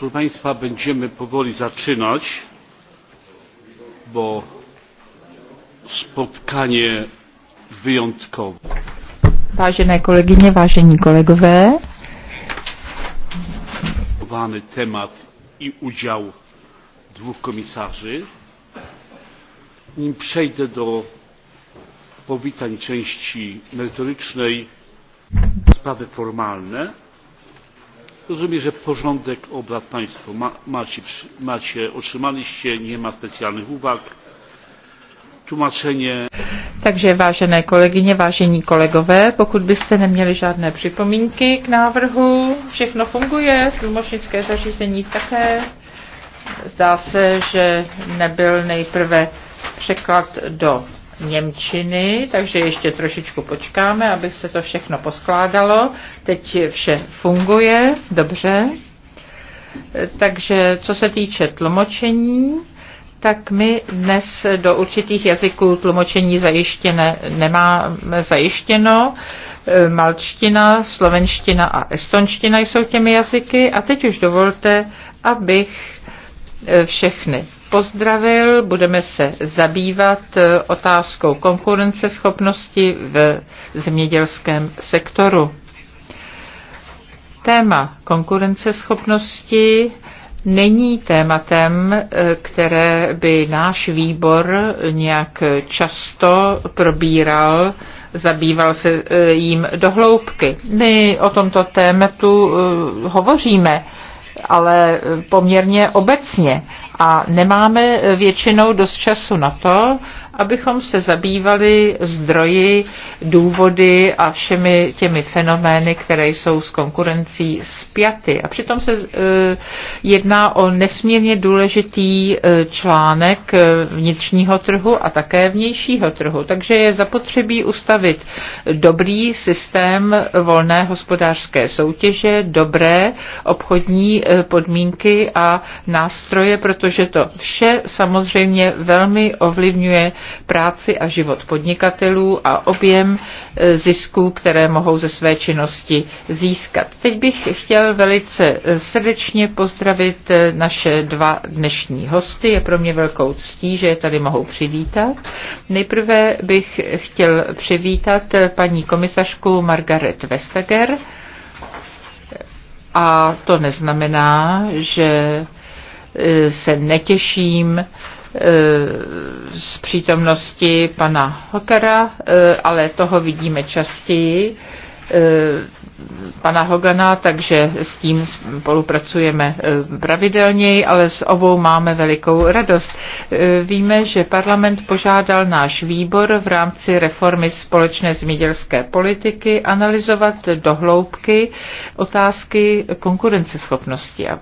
proszę państwa będziemy powoli zaczynać bo spotkanie wyjątkowe. Vážené kolegyně, vážení kolegové, temat i udział dwóch komisarzy. Nim przejdę do powitań części merytorycznej, sprawy formalne rozumiem że porządek obrad państwo macie otrzymaliście nie ma specjalnych uwag. tłumaczenie. takže vážené kolegyně vážení kolegové pokud byste neměli žádné připomínky k návrhu všechno funguje tlumočnické zařízení také zdá se že nebyl nejprve překlad do Němčiny, takže ještě trošičku počkáme, aby se to všechno poskládalo. Teď vše funguje, dobře. Takže co se týče tlumočení, tak my dnes do určitých jazyků tlumočení zajištěné nemáme zajištěno. E, malčtina, slovenština a estonština jsou těmi jazyky. A teď už dovolte, abych e, všechny pozdravil. Budeme se zabývat e, otázkou konkurenceschopnosti v zemědělském sektoru. Téma konkurenceschopnosti není tématem, e, které by náš výbor nějak často probíral, zabýval se e, jím dohloubky. My o tomto tématu hovoříme, ale poměrně obecně a nemáme většinou dost času na to, abychom se zabývali zdroji, důvody a všemi těmi fenomény, které jsou s konkurencí zpěty. A přitom se e, jedná o nesmírně důležitý e, článek e, vnitřního trhu a také vnějšího trhu. Takže je zapotřebí ustavit dobrý systém volné hospodářské soutěže, dobré obchodní podmínky a nástroje, protože to vše samozřejmě velmi ovlivňuje práci a život podnikatelů a objem e, zisků, které mohou ze své činnosti získat. Teď bych chtěl velice e, srdečně pozdravit e, naše dva dnešní hosty. Je pro mě velkou ctí, že je tady mohou přivítat. Nejprve bych chtěl přivítat paní komisařku Margaret Vestager. A to neznamená, že se netěším Eh, z přítomnosti pana Hokera, eh, ale toho vidíme častěji eh, pana Hogana, takže s tím spolupracujeme pravidelněji, ale s obou máme velikou radost. Víme, že parlament požádal náš výbor v rámci reformy společné zemědělské politiky analyzovat dohloubky otázky konkurenceschopnosti a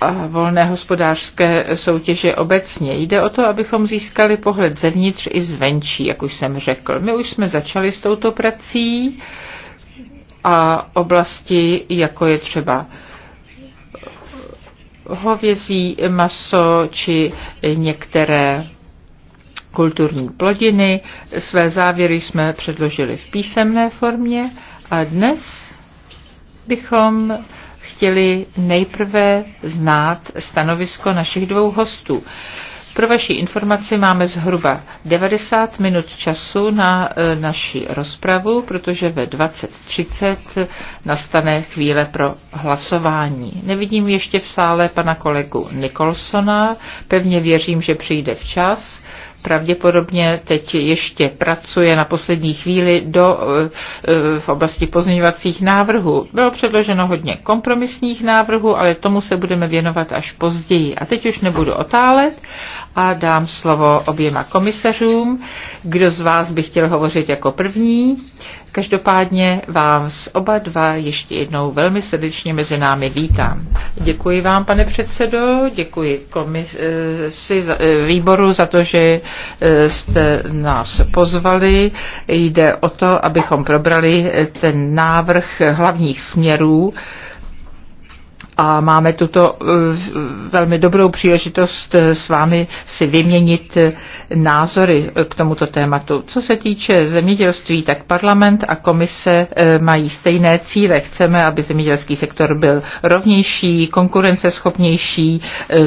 a volné hospodářské soutěže obecně. Jde o to, abychom získali pohled zevnitř i zvenčí, jak už jsem řekl. My už jsme začali s touto prací a oblasti, jako je třeba hovězí maso či některé kulturní plodiny. Své závěry jsme předložili v písemné formě a dnes bychom chtěli nejprve znát stanovisko našich dvou hostů. Pro vaši informaci máme zhruba 90 minut času na e, naši rozpravu, protože ve 20.30 nastane chvíle pro hlasování. Nevidím ještě v sále pana kolegu Nikolsona, pevně věřím, že přijde včas pravděpodobně teď ještě pracuje na poslední chvíli do, eh, eh, v oblasti pozměňovacích návrhů. Bylo předloženo hodně kompromisních návrhů, ale tomu se budeme věnovat až později. A teď už nebudu otálet a dám slovo oběma komisařům. Kdo z vás by chtěl hovořit jako první? Každopádně vám z oba dva ještě jednou velmi srdečně mezi námi vítám. Děkuji vám, pane předsedo, děkuji komisi, eh, eh, výboru za to, že eh, jste nás pozvali. Jde o to, abychom probrali ten návrh hlavních směrů, a máme tuto eh, velmi dobrou příležitost eh, s vámi si vyměnit eh, názory k tomuto tématu. Co se týče zemědělství, tak parlament a komise mají stejné cíle. Chceme, aby zemědělský sektor byl rovnější, konkurenceschopnější.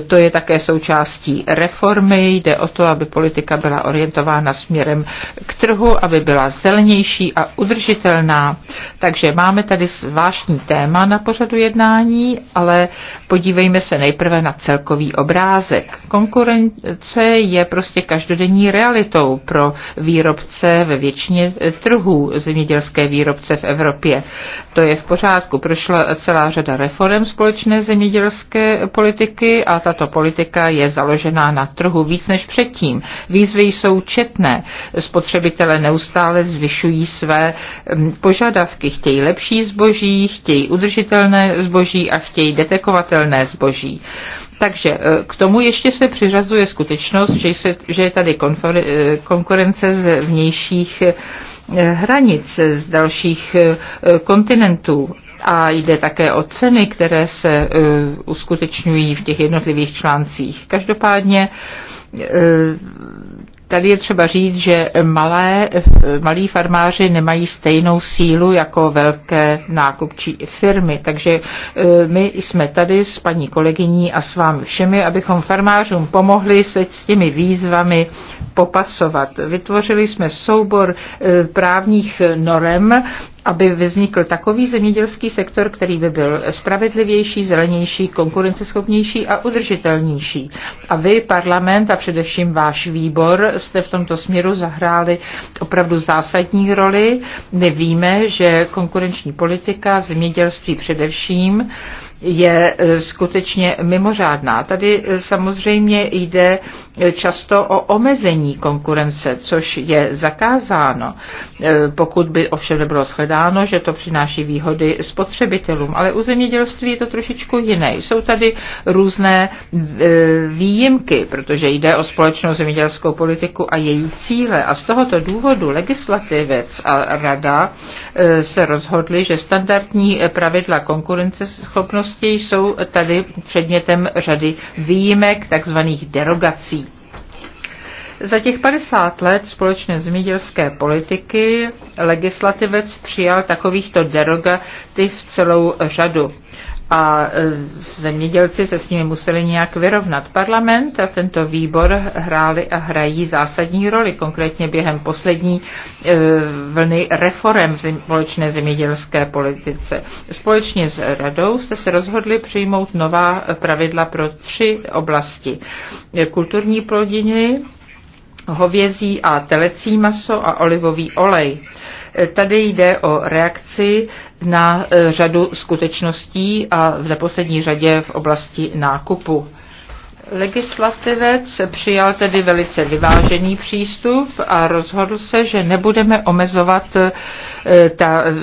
To je také součástí reformy. Jde o to, aby politika byla orientována směrem k trhu, aby byla zelenější a udržitelná. Takže máme tady zvláštní téma na pořadu jednání ale podívejme se nejprve na celkový obrázek. Konkurence je prostě každodenní realitou pro výrobce ve většině trhů, zemědělské výrobce v Evropě. To je v pořádku. Prošla celá řada reform společné zemědělské politiky a tato politika je založená na trhu víc než předtím. Výzvy jsou četné. Spotřebitele neustále zvyšují své mm, požadavky. Chtějí lepší zboží, chtějí udržitelné zboží a chtějí nejčastěji detekovatelné zboží. Takže eh, k tomu ještě se přiřazuje skutečnost, že, se, že je tady eh, konkurence z vnějších eh, hranic, z dalších kontinentů. A jde také o ceny, které se uskutečňují v těch jednotlivých článcích. Každopádně Tady je třeba říct, že malé, malí farmáři nemají stejnou sílu jako velké nákupčí firmy. Takže e, my jsme tady s paní kolegyní a s vámi všemi, abychom farmářům pomohli se s těmi výzvami popasovat. Vytvořili jsme soubor e, právních norem, aby vznikl takový zemědělský sektor, který by byl spravedlivější, zelenější, konkurenceschopnější a udržitelnější. A vy, parlament a především váš výbor, jste v tomto směru zahráli opravdu zásadní roli. My víme, že konkurenční politika, zemědělství především, je e, skutečně mimořádná. Tady e, samozřejmě jde e, často o omezení konkurence, což je zakázáno, pokud by ovšem nebylo shledáno, že to přináší výhody spotřebitelům. Ale u zemědělství je to trošičku jiné. Jsou tady různé výjimky, protože jde o společnou zemědělskou politiku a její cíle. A z tohoto důvodu legislativec a rada se rozhodli, že standardní pravidla konkurence schopnost skutečnosti jsou tady předmětem řady výjimek, takzvaných derogací. Za těch 50 let společné zemědělské politiky legislativec přijal takovýchto derogativ celou řadu a e, zemědělci se s nimi museli nějak vyrovnat. Parlament a tento výbor hráli a hrají zásadní roli, konkrétně během poslední e, vlny reform v společné zemědělské politice. Společně s radou jste se rozhodli přijmout nová pravidla pro tři oblasti. E, kulturní plodiny, hovězí a telecí maso a olivový olej. Tady jde o reakci na e, řadu skutečností a v neposlední řadě v oblasti nákupu. Legislativec přijal tedy velice vyvážený přístup a rozhodl se, že nebudeme omezovat e, ta, e,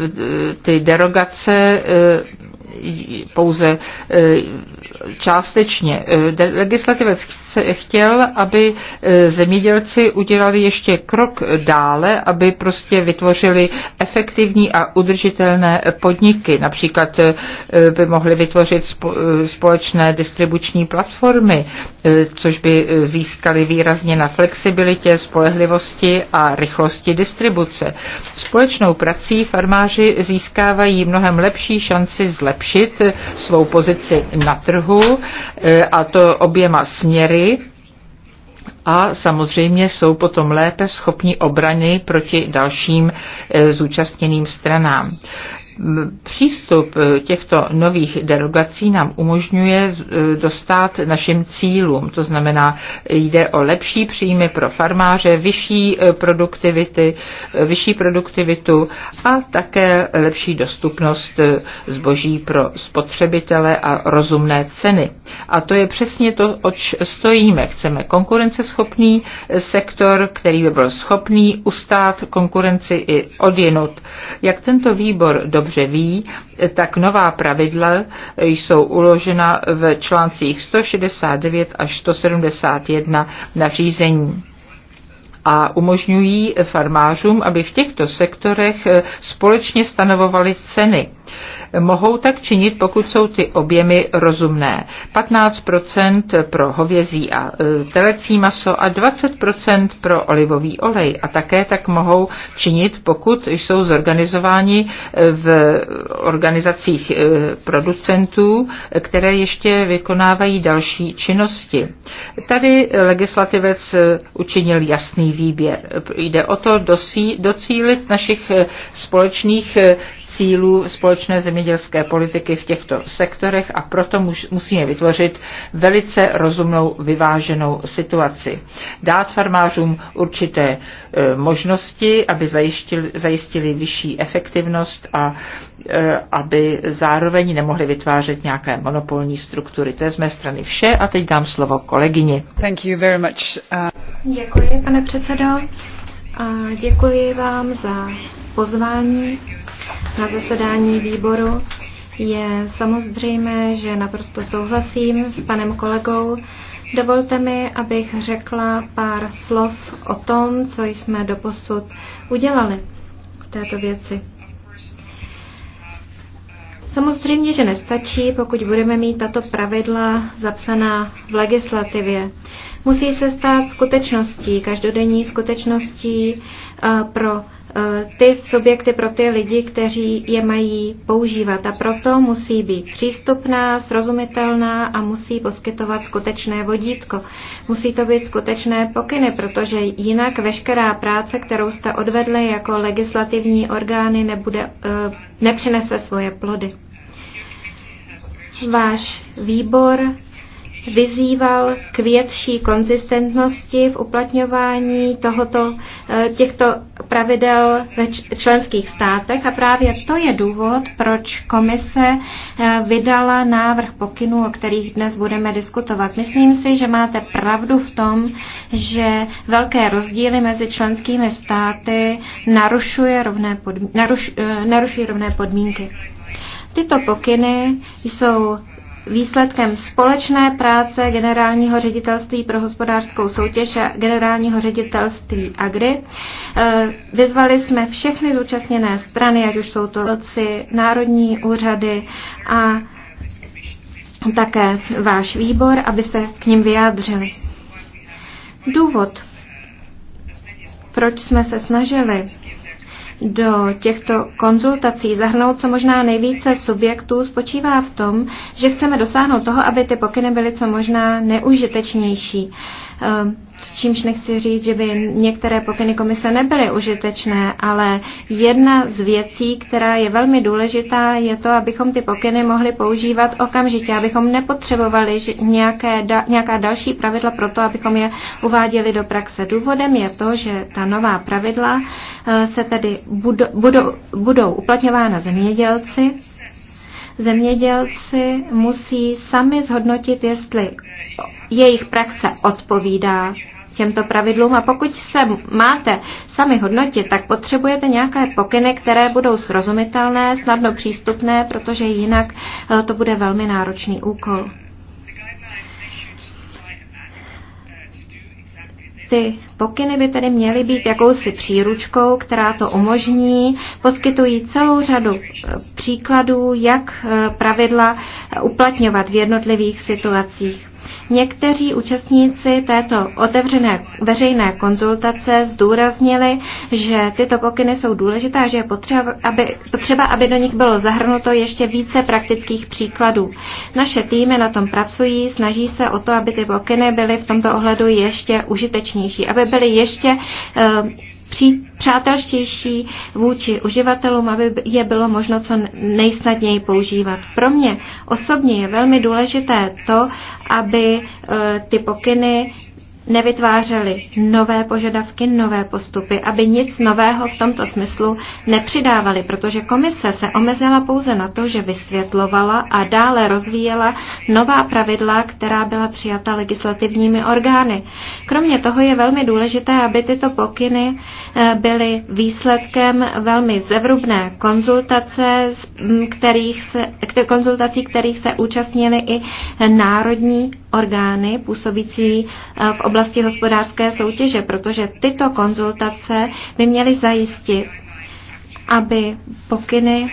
ty derogace pouze e, částečně. E, legislativec chtěl, aby e, zemědělci udělali ještě krok dále, aby prostě vytvořili efektivní a udržitelné podniky. Například by mohli vytvořit společné distribuční platformy, což by získali výrazně na flexibilitě, spolehlivosti a rychlosti distribuce. Společnou prací farmáři získávají mnohem lepší šanci zlepšit zlepšit svou pozici na trhu eh, a to oběma směry a samozřejmě jsou potom lépe schopni obrany proti dalším eh, zúčastněným stranám přístup eh, těchto nových derogací nám umožňuje eh, dostat našim cílům. To znamená, jde o lepší příjmy pro farmáře, vyšší eh, produktivity, vyšší produktivitu a také lepší dostupnost zboží pro spotřebitele a rozumné ceny. A to je přesně to, oč stojíme. Chceme konkurenceschopný sektor, který by byl schopný ustát konkurenci i odjenut. Jak tento výbor dobře dobře ví, tak nová pravidla jsou uložena v článcích 169 až 171 nařízení a umožňují farmářům, aby v těchto sektorech společně stanovovali ceny. Mohou tak činit, pokud jsou ty objemy rozumné. 15% pro hovězí a e, telecí maso a 20% pro olivový olej. A také tak mohou činit, pokud jsou zorganizováni e, v organizacích e, producentů, které ještě vykonávají další činnosti. Tady legislativec učinil jasný výběr. Jde o to docílit našich společných cílů společné země zemědělské politiky v těchto sektorech a proto musíme vytvořit velice rozumnou vyváženou situaci. Dát farmářům určité e, možnosti, aby zajistili, zajistili vyšší efektivnost a e, aby zároveň nemohli vytvářet nějaké monopolní struktury. To je z mé strany vše a teď dám slovo kolegyni. Thank you very much. Uh... Děkuji, pane předsedo. A děkuji vám za pozvání na zasedání výboru. Je samozřejmé, že naprosto souhlasím s panem kolegou. Dovolte mi, abych řekla pár slov o tom, co jsme doposud udělali v této věci. Samozřejmě, že nestačí, pokud budeme mít tato pravidla zapsaná v legislativě. Musí se stát skutečností, každodenní skutečností eh, pro Eh, ty subjekty pro ty lidi, kteří je mají používat. A proto musí být přístupná, srozumitelná a musí poskytovat skutečné vodítko. Musí to být skutečné pokyny, protože jinak veškerá práce, kterou jste odvedli jako legislativní orgány, nebude, eh, nepřinese svoje plody. Váš výbor vyzýval k větší konzistentnosti v uplatňování tohoto, eh, těchto pravidel ve členských státech a právě to je důvod, proč komise eh, vydala návrh pokynů, o kterých dnes budeme diskutovat. Myslím si, že máte pravdu v tom, že velké rozdíly mezi členskými státy narušuje rovné podmínky, naruš, eh, narušují rovné podmínky. Tyto pokyny jsou výsledkem společné práce Generálního ředitelství pro hospodářskou soutěž a Generálního ředitelství Agri. E, vyzvali jsme všechny zúčastněné strany, ať už jsou to velci, národní úřady a také váš výbor, aby se k ním vyjádřili. Důvod, proč jsme se snažili do těchto konzultací zahrnout co možná nejvíce subjektů, spočívá v tom, že chceme dosáhnout toho, aby ty pokyny byly co možná neužitečnější. Uh, Ehm, čímž nechci říct, že by některé pokyny komise nebyly užitečné, ale jedna z věcí, která je velmi důležitá, je to, abychom ty pokyny mohli používat okamžitě, abychom nepotřebovali nějaké, nějaká další pravidla pro to, abychom je uváděli do praxe. Důvodem je to, že ta nová pravidla eh, se tedy budou, budou, budou uplatňována zemědělci. Zemědělci musí sami zhodnotit, jestli jejich praxe odpovídá těmto pravidlům a pokud se máte sami hodnotit, tak potřebujete nějaké pokyny, které budou srozumitelné, snadno přístupné, protože jinak eh, to bude velmi náročný úkol. Ty pokyny by tedy měly být jakousi příručkou, která to umožní. Poskytují celou řadu eh, příkladů, jak eh, pravidla uplatňovat v jednotlivých situacích. Někteří účastníci této otevřené veřejné konzultace zdůraznili, že tyto pokyny jsou důležité a že je potřeba aby, potřeba, aby do nich bylo zahrnuto ještě více praktických příkladů. Naše týmy na tom pracují, snaží se o to, aby ty pokyny byly v tomto ohledu ještě užitečnější, aby byly ještě uh, pří, přátelštější vůči uživatelům, aby je bylo možno co nejsnadněji používat. Pro mě osobně je velmi důležité to, aby eh, ty pokyny nevytvářeli nové požadavky, nové postupy, aby nic nového v tomto smyslu nepřidávali, protože komise se omezila pouze na to, že vysvětlovala a dále rozvíjela nová pravidla, která byla přijata legislativními orgány. Kromě toho je velmi důležité, aby tyto pokyny eh, byly výsledkem velmi zevrubné konzultace, kterých se, konzultací, kterých se účastnili i národní orgány působící eh, v oblasti hospodářské soutěže, protože tyto konzultace by měly zajistit, aby pokyny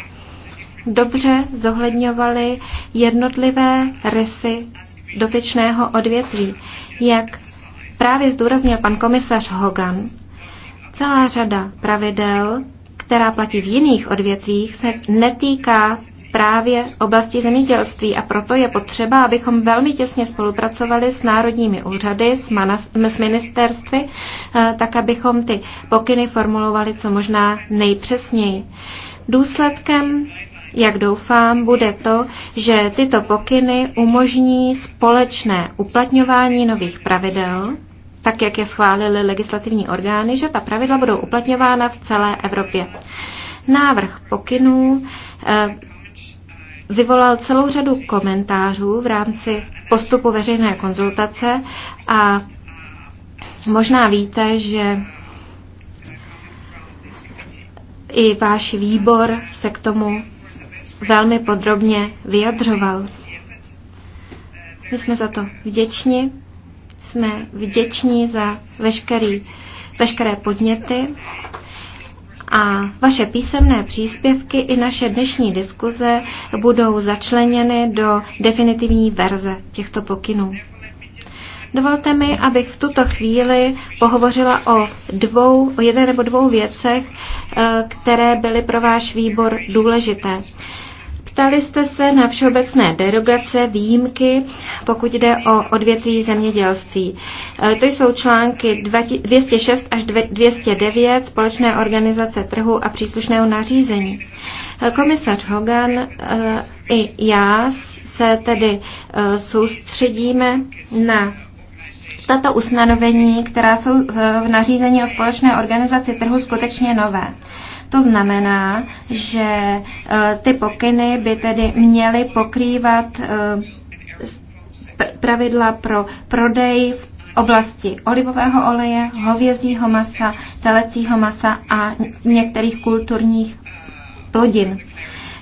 dobře zohledňovaly jednotlivé rysy dotyčného odvětví. Jak právě zdůraznil pan komisař Hogan, celá řada pravidel která platí v jiných odvětvích, se netýká právě oblasti zemědělství a proto je potřeba, abychom velmi těsně spolupracovali s národními úřady, s, manas, s ministerstvy, eh, tak abychom ty pokyny formulovali co možná nejpřesněji. Důsledkem jak doufám, bude to, že tyto pokyny umožní společné uplatňování nových pravidel tak jak je schválili legislativní orgány, že ta pravidla budou uplatňována v celé Evropě. Návrh pokynů eh, vyvolal celou řadu komentářů v rámci postupu veřejné konzultace a možná víte, že i váš výbor se k tomu velmi podrobně vyjadřoval. My jsme za to vděční jsme vděční za veškerý, veškeré podněty a vaše písemné příspěvky i naše dnešní diskuze budou začleněny do definitivní verze těchto pokynů. Dovolte mi, abych v tuto chvíli pohovořila o dvou, o jedné nebo dvou věcech, eh, které byly pro váš výbor důležité. Ptali jste se na všeobecné derogace, výjimky, pokud jde o odvětví zemědělství. E, to jsou články 206 až 209 společné organizace trhu a příslušného nařízení. E, komisař Hogan e, i já se tedy soustředíme na tato ustanovení, která jsou v nařízení o společné organizaci trhu skutečně nové. To znamená, že e, ty pokyny by tedy měly pokrývat e, pravidla pro prodej v oblasti olivového oleje, hovězího masa, telecího masa a některých kulturních plodin.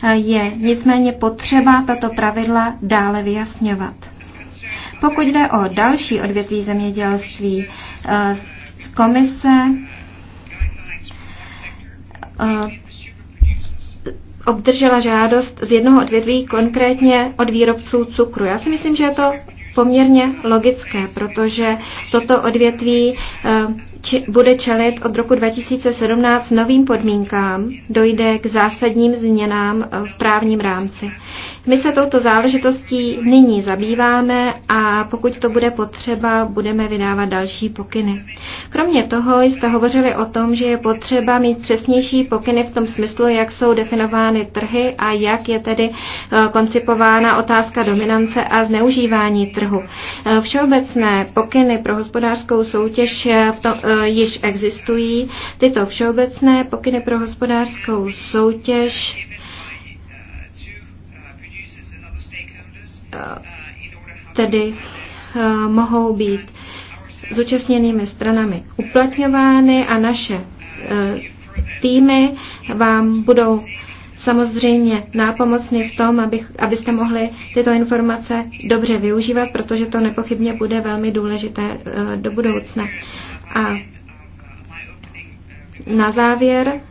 E, je nicméně potřeba tato pravidla dále vyjasňovat. Pokud jde o další odvětví zemědělství, komise obdržela žádost z jednoho odvětví, konkrétně od výrobců cukru. Já si myslím, že je to poměrně logické, protože toto odvětví e, či, bude čelit od roku 2017 novým podmínkám, dojde k zásadním změnám e, v právním rámci. My se touto záležitostí nyní zabýváme a pokud to bude potřeba, budeme vydávat další pokyny. Kromě toho jste hovořili o tom, že je potřeba mít přesnější pokyny v tom smyslu, jak jsou definovány trhy a jak je tedy eh, koncipována otázka dominance a zneužívání trhu. Eh, všeobecné pokyny pro hospodářskou soutěž eh, v tom, již existují. Tyto všeobecné pokyny pro hospodářskou soutěž tedy eh, mohou být zúčastněnými stranami uplatňovány a naše eh, týmy vám budou samozřejmě nápomocný v tom, abych, abyste mohli tyto informace dobře využívat, protože to nepochybně bude velmi důležité eh, do budoucna. A na závěr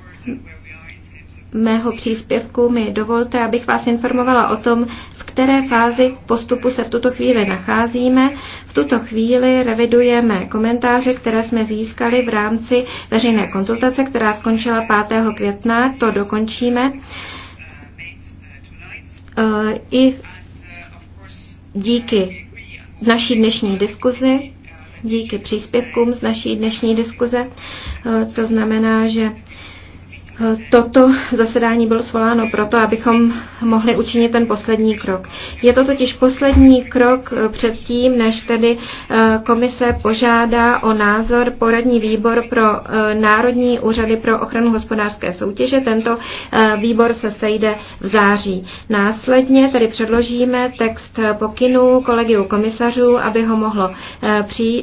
mého příspěvku mi dovolte, abych vás informovala o tom, v které fázi postupu se v tuto chvíli nacházíme. V tuto chvíli revidujeme komentáře, které jsme získali v rámci veřejné konzultace, která skončila 5. května. To dokončíme. Eh, I díky naší dnešní diskuzi, díky příspěvkům z naší dnešní diskuze. Eh, to znamená, že Toto zasedání bylo svoláno proto, abychom mohli učinit ten poslední krok. Je to totiž poslední krok eh, před tím, než tedy eh, komise požádá o názor poradní výbor pro eh, Národní úřady pro ochranu hospodářské soutěže. Tento výbor se sejde v září. Následně tedy předložíme text pokynů kolegiu komisařů, aby ho mohlo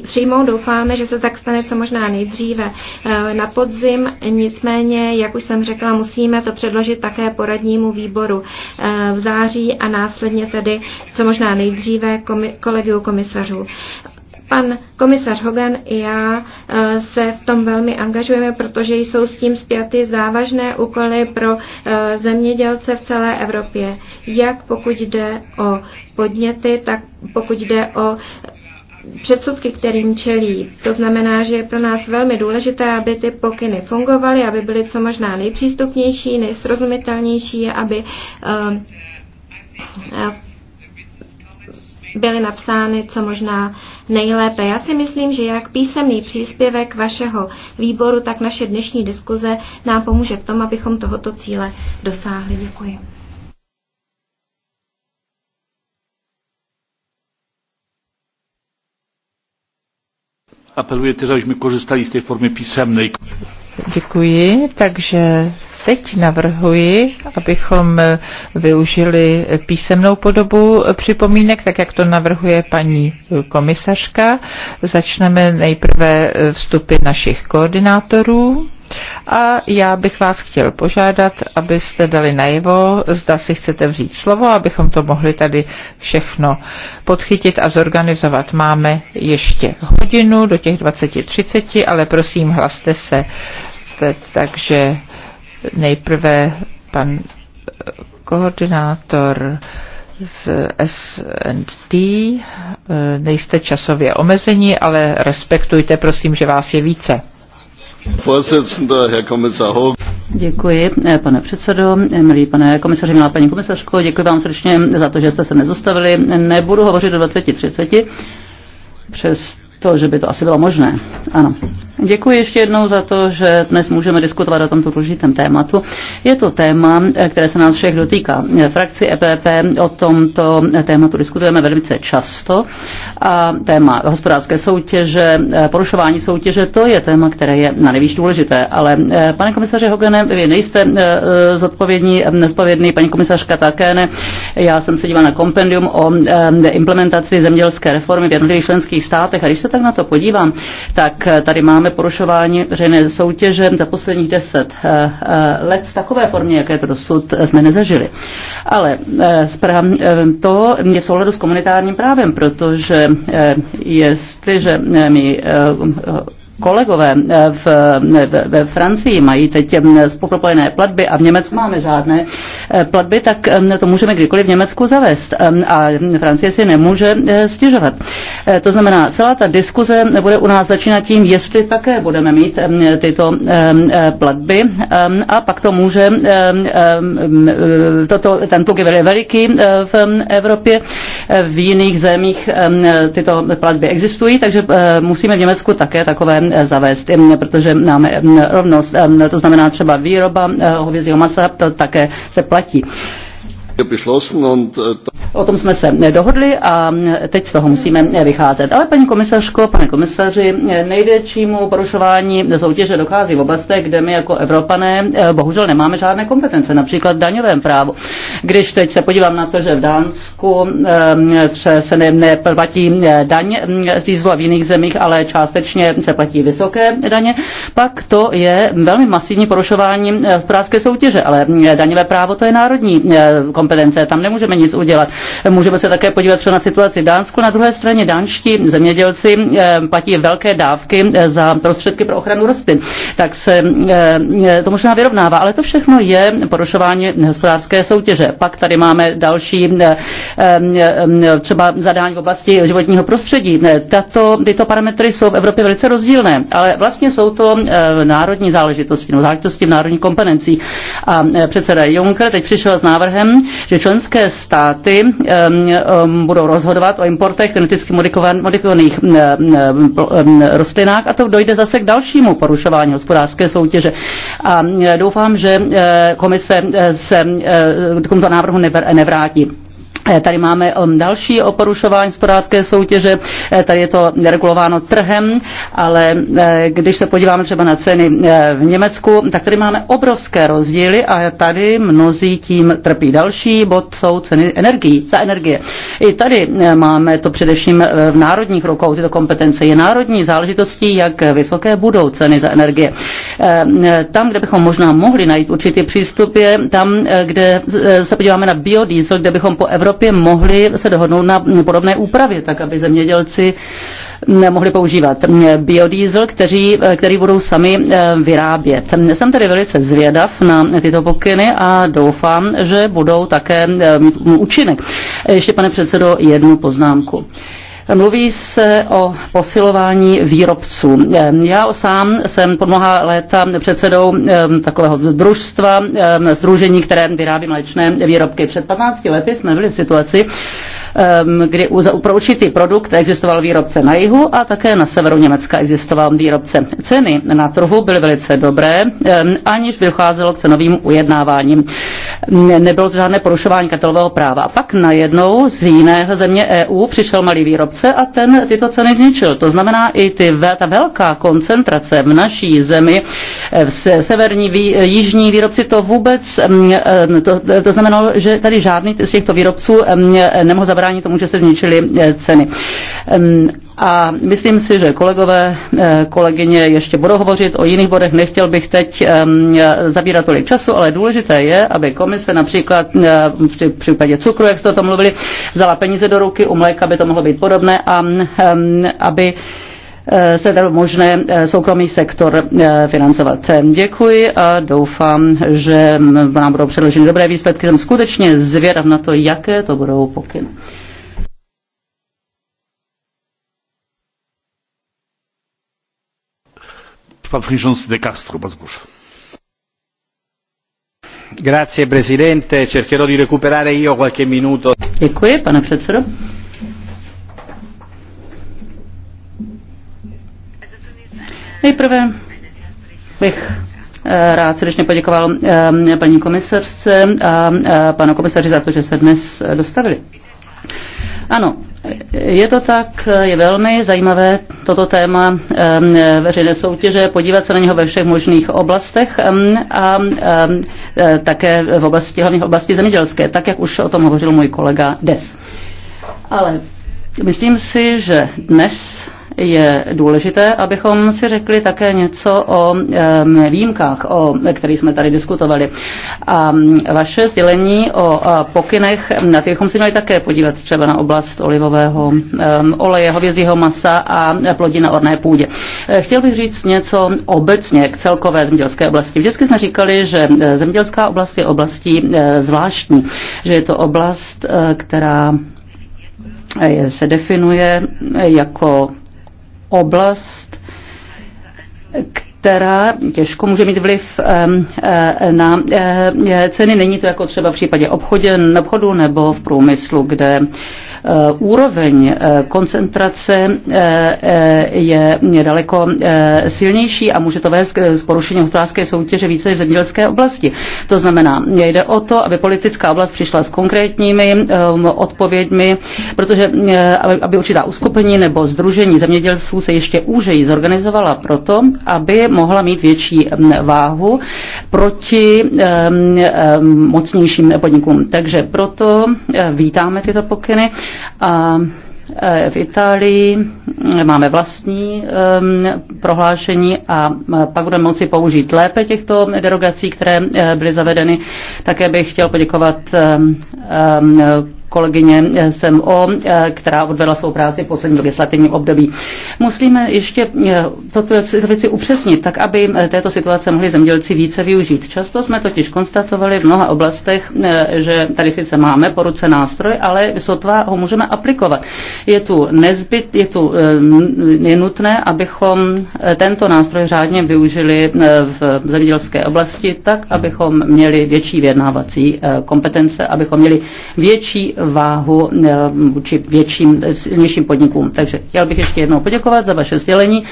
přijmout. Doufáme, že se tak stane co možná nejdříve na podzim. Nicméně, jak už jsem řekla, musíme to předložit také poradnímu výboru eh, v září a následně tedy, co možná nejdříve, kolegiu komisařů. Pan komisař Hogan i já eh, se v tom velmi angažujeme, protože jsou s tím zpěty závažné úkoly pro eh, zemědělce v celé Evropě. Jak pokud jde o podněty, tak pokud jde o předsudky, kterým čelí. To znamená, že je pro nás velmi důležité, aby ty pokyny fungovaly, aby byly co možná nejpřístupnější, nejsrozumitelnější, aby ehm, eh, byly napsány co možná nejlépe. Já si myslím, že jak písemný příspěvek vašeho výboru, tak naše dnešní diskuze nám pomůže v tom, abychom tohoto cíle dosáhli. Děkuji. apeluję też, abychom korzystali z té formy pisemnej. Děkuji, takže teď navrhuji, abychom využili písemnou podobu připomínek, tak jak to navrhuje paní komisařka. Začneme nejprve vstupy našich koordinátorů. A já bych vás chtěl požádat, abyste dali najevo, zda si chcete vzít slovo, abychom to mohli tady všechno podchytit a zorganizovat. Máme ještě hodinu do těch 20.30, ale prosím, hlaste se. Takže nejprve pan eh, koordinátor z SND. Eh, nejste časově omezení, ale respektujte, prosím, že vás je více. Děkuji, eh, pane předsedo, eh, milí pane komisaři, milá paní komisařko, děkuji vám srdečně za to, že jste se nezostavili. Nebudu hovořit do 20.30, přes to, že by to asi bylo možné. Ano. Děkuji ještě jednou za to, že dnes můžeme diskutovat o tomto důležitém tématu. Je to téma, které se nás všech dotýká. Frakci EPP o tomto tématu diskutujeme velice často a téma hospodářské soutěže, porušování soutěže, to je téma, které je na nejvíc důležité. Ale eh, pane komisaře Hogene, vy nejste eh, eh, zodpovědní, nespovědný, paní komisařka také ne. Já jsem se dívala na kompendium o implementaci zemědělské reformy v jednotlivých členských státech a když se se tak na to podívám, tak eh, tady máme porušování veřejné soutěže za posledních deset eh, eh, let v takové formě, jaké to dosud jsme nezažili. Ale to je v souhledu s komunitárním právem, protože jestliže my kolegové eh, v, eh, ve Francii mají teď eh, propojené platby a v Německu máme žádné platby, tak to můžeme kdykoliv v Německu zavést a Francie si nemůže stěžovat. To znamená, celá ta diskuze bude u nás začínat tím, jestli také budeme mít tyto platby a pak to může, toto, ten tluk je veliký v Evropě, v jiných zemích tyto platby existují, takže musíme v Německu také takové Eh, zavést, protože máme rovnost. To znamená třeba výroba eh, hovězího masa, to také se platí. Äh, o tom jsme se dohodli a teď z toho musíme vycházet. Ale paní komisařko, pane komisaři, největšímu porušování soutěže dochází v oblastech, kde my jako Evropané eh, bohužel nemáme žádné kompetence, například v daňovém právu. Když teď se podívám na to, že v Dánsku eh, se ne, neplatí eh, daň z dýzlu a v jiných zemích, ale částečně se platí vysoké daně, pak to je velmi masivní porušování hospodářské soutěže, ale daňové právo to je národní kompetence kompetence, tam nemůžeme nic udělat. Můžeme se také podívat třeba na situaci v Dánsku. Na druhé straně dánští zemědělci eh, platí velké dávky eh, za prostředky pro ochranu rostlin. Tak se eh, to možná vyrovnává, ale to všechno je porušování hospodářské soutěže. Pak tady máme další třeba zadání v oblasti životního prostředí. Tato, tyto parametry jsou v Evropě velice rozdílné, ale vlastně jsou to národní záležitosti, no záležitosti v národní kompetencích. A předseda Juncker teď přišel s návrhem, že členské státy budou rozhodovat o importech geneticky modifikovaných rostlinách a to dojde zase k dalšímu porušování hospodářské soutěže. A doufám, že eh, komise eh, se eh, k tomuto návrhu nevrátí. Tady máme um, další o porušování hospodářské soutěže, eh, tady je to regulováno trhem, ale eh, když se podíváme třeba na ceny eh, v Německu, tak tady máme obrovské rozdíly a tady mnozí tím trpí. Další bod jsou ceny energií, za energie. I tady máme to především v národních rukou, tyto kompetence je národní záležitostí, jak vysoké budou ceny za energie. Eh, tam, kde bychom možná mohli najít určitý přístup, je tam, eh, kde eh, se podíváme na biodiesel, kde bychom po Evropě mohli se dohodnout na podobné úpravě, tak aby zemědělci mohli používat biodiesel, kteří, který budou sami vyrábět. Jsem tedy velice zvědav na tyto pokyny a doufám, že budou také mít účinek. Ještě, pane předsedo, jednu poznámku. Mluví se o posilování výrobců. Já sám jsem po mnoha léta předsedou takového družstva, združení, které vyrábí mléčné výrobky. Před 15 lety jsme byli v situaci, Ehm, kdy pro určitý produkt existoval výrobce na jihu a také na severu Německa existoval výrobce. Ceny na trhu byly velice dobré, ehm, aniž by docházelo k cenovým ujednáváním. Nebylo žádné porušování katalového práva. A pak najednou z jiné země EU přišel malý výrobce a ten tyto ceny zničil. To znamená i ty, ta velká koncentrace v naší zemi, eh, v severní, v jižní výrobci to vůbec, mm, ehm, to, to znamenalo, že tady žádný z těchto výrobců mm, nemohl zabrát zabránit tomu, že se zničily eh, ceny. A myslím si, že kolegové, eh, kolegyně ještě budou hovořit o jiných bodech. Nechtěl bych teď zabírat tolik času, ale důležité je, aby komise například eh, v případě cukru, jak jste o tom mluvili, vzala peníze do ruky, u mléka by to mohlo být podobné a aby Eh, se dalo možné eh, soukromý sektor eh, financovat. Děkuji a doufám, že nám budou předloženy dobré výsledky. Jsem skutečně zvědav na to, jaké to budou pokyny. Pan de Castro, bardzo proszę presidente cercherò di recuperare io qualche minuto. Děkuji, pane předsedo. Nejprve bych eh, rád srdečně poděkoval eh, paní komisařce a eh, panu komisaři za to, že se dnes dostavili. Ano, je to tak, je velmi zajímavé toto téma veřejné soutěže, podívat se na něho ve všech možných oblastech a také v oblasti, hlavně v oblasti zemědělské, tak jak už o tom hovořil můj kolega Des. Ale myslím si, že dnes je důležité, abychom si řekli také něco o výjimkách, o kterých jsme tady diskutovali. A vaše sdělení o pokynech, na těch bychom si měli také podívat třeba na oblast olivového oleje, hovězího masa a plodin na orné půdě. Eh, chtěl bych říct něco obecně k celkové zemědělské oblasti. Vždycky jsme říkali, že eh, zemědělská oblast je oblastí eh, zvláštní, že je to oblast, která se definuje jako oblast, která těžko může mít vliv eh, na eh, ceny. Není to jako třeba v případě obchodu nebo v průmyslu, kde Eh, úroveň eh, koncentrace eh, je daleko silnější a může to vést k porušení hospodářské soutěže více než zemědělské oblasti. To znamená, jde o to, aby politická oblast přišla s konkrétními odpověďmi, protože aby určitá uskupení nebo združení zemědělců se ještě úžeji zorganizovala proto, aby mohla mít větší mm, váhu proti mocnějším podnikům. Takže proto vítáme tyto pokyny a e, v Itálii máme vlastní prohlášení a e, pak budeme moci použít lépe těchto derogací, které e, byly zavedeny. Také bych chtěl poděkovat kolegyně eh, SMO, eh, která odvedla svou práci v posledním legislativním období. Musíme ještě eh, toto věci upřesnit, tak aby této situace mohli zemědělci více využít. Často jsme totiž konstatovali v mnoha oblastech, že tady sice máme po ruce nástroj, ale sotva ho můžeme aplikovat. Je tu nezbyt, je tu je nutné, abychom tento nástroj řádně využili v zemědělské oblasti, tak abychom měli větší vyjednávací kompetence, abychom měli větší váhu eh, vůči větším, eh, silnějším podnikům. Takže chtěl bych ještě jednou poděkovat za vaše sdělení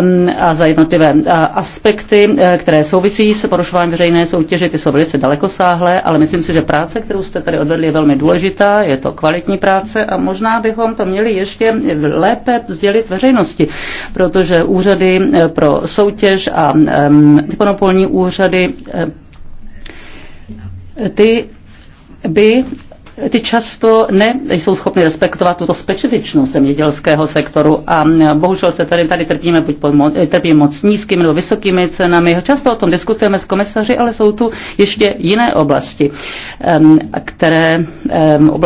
mm, a za jednotlivé eh, aspekty, které souvisí se porušováním veřejné soutěže, ty jsou velice dalekosáhlé, ale myslím si, že práce, kterou jste tady odvedli, je velmi důležitá, je to kvalitní práce a možná bychom to měli ještě lépe sdělit veřejnosti, protože úřady pro soutěž a mm, monopolní úřady ty by ty často ne, jsou schopny respektovat tuto specifičnost zemědělského sektoru a bohužel se tady, tady trpíme buď pod, trpíme moc nízkými nebo vysokými cenami. Často o tom diskutujeme s komisaři, ale jsou tu ještě jiné oblasti, které,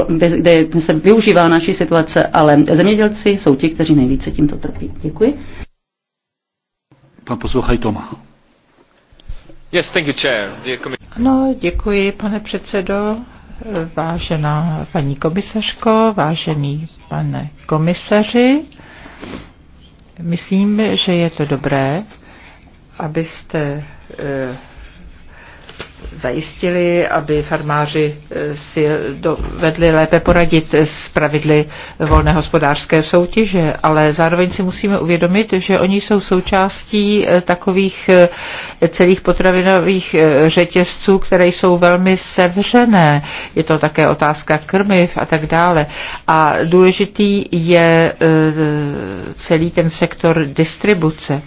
kde se využívá naší situace, ale zemědělci jsou ti, kteří nejvíce tímto trpí. Děkuji. Pan poslouchaj Toma. Yes, thank you, chair. Ano, děkuji, pane předsedo, vážená paní komisařko, vážený pane komisaři. Myslím, že je to dobré, abyste eh, zajistili, aby farmáři eh, si dovedli lépe poradit s pravidly volné hospodářské soutěže, ale zároveň si musíme uvědomit, že oni jsou součástí eh, takových eh, celých potravinových řetězců, které jsou velmi sevřené. Je to také otázka krmiv a tak dále. A důležitý je celý ten sektor distribuce.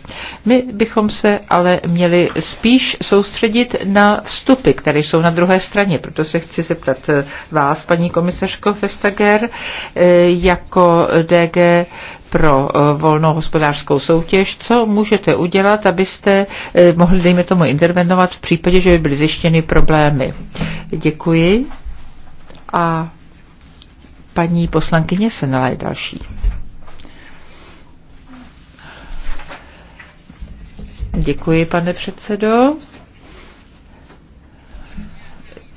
My bychom se ale měli spíš soustředit na vstup vstupy, které jsou na druhé straně. Proto se chci zeptat eh, vás, paní komisařko Vestager, eh, jako DG pro eh, volnou hospodářskou soutěž, co můžete udělat, abyste mohli, dejme tomu, intervenovat v případě, že by byly zjištěny problémy. Děkuji. A paní poslankyně Senela je další. Děkuji, pane předsedo.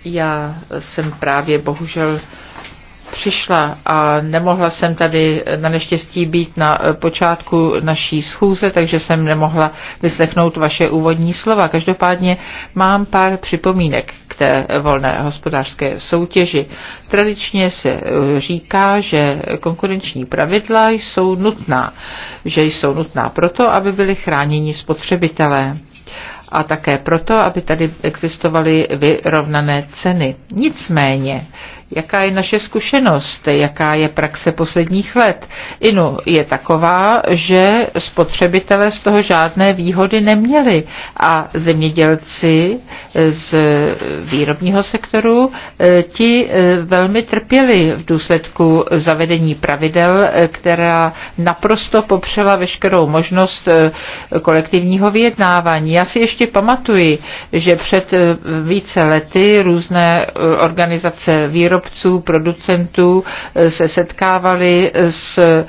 Já jsem právě bohužel přišla a nemohla jsem tady na neštěstí být na počátku naší schůze, takže jsem nemohla vyslechnout vaše úvodní slova. Každopádně mám pár připomínek k té volné hospodářské soutěži. Tradičně se říká, že konkurenční pravidla jsou nutná, že jsou nutná proto, aby byly chráněni spotřebitelé a také proto, aby tady existovaly vyrovnané ceny. Nicméně Jaká je naše zkušenost? Jaká je praxe posledních let? Inu je taková, že spotřebitelé z toho žádné výhody neměli a zemědělci z výrobního sektoru eh, ti eh, velmi trpěli v důsledku zavedení pravidel, eh, která naprosto popřela veškerou možnost kolektivního vyjednávání. Já si ještě pamatuji, že před více lety různé organizace výrobní výrobců, producentů eh, se setkávali s, eh,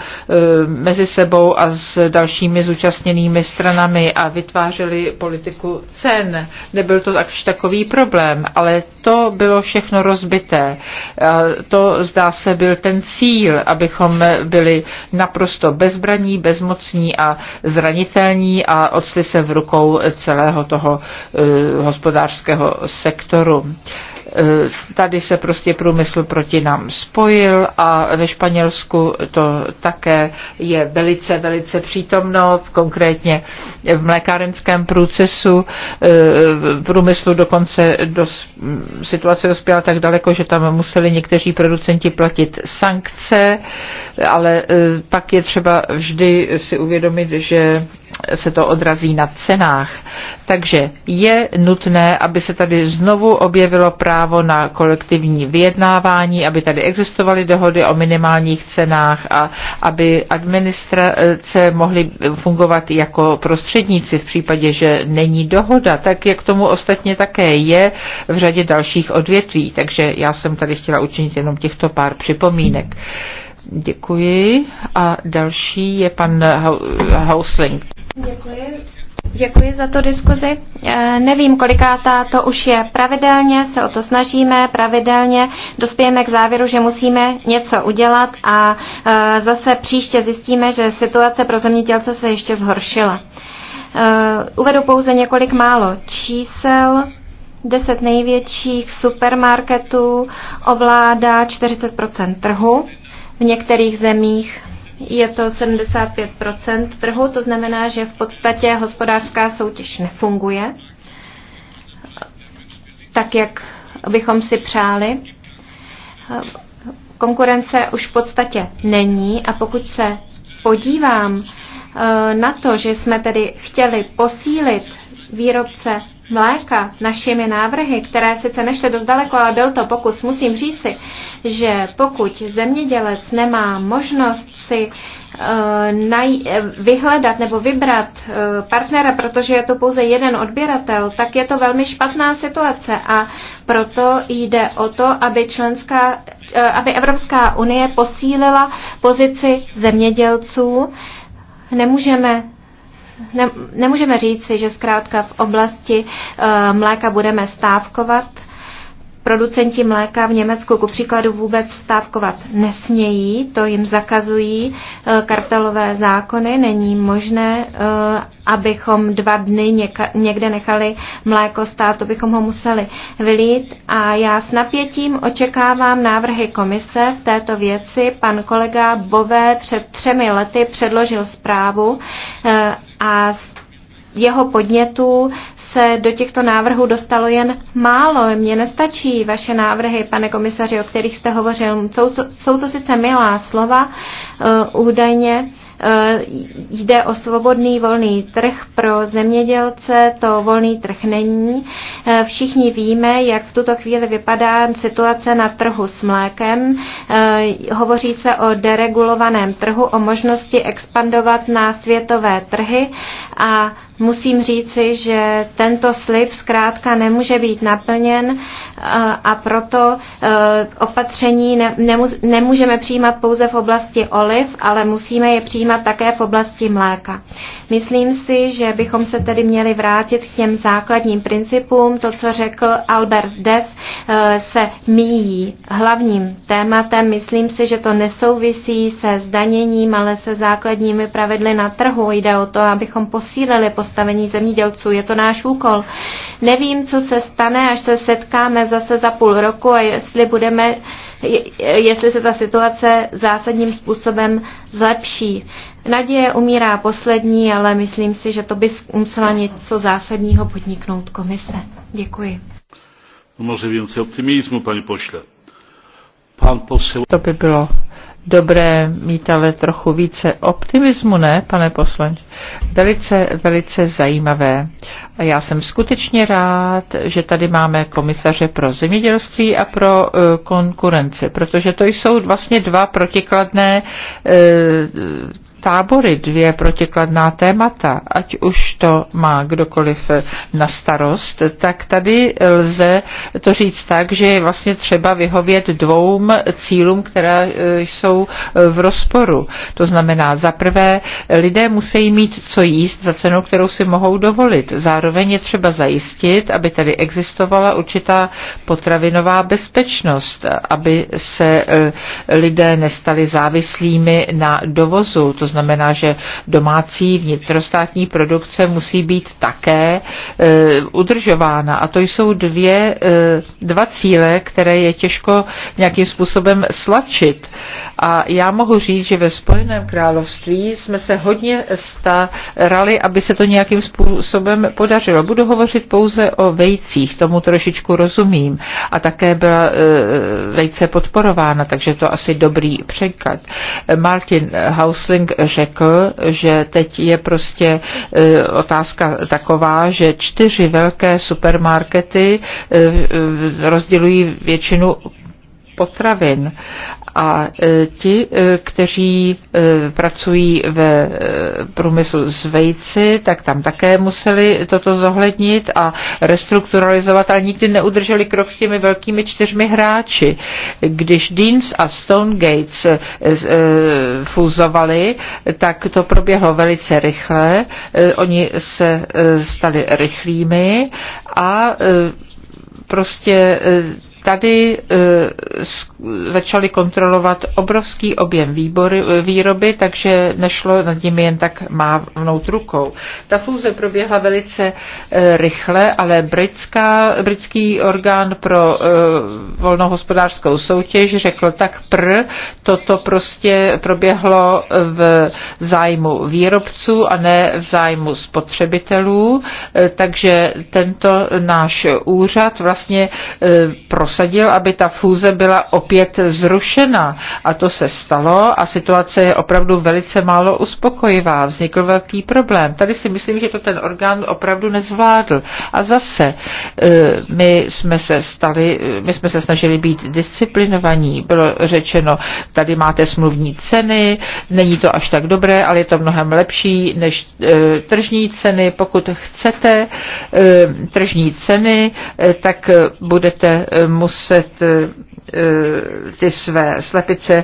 mezi sebou a s dalšími zúčastněnými stranami a vytvářeli politiku cen. Nebyl to takž takový problém, ale to bylo všechno rozbité. A to zdá se byl ten cíl, abychom byli naprosto bezbraní, bezmocní a zranitelní a odsli se v rukou celého toho eh, hospodářského sektoru. Eh, tady se prostě průmysl proti nám spojil a ve Španělsku to také je velice, velice přítomno, konkrétně v mlékárenském procesu eh, průmyslu dokonce do, situace dospěla tak daleko, že tam museli někteří producenti platit sankce, ale eh, pak je třeba vždy si uvědomit, že se to odrazí na cenách. Takže je nutné, aby se tady znovu objevilo právě právo na kolektivní vyjednávání, aby tady existovaly dohody o minimálních cenách a aby administrace mohly fungovat jako prostředníci v případě, že není dohoda, tak jak tomu ostatně také je v řadě dalších odvětví. Takže já jsem tady chtěla učinit jenom těchto pár připomínek. Děkuji. A další je pan Hausling. Děkuji. Děkuji za tu diskuzi. Eh, nevím, kolikátá to už je. Pravidelně se o to snažíme, pravidelně dospějeme k závěru, že musíme něco udělat a eh, zase příště zjistíme, že situace pro zemědělce se ještě zhoršila. Eh, uvedu pouze několik málo čísel. Deset největších supermarketů ovládá 40 trhu v některých zemích je to 75 trhu, to znamená, že v podstatě hospodářská soutěž nefunguje tak, jak bychom si přáli. Konkurence už v podstatě není a pokud se podívám eh, na to, že jsme tedy chtěli posílit výrobce mléka našimi návrhy, které sice nešly dost daleko, ale byl to pokus, musím říci, že pokud zemědělec nemá možnost si eh, eh, vyhledat nebo vybrat eh, partnera, protože je to pouze jeden odběratel, tak je to velmi špatná situace a proto jde o to, aby, členská, aby Evropská unie posílila pozici zemědělců. Nemůžeme ne, nemůžeme říci, že zkrátka v oblasti eh, mléka budeme stávkovat, producenti mléka v Německu ku příkladu vůbec stávkovat nesmějí, to jim zakazují e, kartelové zákony, není možné, e, abychom dva dny někde nechali mléko stát, to bychom ho museli vylít a já s napětím očekávám návrhy komise v této věci. Pan kolega Bové před třemi lety předložil zprávu e, a jeho podnětů se do těchto návrhů dostalo jen málo. Mně nestačí vaše návrhy, pane komisaři, o kterých jste hovořil. Jsou to, jsou to sice milá slova, uh, údajně eh, jde o svobodný volný trh pro zemědělce, to volný trh není. Eh, všichni víme, jak v tuto chvíli vypadá situace na trhu s mlékem. Hovoří se o deregulovaném trhu, o možnosti expandovat na světové trhy a musím říci, že tento slib zkrátka nemůže být naplněn eh, a proto eh, opatření nemůžeme přijímat pouze v oblasti oliv, ale musíme je přijímat také v oblasti mléka. Myslím si, že bychom se tedy měli vrátit k těm základním principům. To, co řekl Albert Des, eh, se míjí hlavním tématem. Myslím si, že to nesouvisí se zdaněním, ale se základními pravidly na trhu. Jde o to, abychom posílili postavení zemědělců. Je to náš úkol. Nevím, co se stane, až se setkáme zase za půl roku a jestli budeme jestli se ta situace zásadním způsobem zlepší. Naděje umírá poslední, ale myslím si, že to by musela něco zásadního podniknout komise. Děkuji. No, Może optimismu, optymizmu, pošle. pośle. Pan posel... To by bylo dobré mít ale trochu více optimismu, ne, pane poslanče? Velice, velice zajímavé. A já jsem skutečně rád, že tady máme komisaře pro zemědělství a pro uh, konkurenci, protože to jsou vlastně dva protikladné uh, tábory, dvě protikladná témata, ať už to má kdokoliv na starost, tak tady lze to říct tak, že je vlastně třeba vyhovět dvou cílům, které e, jsou v rozporu. To znamená, za prvé, lidé musí mít co jíst za cenu, kterou si mohou dovolit. Zároveň je třeba zajistit, aby tady existovala určitá potravinová bezpečnost, aby se e, lidé nestali závislými na dovozu. To znamená, že domácí vnitrostátní produkce musí být také e, udržována. A to jsou dvě, e, dva cíle, které je těžko nějakým způsobem slačit. A já mohu říct, že ve Spojeném království jsme se hodně starali, aby se to nějakým způsobem podařilo. Budu hovořit pouze o vejcích, tomu trošičku rozumím. A také byla e, vejce podporována, takže to asi dobrý příklad. Martin Hausling řekl, že teď je prostě e, otázka taková, že čtyři velké supermarkety e, rozdělují většinu potravin. A e, ti, e, kteří e, pracují ve průmyslu s vejci, tak tam také museli toto zohlednit a restrukturalizovat, ale nikdy neudrželi krok s těmi velkými čtyřmi hráči. Když Deans a Stonegates fúzovali, tak to proběhlo velice rychle. Oni se stali rychlými a prostě tady e, začali kontrolovat obrovský objem výbory, e, výroby, takže nešlo nad nimi jen tak mávnout rukou. Ta fúze proběhla velice e, rychle, ale britská, britský orgán pro volnohospodářskou soutěž řekl tak pr, toto prostě proběhlo v zájmu výrobců a ne v zájmu spotřebitelů, takže tento náš úřad vlastně prostě prosadil, aby ta fúze byla opět zrušena. A to se stalo a situace je opravdu velice málo uspokojivá. Vznikl velký problém. Tady si myslím, že to ten orgán opravdu nezvládl. A zase e, my jsme se stali, my jsme se snažili být disciplinovaní. Bylo řečeno, tady máte smluvní ceny, není to až tak dobré, ale je to mnohem lepší než e, tržní ceny. Pokud chcete e, tržní ceny, tak budete muset muset eh, Eh, ty své slepice eh,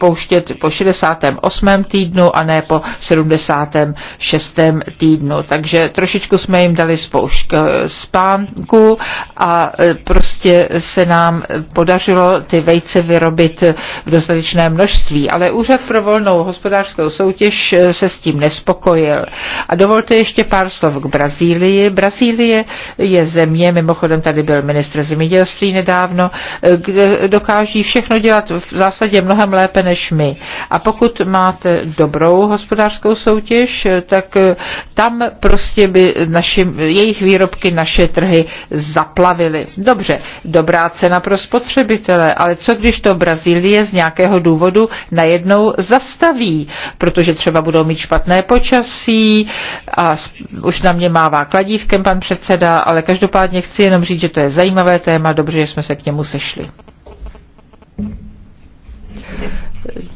pouštět po 68. týdnu a ne po 76. týdnu. Takže trošičku jsme jim dali spoušť eh, spánku a prostě se nám podařilo ty vejce vyrobit v dostatečné množství. Ale Úřad pro volnou hospodářskou soutěž se s tím nespokojil. A dovolte ještě pár slov k Brazílii. Brazílie je země, mimochodem tady byl ministr zemědělství nedávno, kde dokáží všechno dělat v zásadě mnohem lépe než my. A pokud máte dobrou hospodářskou soutěž, tak eh, tam prostě by naši, jejich výrobky naše trhy zaplavily. Dobře, dobrá cena pro spotřebitele, ale co když to Brazílie z nějakého důvodu najednou zastaví, protože třeba budou mít špatné počasí a už na mě mává kladívkem pan předseda, ale každopádně chci jenom říct, že to je zajímavé téma, dobře, že jsme se k němu sešli.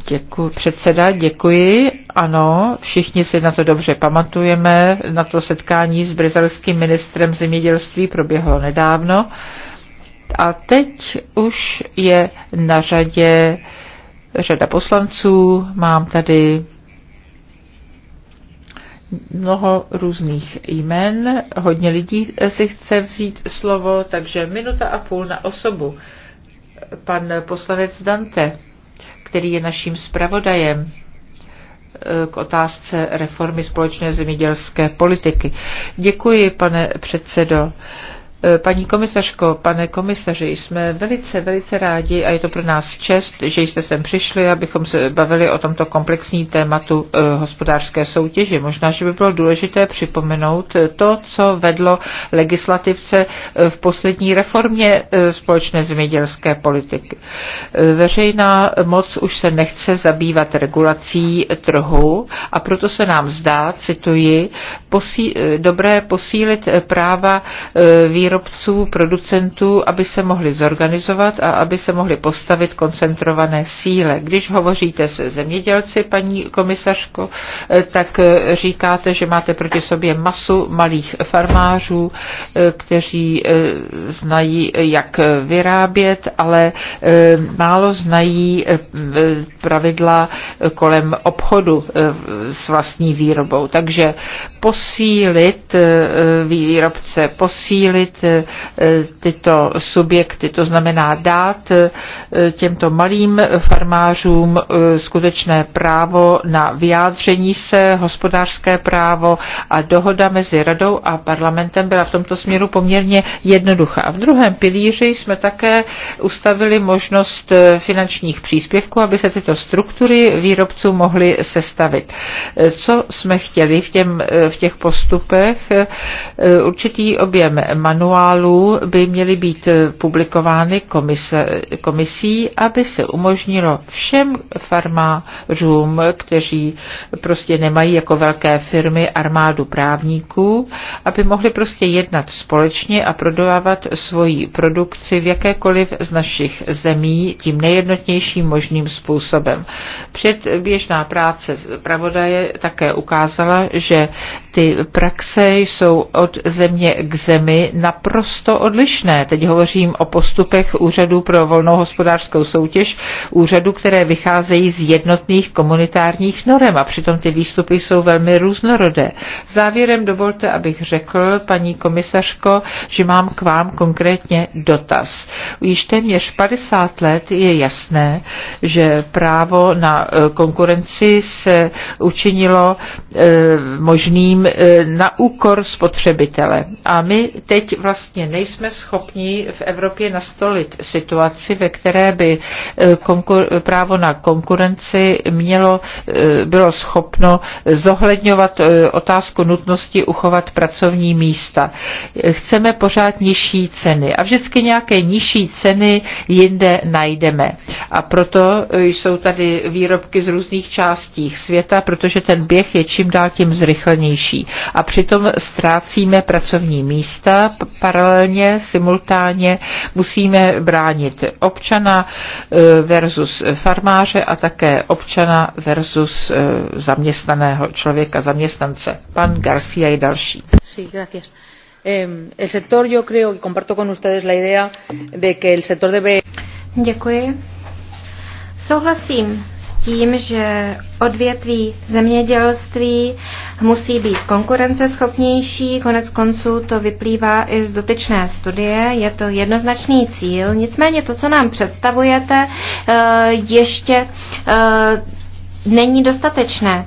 Děkuji, předseda, děkuji. Ano, všichni si na to dobře pamatujeme. Na to setkání s brazilským ministrem zemědělství proběhlo nedávno. A teď už je na řadě řada poslanců. Mám tady mnoho různých jmen, hodně lidí si chce vzít slovo, takže minuta a půl na osobu. Pan poslanec Dante který je naším zpravodajem eh, k otázce reformy společné zemědělské politiky. Děkuji, pane předsedo. Eh, paní komisařko, pane komisaři, jsme velice, velice rádi a je to pro nás čest, že jste sem přišli, abychom se bavili o tomto komplexní tématu eh, hospodářské soutěže. Možná, že by bylo důležité připomenout to, co vedlo legislativce eh, v poslední reformě společné zemědělské politiky. Veřejná moc už se nechce zabývat regulací trhu a proto se nám zdá, cituji, posí, dobré posílit práva výrobců výrobců, producentů, aby se mohli zorganizovat a aby se mohli postavit koncentrované síle. Když hovoříte se zemědělci, paní komisařko, eh, tak eh, říkáte, že máte proti sobě masu malých farmářů, eh, kteří znají, jak vyrábět, ale málo znají pravidla kolem obchodu s vlastní výrobou. Takže posílit výrobce, posílit Eh, tyto subjekty. To znamená dát eh, těmto malým farmářům eh, skutečné právo na vyjádření se, hospodářské právo a dohoda mezi radou a parlamentem byla v tomto směru poměrně jednoduchá. A v druhém pilíři jsme také ustavili možnost finančních příspěvků, aby se tyto struktury výrobců mohly sestavit. Co jsme chtěli v, těm, v těch postupech? Určitý objem manu manuálů by měly být eh, publikovány komise, komisí, aby se umožnilo všem farmářům, kteří prostě nemají jako velké firmy armádu právníků, aby mohli prostě jednat společně a prodávat svoji produkci v jakékoliv z našich zemí tím nejjednotnějším možným způsobem. Předběžná práce pravodaje také ukázala, že ty praxe jsou od země k zemi na naprosto odlišné. Teď hovořím o postupech úřadu pro volnou hospodářskou soutěž, úřadu, které vycházejí z jednotných komunitárních norem a přitom ty výstupy jsou velmi různorodé. Závěrem dovolte, abych řekl, paní komisařko, že mám k vám konkrétně dotaz. Již téměř 50 let je jasné, že právo na e, konkurenci se učinilo e, možným e, na úkor spotřebitele. A my teď vlastně nejsme schopni v Evropě nastolit situaci, ve které by eh, konkur- právo na konkurenci mělo, eh, bylo schopno zohledňovat eh, otázku nutnosti uchovat pracovní místa. Chceme pořád nižší ceny a vždycky nějaké nižší ceny jinde najdeme. A proto jsou tady výrobky z různých částí světa, protože ten běh je čím dál tím zrychlenější. A přitom ztrácíme pracovní místa, paralelně, simultánně musíme bránit občana eh, versus farmáře a také občana versus eh, zaměstnaného člověka, zaměstnance. Pan Garcia je další. Sí, gracias. El sector, yo creo y comparto con ustedes la idea de que el sector debe. Děkuji. Souhlasím tím, že odvětví zemědělství musí být konkurenceschopnější. Konec konců to vyplývá i z dotyčné studie. Je to jednoznačný cíl. Nicméně to, co nám představujete, eh, ještě eh, není dostatečné.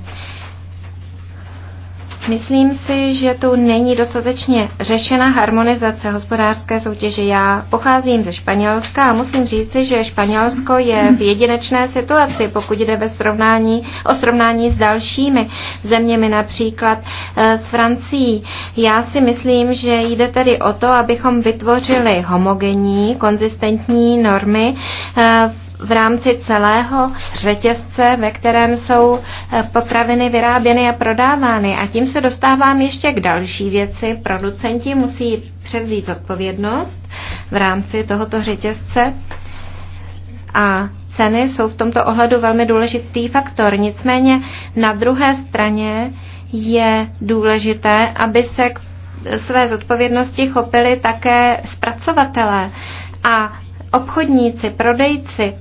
Myslím si, že tu není dostatečně řešena harmonizace hospodářské soutěže. Já pocházím ze Španělska a musím říci, že Španělsko je v jedinečné situaci, pokud jde ve srovnání, o srovnání s dalšími zeměmi, například eh, s Francií. Já si myslím, že jde tedy o to, abychom vytvořili homogenní, konzistentní normy v eh, v rámci celého řetězce, ve kterém jsou eh, potraviny vyráběny a prodávány. A tím se dostávám ještě k další věci. Producenti musí převzít odpovědnost v rámci tohoto řetězce a ceny jsou v tomto ohledu velmi důležitý faktor. Nicméně na druhé straně je důležité, aby se k své zodpovědnosti chopili také zpracovatelé a obchodníci, prodejci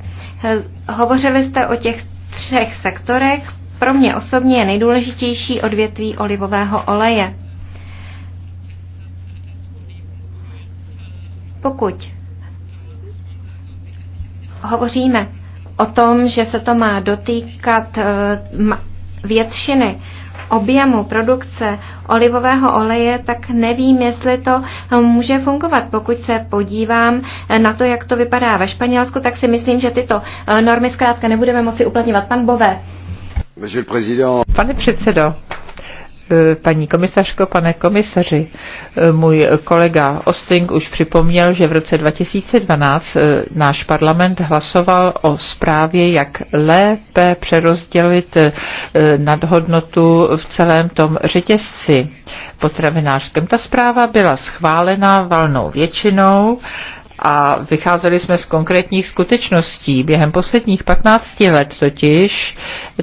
Hovořili jste o těch třech sektorech. Pro mě osobně je nejdůležitější odvětví olivového oleje. Pokud hovoříme o tom, že se to má dotýkat eh, většiny objemu produkce olivového oleje, tak nevím, jestli to hm, může fungovat. Pokud se podívám eh, na to, jak to vypadá ve Španělsku, tak si myslím, že tyto eh, normy zkrátka nebudeme moci uplatňovat. Pan Bové. Pane předsedo, Eh, paní komisařko, pane komisaři. Eh, můj kolega Osting už připomněl, že v roce 2012 eh, náš parlament hlasoval o zprávě, jak lépe přerozdělit nadhodnotu v celém tom řetězci potravinářském. Ta zpráva byla schválena valnou většinou a vycházeli jsme z konkrétních skutečností. Během posledních 15 let totiž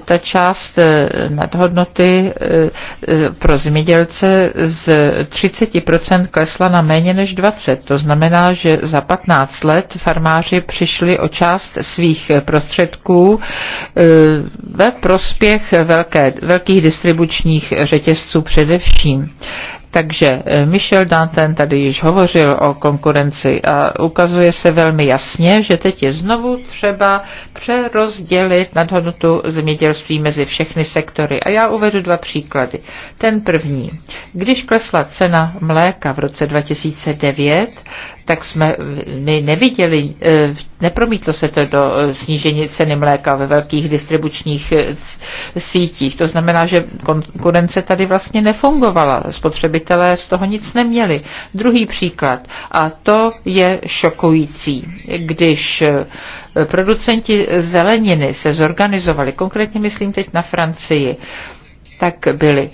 ta část eh, nadhodnoty eh, eh, pro zemědělce z 30% klesla na méně než 20. To znamená, že za 15 let farmáři přišli o část svých prostředků ve prospěch velké, velkých distribučních řetězců především. Takže eh, Michel Danten tady již hovořil o konkurenci a ukazuje se velmi jasně, že teď je znovu třeba přerozdělit nadhodnotu zemědělství mezi všechny sektory. A já uvedu dva příklady. Ten první. Když klesla cena mléka v roce 2009, tak jsme my neviděli, eh, nepromítlo se to do eh, snížení ceny mléka ve velkých distribučních eh, sítích. To znamená, že konkurence tady vlastně nefungovala. Spotřebitelé z toho nic neměli. Druhý příklad, a to je šokující, když producenti zeleniny se zorganizovali, konkrétně myslím teď na Francii, tak byli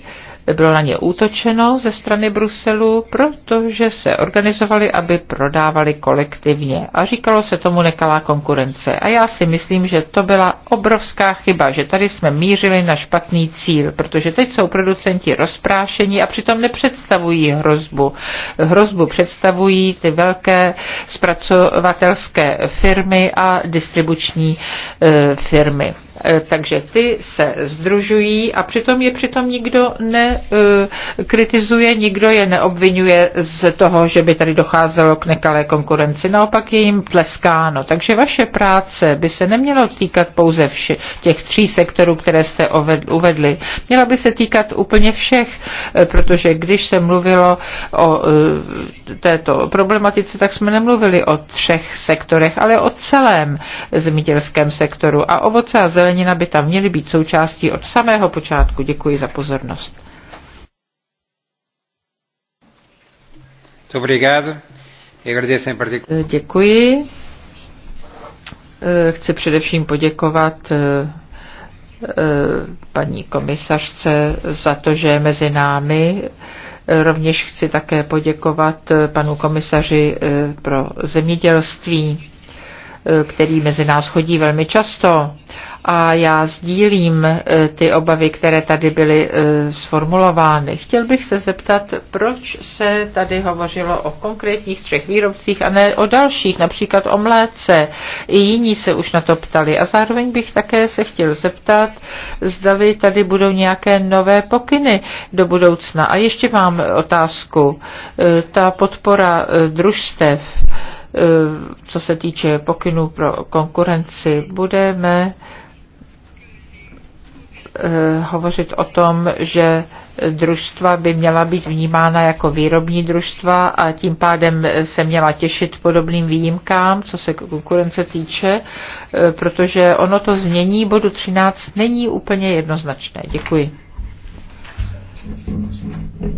bylo na ně útočeno ze strany Bruselu, protože se organizovali, aby prodávali kolektivně. A říkalo se tomu nekalá konkurence. A já si myslím, že to byla obrovská chyba, že tady jsme mířili na špatný cíl, protože teď jsou producenti rozprášení a přitom nepředstavují hrozbu. Hrozbu představují ty velké zpracovatelské firmy a distribuční e, firmy. Eh, takže ty se združují a přitom je přitom nikdo nekritizuje, eh, nikdo je neobvinuje z toho, že by tady docházelo k nekalé konkurenci. Naopak je jim tleskáno. Takže vaše práce by se neměla týkat pouze vši, těch tří sektorů, které jste uvedli. Měla by se týkat úplně všech, eh, protože když se mluvilo o této problematice, tak jsme nemluvili o třech sektorech, ale o celém zemědělském sektoru. A ovoce a zelení zelenina by tam měly být součástí od samého počátku. Děkuji za pozornost. E eh, děkuji. Eh, chci především poděkovat eh, paní komisařce za to, že je mezi námi. Rovněž chci také poděkovat panu komisaři pro zemědělství. Eh, který mezi nás chodí velmi často. A já sdílím eh, ty obavy, které tady byly eh, sformulovány. Chtěl bych se zeptat, proč se tady hovořilo o konkrétních třech výrobcích a ne o dalších, například o mléce. I jiní se už na to ptali. A zároveň bych také se chtěl zeptat, zdali tady budou nějaké nové pokyny do budoucna. A ještě mám otázku. Ta podpora družstev Eh, co se týče pokynů pro konkurenci, budeme eh, hovořit o tom, že družstva by měla být vnímána jako výrobní družstva a tím pádem se měla těšit podobným výjimkám, co se konkurence týče, eh, protože ono to znění bodu 13 není úplně jednoznačné. Děkuji.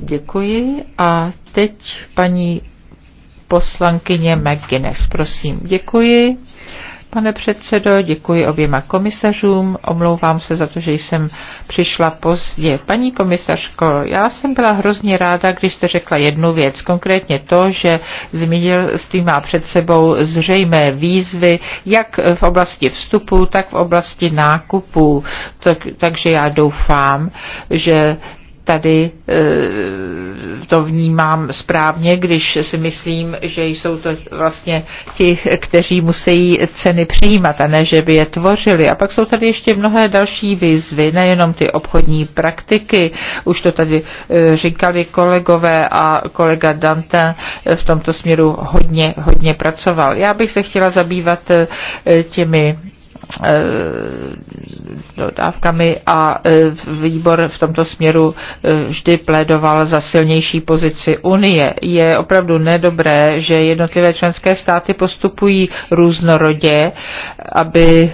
Děkuji a teď paní poslankyně McGuinness. Prosím, děkuji. Pane předsedo, děkuji oběma komisařům. Omlouvám se za to, že jsem přišla pozdě. Paní komisařko, já jsem byla hrozně ráda, když jste řekla jednu věc, konkrétně to, že zemědělství má před sebou zřejmé výzvy, jak v oblasti vstupu, tak v oblasti nákupu. Tak, takže já doufám, že tady e, to vnímám správně, když si myslím, že jsou to vlastně ti, kteří musí ceny přijímat a ne, že by je tvořili. A pak jsou tady ještě mnohé další výzvy, nejenom ty obchodní praktiky, už to tady e, říkali kolegové a kolega Dante v tomto směru hodně, hodně pracoval. Já bych se chtěla zabývat e, těmi Eh, dodávkami a eh, výbor v tomto směru eh, vždy plédoval za silnější pozici Unie. Je opravdu nedobré, že jednotlivé členské státy postupují různorodě, aby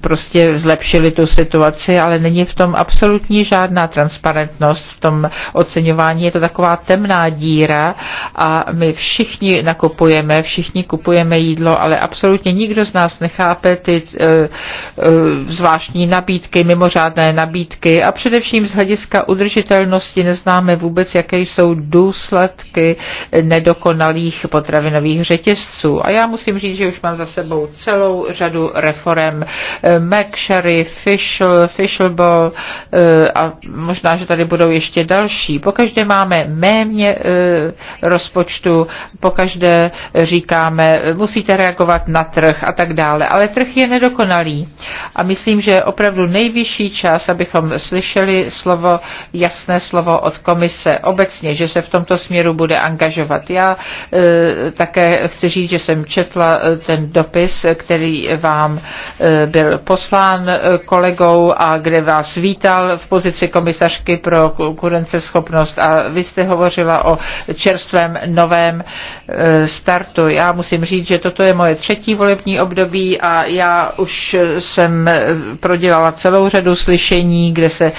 prostě zlepšili tu situaci, ale není v tom absolutní žádná transparentnost, v tom oceňování je to taková temná díra a my všichni nakupujeme, všichni kupujeme jídlo, ale absolutně nikdo z nás nechápe, ty eh, eh, zvláštní nabídky, mimořádné nabídky a především z hlediska udržitelnosti neznáme vůbec, jaké jsou důsledky nedokonalých potravinových řetězců. A já musím říct, že už mám za sebou celou řadu reform eh, McSherry, Fischl, Fischlball a možná, že tady budou ještě další. Pokaždé máme méně rozpočtu, pokaždé říkáme, musíte reagovat na trh a tak dále. Ale trh návrh je nedokonalý a myslím, že je opravdu nejvyšší čas, abychom slyšeli slovo, jasné slovo od komise obecně, že se v tomto směru bude angažovat. Já e, také chci říct, že jsem četla e, ten dopis, který vám e, byl poslán e, kolegou a kde vás vítal v pozici komisařky pro konkurenceschopnost a vy jste hovořila o čerstvém novém e, startu. Já musím říct, že toto je moje třetí volební období a já už jsem prodělala celou řadu slyšení, kde se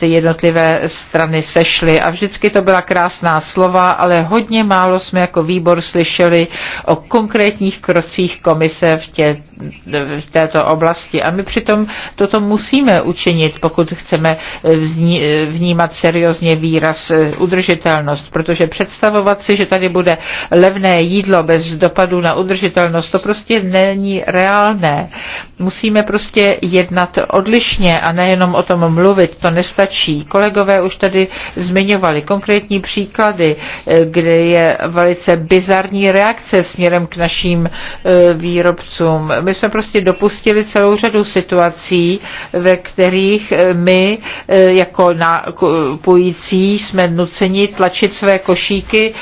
ty jednotlivé strany sešly a vždycky to byla krásná slova, ale hodně málo jsme jako výbor slyšeli o konkrétních krocích komise v, tě, v této oblasti. A my přitom toto musíme učinit, pokud chceme vzní, vnímat seriózně výraz udržitelnost, protože představovat si, že tady bude levné jídlo bez dopadu na udržitelnost, to prostě není reálné. Musíme prostě jednat odlišně a nejenom o tom mluvit, to nestačí. Kolegové už tady zmiňovali konkrétní příklady, eh, kde je velice bizarní reakce směrem k našim eh, výrobcům. My jsme prostě dopustili celou řadu situací, ve kterých eh, my jako nakupující jsme nuceni tlačit své košíky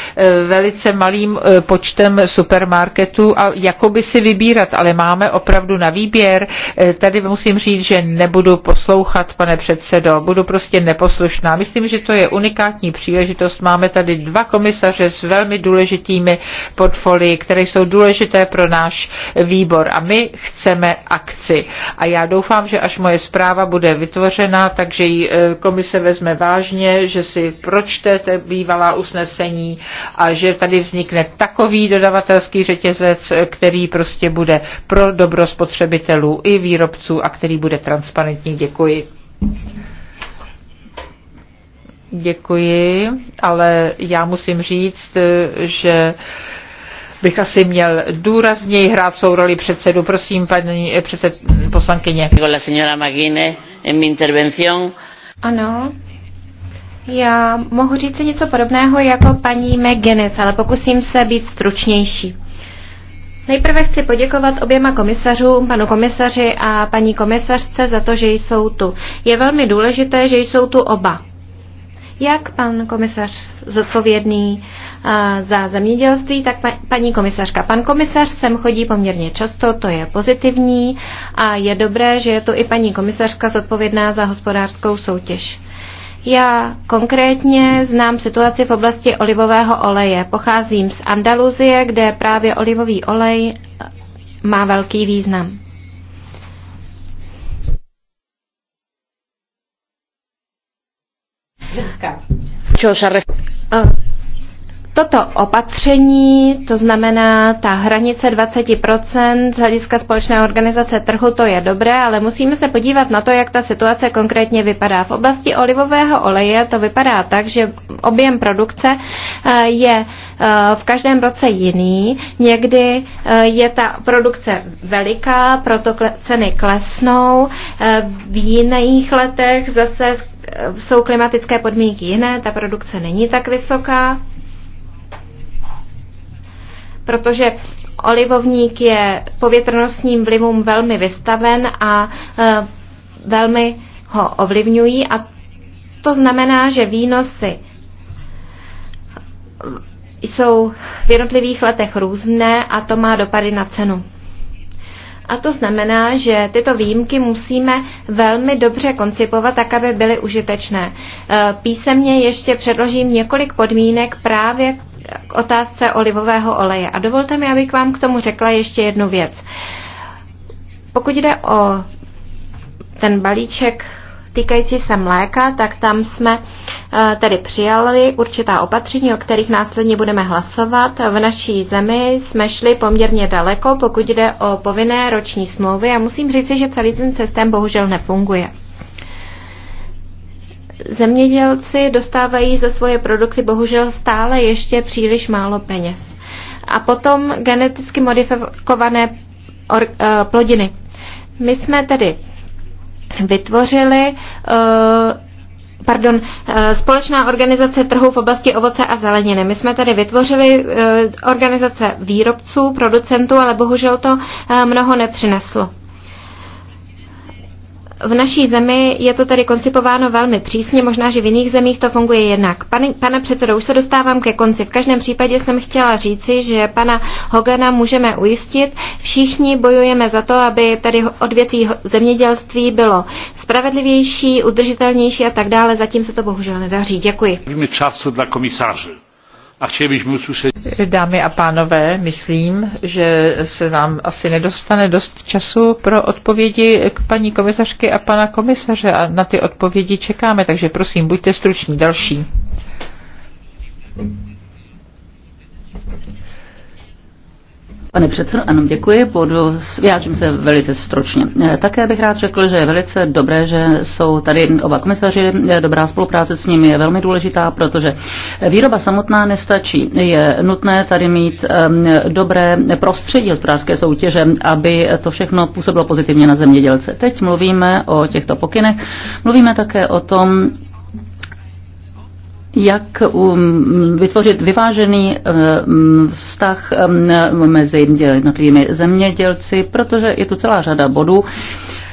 velice malým počtem supermarketů a jakoby si vybírat, ale máme opravdu opravdu na výběr. Eh, tady musím říct, že nebudu poslouchat, pane předsedo, budu prostě neposlušná. Myslím, že to je unikátní příležitost. Máme tady dva komisaře s velmi důležitými portfolii, které jsou důležité pro náš výbor a my chceme akci. A já doufám, že až moje zpráva bude vytvořena, takže ji eh, komise vezme vážně, že si pročtete bývalá usnesení a že tady vznikne takový dodavatelský řetězec, eh, který prostě bude pro dobro spotřebitelů i výrobců a který bude transparentní. Děkuji. Děkuji, ale já musím říct, že bych asi měl důrazněji hrát svou roli předsedu. Prosím, paní eh, předsed, poslankyně. Ano, já mohu říct něco podobného jako paní McGuinness, ale pokusím se být stručnější. Nejprve chci poděkovat oběma komisařům, panu komisaři a paní komisařce za to, že jsou tu. Je velmi důležité, že jsou tu oba. Jak pan komisař zodpovědný za zemědělství, tak paní komisařka. Pan komisař sem chodí poměrně často, to je pozitivní a je dobré, že je tu i paní komisařka zodpovědná za hospodářskou soutěž. Já konkrétně znám situaci v oblasti olivového oleje. Pocházím z Andaluzie, kde právě olivový olej eh, má velký význam. se Toto opatření, to znamená ta hranice 20% z hlediska společné organizace trhu, to je dobré, ale musíme se podívat na to, jak ta situace konkrétně vypadá. V oblasti olivového oleje to vypadá tak, že objem produkce eh, je eh, v každém roce jiný. Někdy eh, je ta produkce veliká, proto ceny klesnou. V jiných letech zase jsou klimatické podmínky jiné, ta produkce není tak vysoká protože olivovník je povětrnostním vlivům velmi vystaven a e, velmi ho ovlivňují a to znamená, že výnosy jsou v jednotlivých letech různé a to má dopady na cenu. A to znamená, že tyto výjimky musíme velmi dobře koncipovat, tak aby byly užitečné. E, písemně ještě předložím několik podmínek právě k otázce olivového oleje. A dovolte mi, abych vám k tomu řekla ještě jednu věc. Pokud jde o ten balíček týkající se mléka, tak tam jsme eh, tedy přijali určitá opatření, o kterých následně budeme hlasovat. V naší zemi jsme šli poměrně daleko, pokud jde o povinné roční smlouvy a musím říci, že celý ten systém bohužel nefunguje zemědělci dostávají za svoje produkty bohužel stále ještě příliš málo peněz. A potom geneticky modifikované or, uh, plodiny. My jsme tedy vytvořili uh, pardon, eh, společná organizace trhu v oblasti ovoce a zeleniny. My jsme tady vytvořili organizace výrobců, producentů, ale bohužel to mnoho nepřineslo. V naší zemi je to tady koncipováno velmi přísně, možná, že v jiných zemích to funguje jinak. Pane, pane předsedo, už se dostávám ke konci. V každém případě jsem chtěla říci, že pana Hogana můžeme ujistit. Všichni bojujeme za to, aby tady odvětví zemědělství bylo spravedlivější, udržitelnější a tak dále. Zatím se to bohužel nedaří. Děkuji. Času dla komisáře. Dámy a pánové, myslím, že se nám asi nedostane dost času pro odpovědi k paní komisařky a pana komisaře a na ty odpovědi čekáme, takže prosím, buďte struční. Další. Pane předsedo, ano, děkuji. Budu, vyjádřím se velice stročně. E, také bych rád řekl, že je velice dobré, že jsou tady oba komisaři. E, dobrá spolupráce s nimi je velmi důležitá, protože výroba samotná nestačí. Je nutné tady mít dobré prostředí hospodářské soutěže, aby to všechno působilo pozitivně na zemědělce. Teď mluvíme o těchto pokynech. Mluvíme také o tom, jak um, vytvořit vyvážený eh, mm, vztah mm, mezi jednotlivými zemědělci, protože je tu celá řada bodů,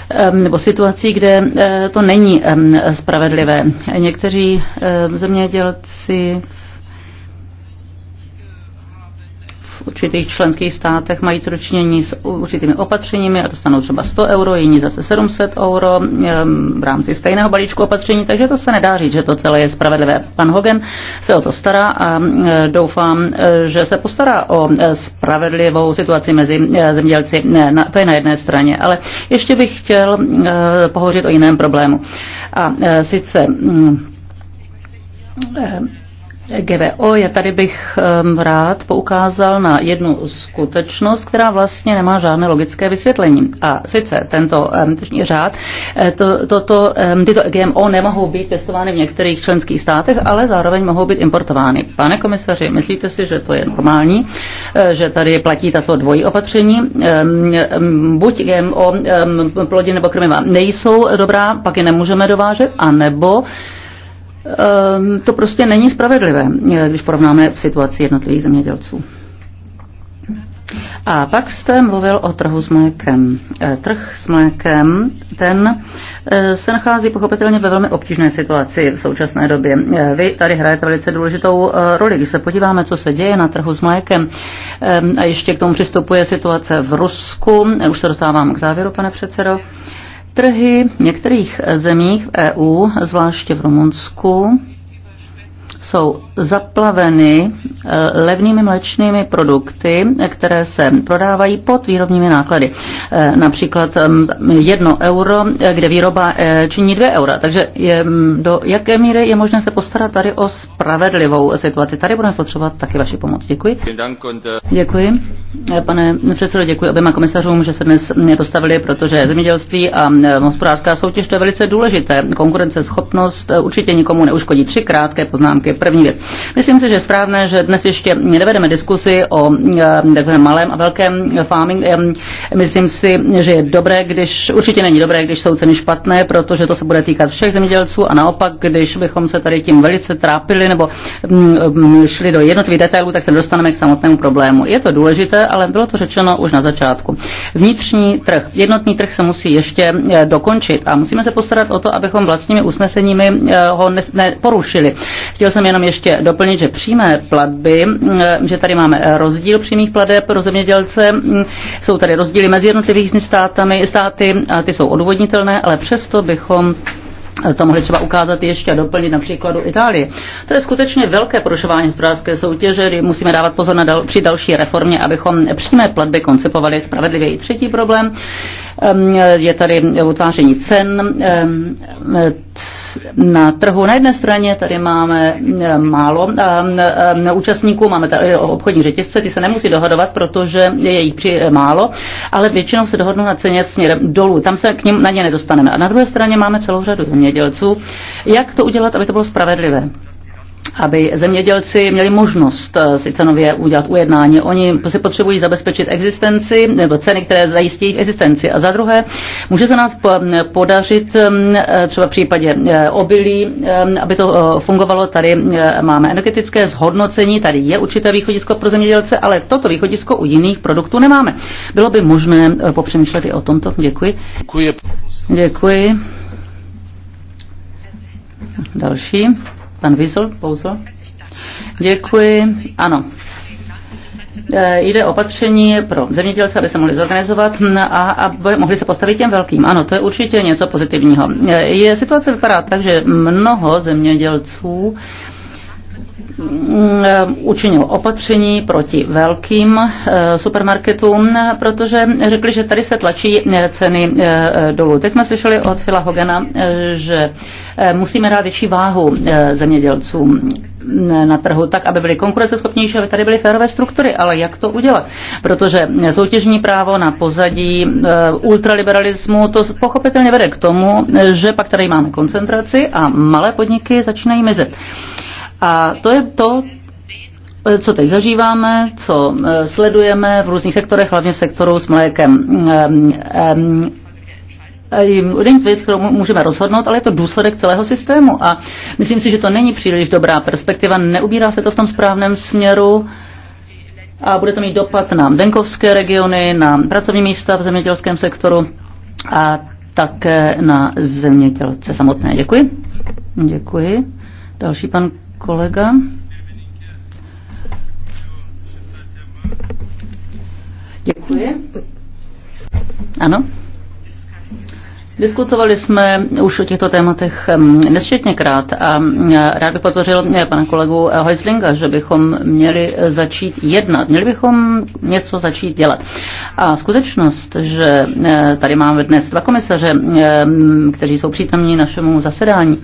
eh, nebo situací, kde eh, to není spravedlivé. Někteří zemědělci určitých členských státech mají zročnění s určitými opatřeními a dostanou třeba 100 euro, jiní zase 700 euro v rámci stejného balíčku opatření, takže to se nedá říct, že to celé je spravedlivé. Pan Hogan se o to stará a doufám, e, že se postará o e, spravedlivou situaci mezi e, zemědělci. To je na jedné straně, ale ještě bych chtěl pohořit o jiném problému. A sice mm, GVO, já tady bych rád poukázal na jednu skutečnost, která vlastně nemá žádné logické vysvětlení. A sice tento tržní řád, e, to, to, to, tyto GMO nemohou být testovány v některých členských státech, ale zároveň mohou být importovány. Pane komisaři, myslíte si, že to je normální, e, že tady platí tato dvojí opatření? Buď GMO, plodiny nebo krmiva nejsou dobrá, pak je nemůžeme dovážet, anebo Ehm, to prostě není spravedlivé, eh, když porovnáme situaci jednotlivých zemědělců. A pak jste mluvil o trhu s mlékem. Eh, trh s mlékem, ten eh, se nachází pochopitelně ve velmi obtížné situaci v současné době. Vy tady hrajete velice důležitou roli. Když se podíváme, co se děje na trhu s mlékem, a ještě k tomu přistupuje situace v Rusku, už se dostávám k závěru, pane předsedo, Trhy v některých zemích EU, zvláště v Rumunsku, jsou zaplaveny eh, levnými mléčnými produkty, které se prodávají pod výrobními náklady. Eh, například jedno euro, eh, kde výroba činí dvě eura. Takže je, do jaké míry je možné se postarat tady o spravedlivou situaci? Tady budeme potřebovat taky vaši pomoc. Děkuji. Děkuji. Pane předsedo, děkuji oběma komisařům, že se dnes dostavili, protože zemědělství a hospodářská soutěž to je velice důležité. Konkurenceschopnost určitě nikomu neuškodí. Tři krátké poznámky je První věc. Myslím si, že je správné, že dnes ještě nevedeme diskusi o eh, takovém malém a velkém farming. Myslím si, že je dobré, když určitě není dobré, když jsou ceny špatné, protože to se bude týkat všech zemědělců a naopak, když bychom se tady tím velice trápili nebo mm, mm, šli do jednotlivých detailů, tak se dostaneme k samotnému problému. Je to důležité, ale bylo to řečeno už na začátku. Vnitřní trh, jednotný trh se musí ještě eh, dokončit a musíme se postarat o to, abychom vlastními usneseními eh, ho neporušili. Chtěl jsem jsem jenom ještě doplnit, že přímé platby, mm, že tady máme rozdíl přímých plateb pro zemědělce, mm, jsou tady rozdíly mezi jednotlivými státami, státy, a ty jsou odvodnitelné, ale přesto bychom to mohli třeba ukázat ještě a doplnit na příkladu Itálie. To je skutečně velké porušování hospodářské soutěže, kdy musíme dávat pozor na dal, při další reformě, abychom přímé platby koncipovali spravedlivě. I třetí problém je tady utváření cen na trhu. Na jedné straně tady máme málo účastníků, máme tady obchodní řetězce, ty se nemusí dohadovat, protože je jich při eh, málo, ale většinou se dohodnou na ceně směrem dolů. Tam se k ním na ně nedostaneme. A na druhé straně máme celou řadu zemědělců. Jak to udělat, aby to bylo spravedlivé? aby zemědělci měli možnost eh, si cenově udělat ujednání. Oni si potřebují zabezpečit existenci nebo ceny, které zajistí jejich existenci. A za druhé, může se nás podařit eh, třeba v případě eh, obilí, aby to fungovalo. Tady máme energetické zhodnocení, tady je určité východisko pro zemědělce, ale toto východisko u jiných produktů nemáme. Bylo by možné popřemýšlet i o tomto. Děkuji. Děkuji. Děkuji. Další. Pan Vizl, Pouzl. Děkuji. Ano, e, Jde opatření pro zemědělce, aby se mohli zorganizovat a aby mohli se postavit těm velkým. Ano, to je určitě něco pozitivního. E, je, situace vypadá tak, že mnoho zemědělců Mm, eh, učinil opatření proti velkým eh, supermarketům, protože řekli, že tady se tlačí eh, ceny dolů. Teď jsme slyšeli od Fila Hogana, že musíme dát větší váhu zemědělcům mm, na trhu tak, aby byly konkurenceschopnější, aby tady byly férové struktury. Ale jak to udělat? Protože soutěžní právo na pozadí ultraliberalismu to pochopitelně vede k tomu, že pak tady máme koncentraci a malé podniky začínají mizet. A to je to, eh, co teď zažíváme, co eh, sledujeme v různých sektorech, hlavně v sektoru s mlékem. Není eh, věc, kterou můžeme rozhodnout, ale je to důsledek celého systému. A myslím si, že to není příliš dobrá perspektiva, neubírá se to v tom správném směru a bude to mít dopad na venkovské regiony, na pracovní místa v zemědělském sektoru a také na zemědělce samotné. Děkuji. Děkuji. Další pan kolega. Děkuji. Ano. Diskutovali jsme už o těchto tématech um, nesčetněkrát a um, rád bych podpořil eh, pana kolegu eh, Heuslinga, že bychom měli začít jednat, měli bychom něco začít dělat. A skutečnost, že eh, tady máme dnes dva komisaře, kteří jsou přítomní našemu zasedání,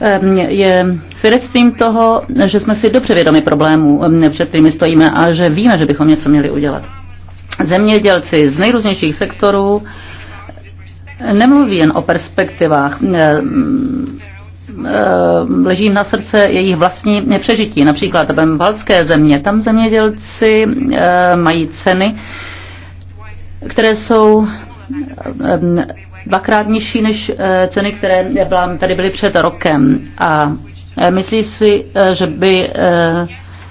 Ehm, je svědectvím toho, že jsme si dobře vědomi problémů, ehm, před kterými stojíme a že víme, že bychom něco měli udělat. Zemědělci z nejrůznějších sektorů nemluví jen o perspektivách ehm, leží na srdce jejich vlastní přežití. Například v balské země, tam zemědělci mají ceny, které jsou dvakrát nižší než eh, ceny, které tady byly před rokem. A eh, myslí si, eh, že by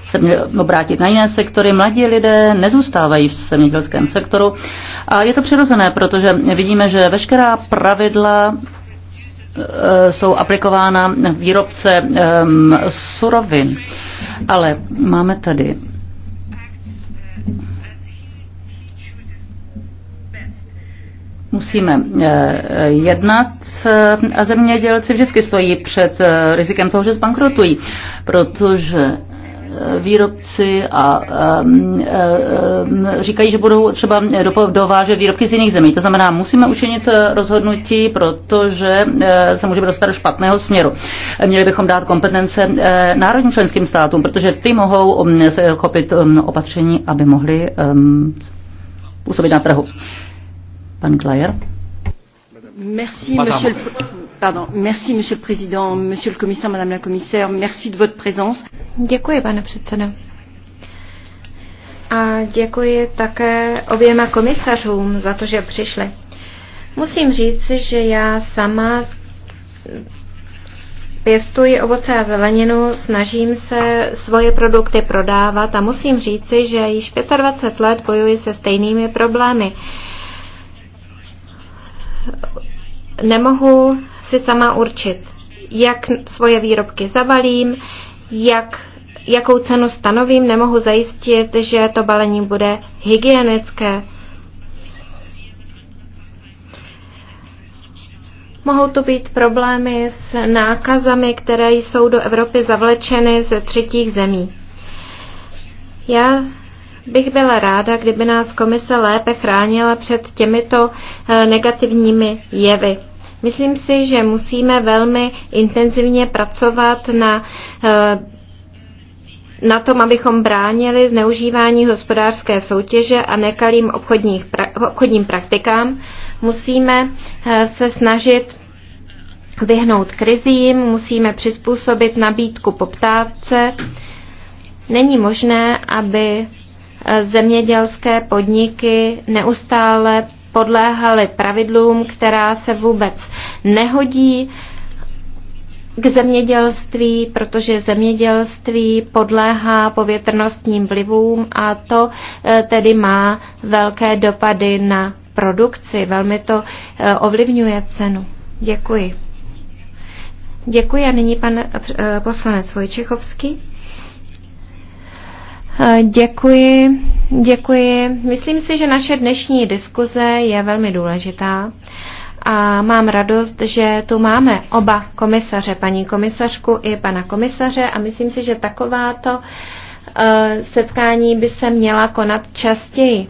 se měli obrátit na jiné sektory. Mladí lidé nezůstávají v zemědělském sektoru a je to přirozené, protože vidíme, že veškerá pravidla jsou aplikována výrobce ehm, surovin. Ale máme tady musíme eh, jednat eh, a zemědělci vždycky stojí před eh, rizikem toho, že zbankrotují, protože výrobci a um, um, říkají, že budou třeba dovážet výrobky z jiných zemí. To znamená, musíme učinit rozhodnutí, protože se můžeme dostat do špatného směru. Měli bychom dát kompetence národním členským státům, protože ty mohou mm, se chopit mm, opatření, aby mohli um, působit na trhu. Pan Klajer. Merci, monsieur le, pardon, merci, monsieur le président, monsieur le commissaire, madame la commissaire, merci de votre présence. Děkuji, pane předsedo. A děkuji také oběma komisařům za to, že přišli. Musím říct, že já sama pěstuji ovoce a zeleninu, snažím se svoje produkty prodávat a musím říci, že již 25 let bojuji se stejnými problémy nemohu si sama určit, jak svoje výrobky zabalím, jak, jakou cenu stanovím, nemohu zajistit, že to balení bude hygienické. Mohou to být problémy s nákazami, které jsou do Evropy zavlečeny ze třetích zemí. Já bych byla ráda, kdyby nás komise lépe chránila před těmito eh, negativními jevy. Myslím si, že musíme velmi intenzivně pracovat na eh, na tom, abychom bránili zneužívání hospodářské soutěže a nekalým obchodních obchodním praktikám, musíme eh, se snažit vyhnout krizím, musíme přizpůsobit nabídku poptávce. Není možné, aby zemědělské podniky neustále podléhaly pravidlům, která se vůbec nehodí k zemědělství, protože zemědělství podléhá povětrnostním vlivům a to eh, tedy má velké dopady na produkci. Velmi to eh, ovlivňuje cenu. Děkuji. Děkuji a nyní pan eh, poslanec Vojčechovský. Eh, děkuji, děkuji. Myslím si, že naše dnešní diskuze je velmi důležitá a mám radost, že tu máme oba komisaře, paní komisařku i pana komisaře a myslím si, že takováto uh, setkání by se měla konat častěji.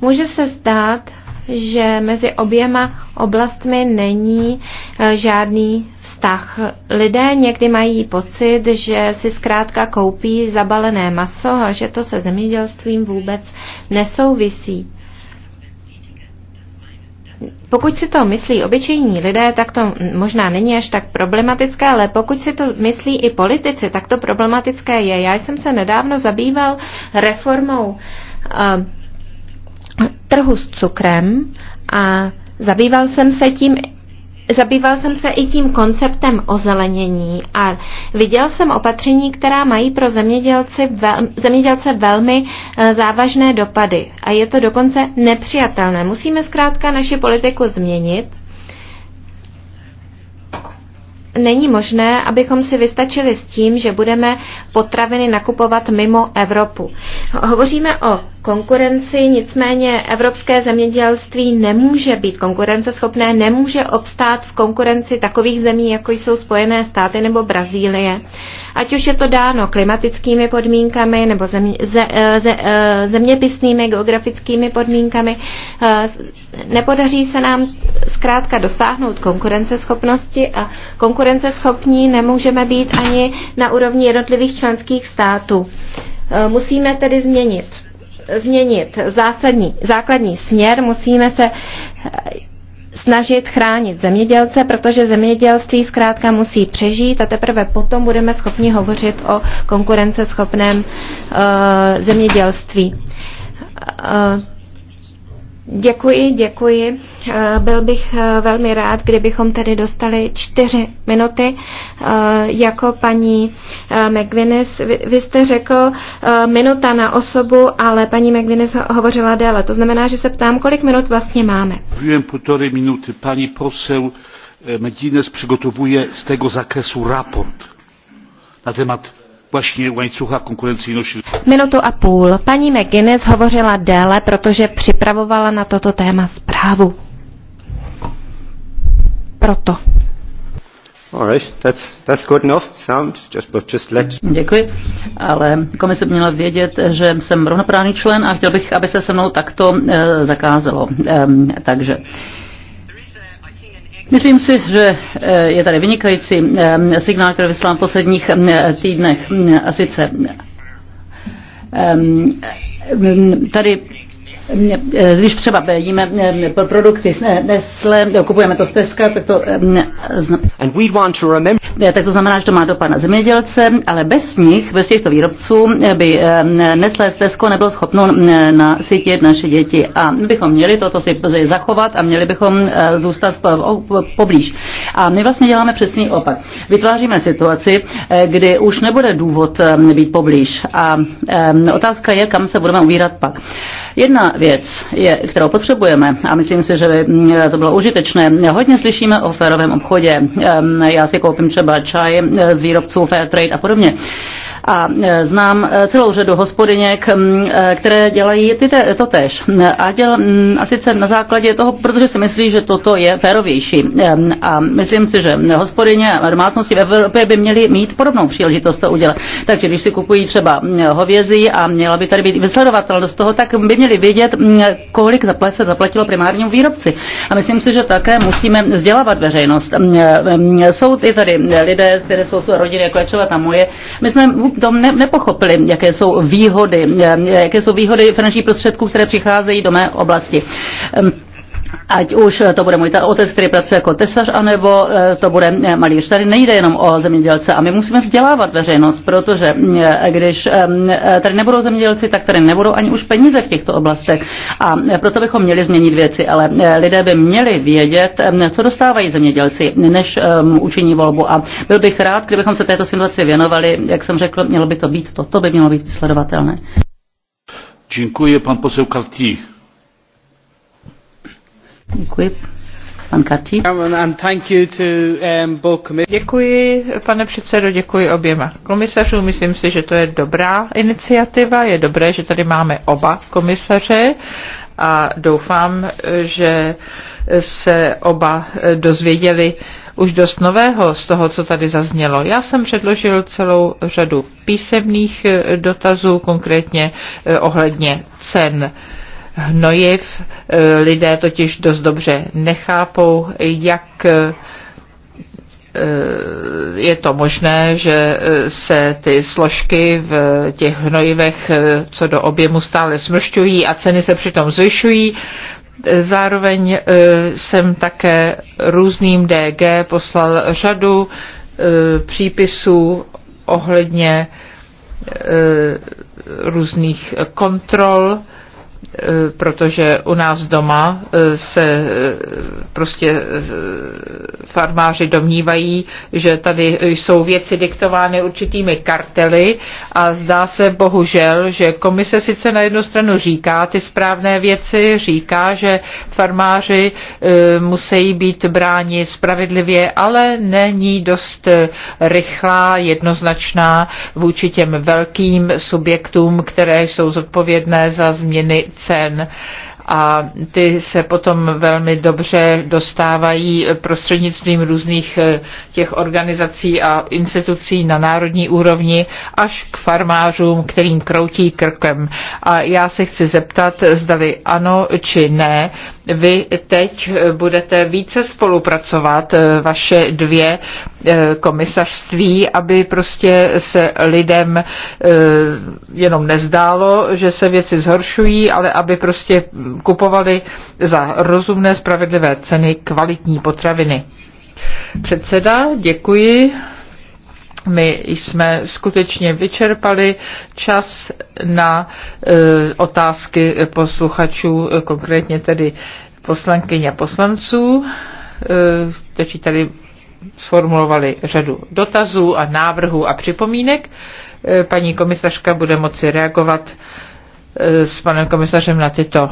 Může se zdát, že mezi oběma oblastmi není eh, žádný vztah. Lidé někdy mají pocit, že si zkrátka koupí zabalené maso a že to se zemědělstvím vůbec nesouvisí. Pokud si to myslí obyčejní lidé, tak to možná není až tak problematické, ale pokud si to myslí i politici, tak to problematické je. Já jsem se nedávno zabýval reformou uh, trhu s cukrem a zabýval jsem se tím Zabýval jsem se i tím konceptem ozelenění a viděl jsem opatření, která mají pro zemědělce, vel, zemědělce velmi eh, závažné dopady. A je to dokonce nepřijatelné. Musíme zkrátka naši politiku změnit není možné, abychom si vystačili s tím, že budeme potraviny nakupovat mimo Evropu. Hovoříme o konkurenci, nicméně evropské zemědělství nemůže být konkurenceschopné, nemůže obstát v konkurenci takových zemí, jako jsou Spojené státy nebo Brazílie. Ať už je to dáno klimatickými podmínkami nebo země, ze, e, ze, e, zeměpisnými geografickými podmínkami, e, nepodaří se nám zkrátka dosáhnout konkurenceschopnosti a konkurenceschopnosti konkurenceschopní nemůžeme být ani na úrovni jednotlivých členských států. E, musíme tedy změnit, změnit zásadní, základní směr, musíme se e, snažit chránit zemědělce, protože zemědělství zkrátka musí přežít a teprve potom budeme schopni hovořit o konkurenceschopném uh, zemědělství. Uh, Děkuji, děkuji. Eh, byl bych eh, velmi rád, kdybychom tady dostali čtyři minuty eh, jako paní McGuinness. Vy jste řekl minuta na osobu, ale paní McGuinness hovořila déle. To znamená, že se ptám, kolik minut vlastně máme. Mówiłem půtory minuty. Pani posel McGuinness připravuje z tego zakresu raport na temat łańcucha konkurencyjności. Minutu a půl. Paní McGuinness hovořila déle, protože připravovala na toto téma zprávu. Proto. Děkuji, ale komise měla vědět, že jsem rovnoprávný člen a chtěl bych, aby se se mnou takto e, eh, zakázalo. E, ehm, takže. Myslím si, že eh, je tady vynikající eh, signál, který vyslám v posledních eh, týdnech. A sice tady Eh, když třeba jíme eh, produkty eh, Nestle, kupujeme to z Teska, tak to, tak to znamená, že to má dopad na zemědělce, ale bez nich, bez těchto výrobců by nesle z Tesco nebylo schopno na nasytit naše děti. A my bychom měli toto si zachovat a měli bychom zůstat poblíž. A my vlastně děláme přesný opak. Vytváříme situaci, kdy už nebude důvod být poblíž. A otázka je, kam se budeme uvírat pak. Jedna věc, je, kterou potřebujeme, a myslím si, že by mm, to bylo užitečné, hodně slyšíme o férovém obchodě. Ehm, já si koupím třeba čaj eh, z výrobců Fairtrade a podobně. A e, znám e, celou řadu hospodyněk, e, které dělají ty te, to tež. A, děl, a sice na základě toho, protože si myslí, že toto je férovější. A myslím si, že hospodyně a domácnosti v Evropě by měly mít podobnou příležitost to udělat. Takže když si kupují třeba hovězí a měla by tady být vysledovatelnost toho, tak by měli vědět, kolik se zaplatilo primárnímu výrobci. A myslím si, že také musíme vzdělávat veřejnost. Jsou i tady lidé, které jsou rodiny, jako je třeba ta moje. My jsme to ne, nepochopili, jaké jsou výhody, eh, jaké jsou výhody finančních prostředků, které přicházejí do mé oblasti ať už to bude můj otec, který pracuje jako tesař, anebo eh, to bude eh, malíř. Tady nejde jenom o zemědělce a my musíme vzdělávat veřejnost, protože eh, když ehm, tady nebudou zemědělci, tak tady nebudou ani už peníze v těchto oblastech. A proto bychom měli změnit věci, ale lidé by měli vědět, ehm, co dostávají zemědělci, než ehm, učiní volbu. A byl bych rád, kdybychom se této situaci věnovali, jak jsem řekl, mělo by to být to, to by mělo být sledovatelné. Děkuji, pan posel Kartí. Děkuji. Pan Karčí. Um, děkuji, pane předsedo, děkuji oběma komisařům. Myslím si, že to je dobrá iniciativa. Je dobré, že tady máme oba komisaře a doufám, že se oba dozvěděli už dost nového z toho, co tady zaznělo. Já jsem předložil celou řadu písemných dotazů, konkrétně eh, ohledně cen hnojiv. Eh, lidé totiž dost dobře nechápou, jak eh, je to možné, že eh, se ty složky v těch hnojivech co do objemu stále smršťují a ceny se přitom zvyšují. Zároveň jsem také různým DG poslal řadu přípisů ohledně různých kontrol Eh, protože u nás doma eh, se eh, prostě farmáři domnívají, že tady jsou věci diktovány určitými kartely a zdá se bohužel, že komise sice na jednu stranu říká ty správné věci, říká, že farmáři musí být bráni spravedlivě, ale není dost rychlá, jednoznačná vůči těm velkým subjektům, které jsou zodpovědné za změny cen a ty se potom velmi dobře dostávají prostřednictvím různých eh, těch organizací a institucí na národní úrovni až k farmářům, kterým kroutí krkem. A já se chci zeptat, zdali ano či ne, vy teď budete více spolupracovat, eh, vaše dvě eh, komisařství, aby prostě se lidem eh, jenom nezdálo, že se věci zhoršují, ale aby prostě kupovali za rozumné, spravedlivé ceny kvalitní potraviny. Předseda, děkuji. My jsme skutečně vyčerpali čas na e, otázky posluchačů, e, konkrétně tedy poslankyň a poslanců, e, kteří tady sformulovali řadu dotazů a návrhů a připomínek. E, paní komisařka bude moci reagovat e, s panem komisařem na tyto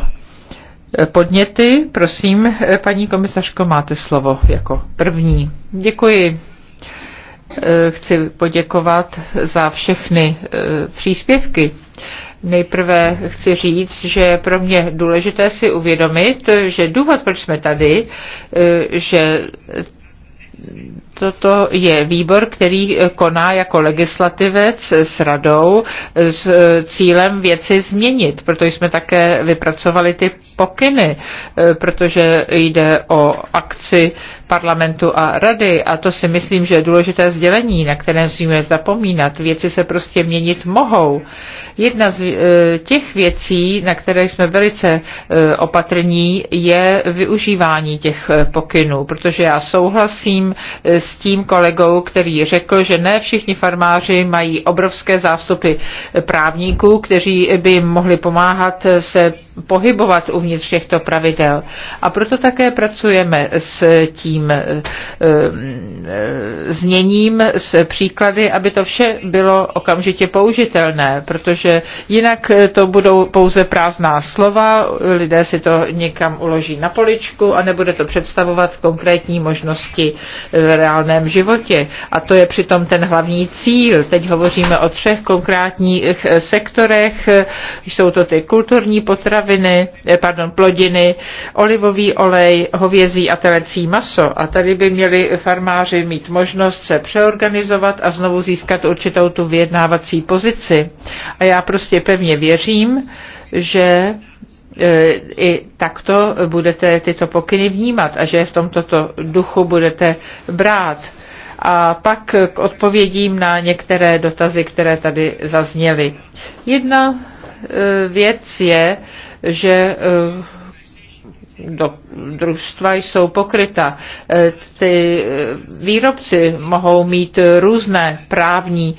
e, podněty. Prosím, e, paní komisařko, máte slovo jako první. Děkuji. Eh, chci poděkovat za všechny eh, příspěvky. Nejprve chci říct, že je pro mě důležité si uvědomit, že důvod, proč jsme tady, eh, že toto je výbor, který eh, koná jako legislativec s radou eh, s eh, cílem věci změnit. Proto jsme také vypracovali ty pokyny, protože jde o akci parlamentu a rady a to si myslím, že je důležité sdělení, na které musíme zapomínat. Věci se prostě měnit mohou. Jedna z těch věcí, na které jsme velice opatrní, je využívání těch pokynů, protože já souhlasím s s tím kolegou, který řekl, že ne všichni farmáři mají obrovské zástupy právníků, kteří by jim mohli pomáhat se pohybovat uvnitř těchto pravidel. A proto také pracujeme s tím eh, zněním, s příklady, aby to vše bylo okamžitě použitelné, protože jinak to budou pouze prázdná slova, lidé si to někam uloží na poličku a nebude to představovat konkrétní možnosti v reálném reálném životě. A to je přitom ten hlavní cíl. Teď hovoříme o třech konkrétních eh, sektorech. Jsou to ty kulturní potraviny, eh, pardon, plodiny, olivový olej, hovězí a telecí maso. A tady by měli farmáři mít možnost se přeorganizovat a znovu získat určitou tu vyjednávací pozici. A já prostě pevně věřím, že E, i takto budete tyto pokyny vnímat a že v tomto duchu budete brát. A pak k odpovědím na některé dotazy, které tady zazněly. Jedna e, věc je, že e, do, družstva jsou pokryta. E, ty e, výrobci mohou mít různé právní e,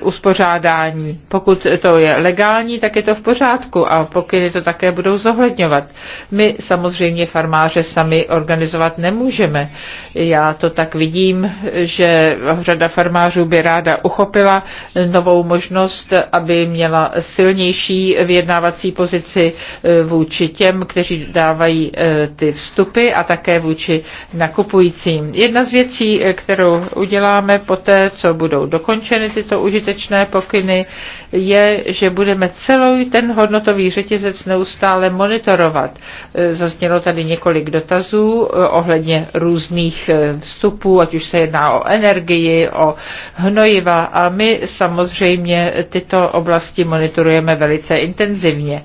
uspořádání. Pokud to je legální, tak je to v pořádku a pokyny to také budou zohledňovat. My samozřejmě farmáře sami organizovat nemůžeme. Já to tak vidím, že řada farmářů by ráda uchopila novou možnost, aby měla silnější vyjednávací pozici vůči těm, kteří dávají dostávají e, ty vstupy a také vůči nakupujícím. Jedna z věcí, e, kterou uděláme poté, co budou dokončeny tyto užitečné pokyny, je, že budeme celý ten hodnotový řetězec neustále monitorovat. E, zaznělo tady několik dotazů ohledně různých vstupů, ať už se jedná o energii, o hnojiva a my samozřejmě tyto oblasti monitorujeme velice intenzivně.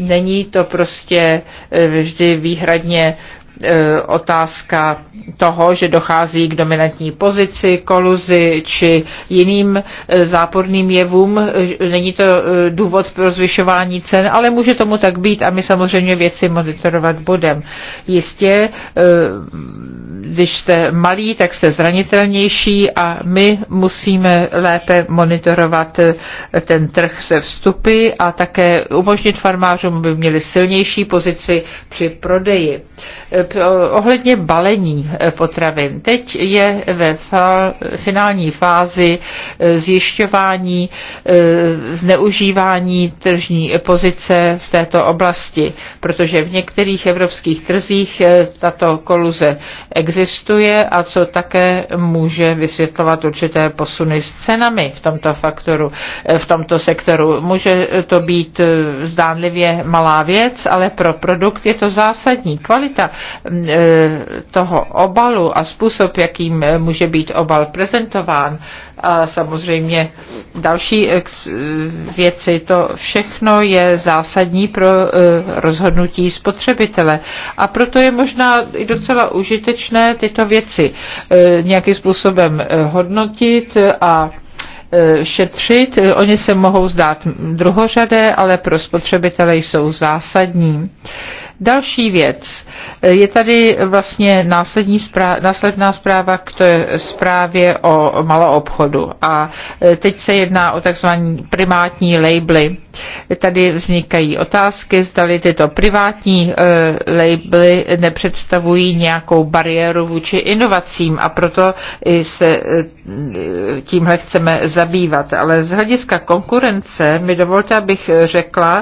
Není to prostě e, vždy výhradně e, otázka toho, že dochází k dominantní pozici, koluzi či jiným e, záporným jevům. Není to důvod pro zvyšování cen, ale může tomu tak být a my samozřejmě věci monitorovat budeme. Jistě když jste malí, tak jste zranitelnější a my musíme lépe monitorovat eh, ten trh se vstupy a také umožnit farmářům, aby měli silnější pozici při prodeji. Eh, ohledně balení eh, potravin. Teď je ve finální fázi zjišťování, zneužívání tržní pozice v této oblasti, protože v některých evropských trzích tato koluze existuje existuje a co také může vysvětlovat určité posuny s cenami v tomto faktoru, eh, v tomto sektoru. Může to být eh, zdánlivě malá věc, ale pro produkt je to zásadní. Kvalita mm, eh, toho obalu a způsob, jakým může být obal prezentován a samozřejmě další věci, to všechno je zásadní pro rozhodnutí spotřebitele. A proto je možná i docela užitečné možné tyto věci eh, nějakým způsobem eh, hodnotit a eh, šetřit. Oni se mohou zdát druhořadé, ale pro spotřebitele jsou zásadní. Další věc. Je tady vlastně následní zpráva, následná zpráva k té zprávě o maloobchodu. A teď se jedná o takzvané primátní labely Tady vznikají otázky, zdali tyto privátní eh, labely nepředstavují nějakou bariéru vůči inovacím a proto i se eh, tímhle chceme zabývat. Ale z hlediska konkurence mi dovolte, abych řekla,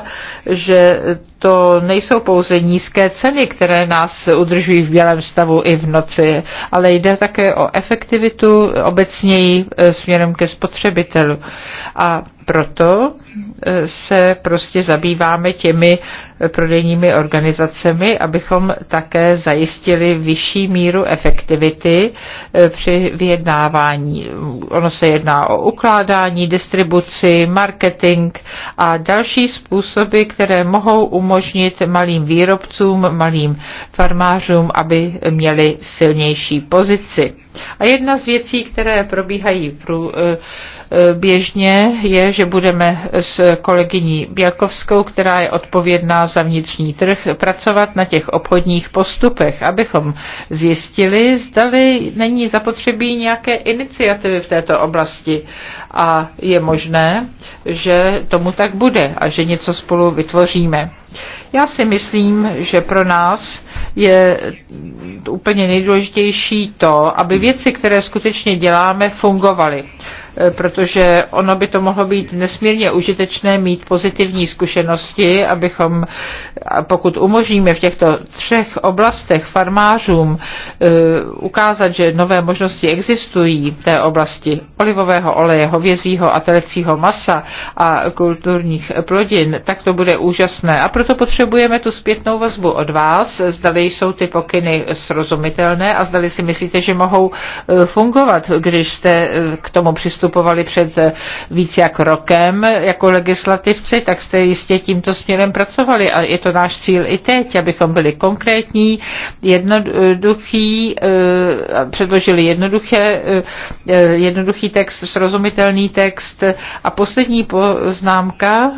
že to nejsou pouze nízké ceny, které nás udržují v bělém stavu i v noci, ale jde také o efektivitu obecněji eh, směrem ke spotřebitelu. A proto eh, se prostě zabýváme těmi prodejními organizacemi, abychom také zajistili vyšší míru efektivity eh, při vyjednávání. Ono se jedná o ukládání, distribuci, marketing a další způsoby, které mohou umožnit malým výrobcům, malým farmářům, aby měli silnější pozici. A jedna z věcí, které probíhají v prů, eh, Eh, běžně, je, že budeme s kolegyní Bělkovskou, která je odpovědná za vnitřní trh, pracovat na těch obchodních postupech, abychom zjistili, zdali není zapotřebí nějaké iniciativy v této oblasti. A je možné, že tomu tak bude a že něco spolu vytvoříme. Já si myslím, že pro nás je úplně nejdůležitější to, aby věci, které skutečně děláme, fungovaly. E, protože ono by to mohlo být nesmírně užitečné mít pozitivní zkušenosti, abychom, pokud umožníme v těchto třech oblastech farmářům e, ukázat, že nové možnosti existují v té oblasti olivového oleje, hovězího a telecího masa a kulturních plodin, tak to bude úžasné. A proto potřebujeme tu zpětnou vazbu od vás, zdali jsou ty pokyny srozumitelné a zdali si myslíte, že mohou e, fungovat, když jste k tomu přistupovali vystupovali před eh, víc jak rokem jako legislativci, tak jste jistě tímto směrem pracovali a je to náš cíl i teď, abychom byli konkrétní, jednoduchý, eh, předložili jednoduché, eh, jednoduchý text, srozumitelný text a poslední poznámka,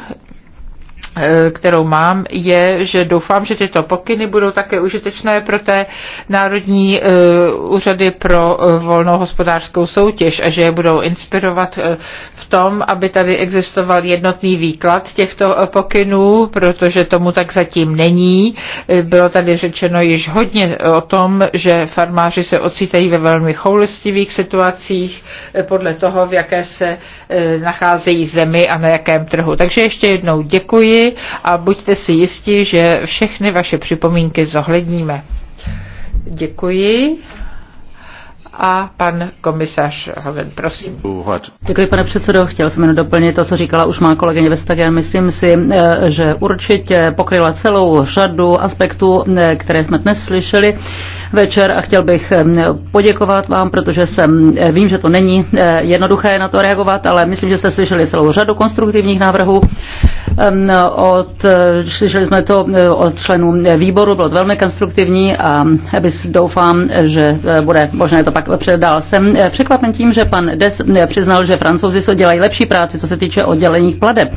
Eh, kterou mám, je, že doufám, že tyto pokyny budou také užitečné pro té národní eh, úřady pro eh, volnou hospodářskou soutěž a že je budou inspirovat v tom, aby tady existoval jednotný výklad těchto pokynů, protože tomu tak zatím není. Bylo tady řečeno již hodně o tom, že farmáři se ocitají ve velmi choulostivých situacích podle toho, v jaké se nacházejí zemi a na jakém trhu. Takže ještě jednou děkuji a buďte si jistí, že všechny vaše připomínky zohledníme. Děkuji. A pan komisař Hoven, prosím. Děkuji, pane předsedo. Chtěl jsem jen doplnit to, co říkala už má kolegyně Vestager. Myslím si, eh, že určitě pokryla celou řadu aspektů, eh, které jsme dnes slyšeli večer a chtěl bych eh, poděkovat vám, protože jsem, eh, vím, že to není eh, jednoduché na to reagovat, ale myslím, že jste slyšeli celou řadu konstruktivních návrhů. Od, slyšeli jsme to od členů výboru, bylo to velmi konstruktivní a doufám, že bude možné to pak předal. Jsem překvapen tím, že pan Des přiznal, že francouzi se dělají lepší práci, co se týče oddělených pladeb.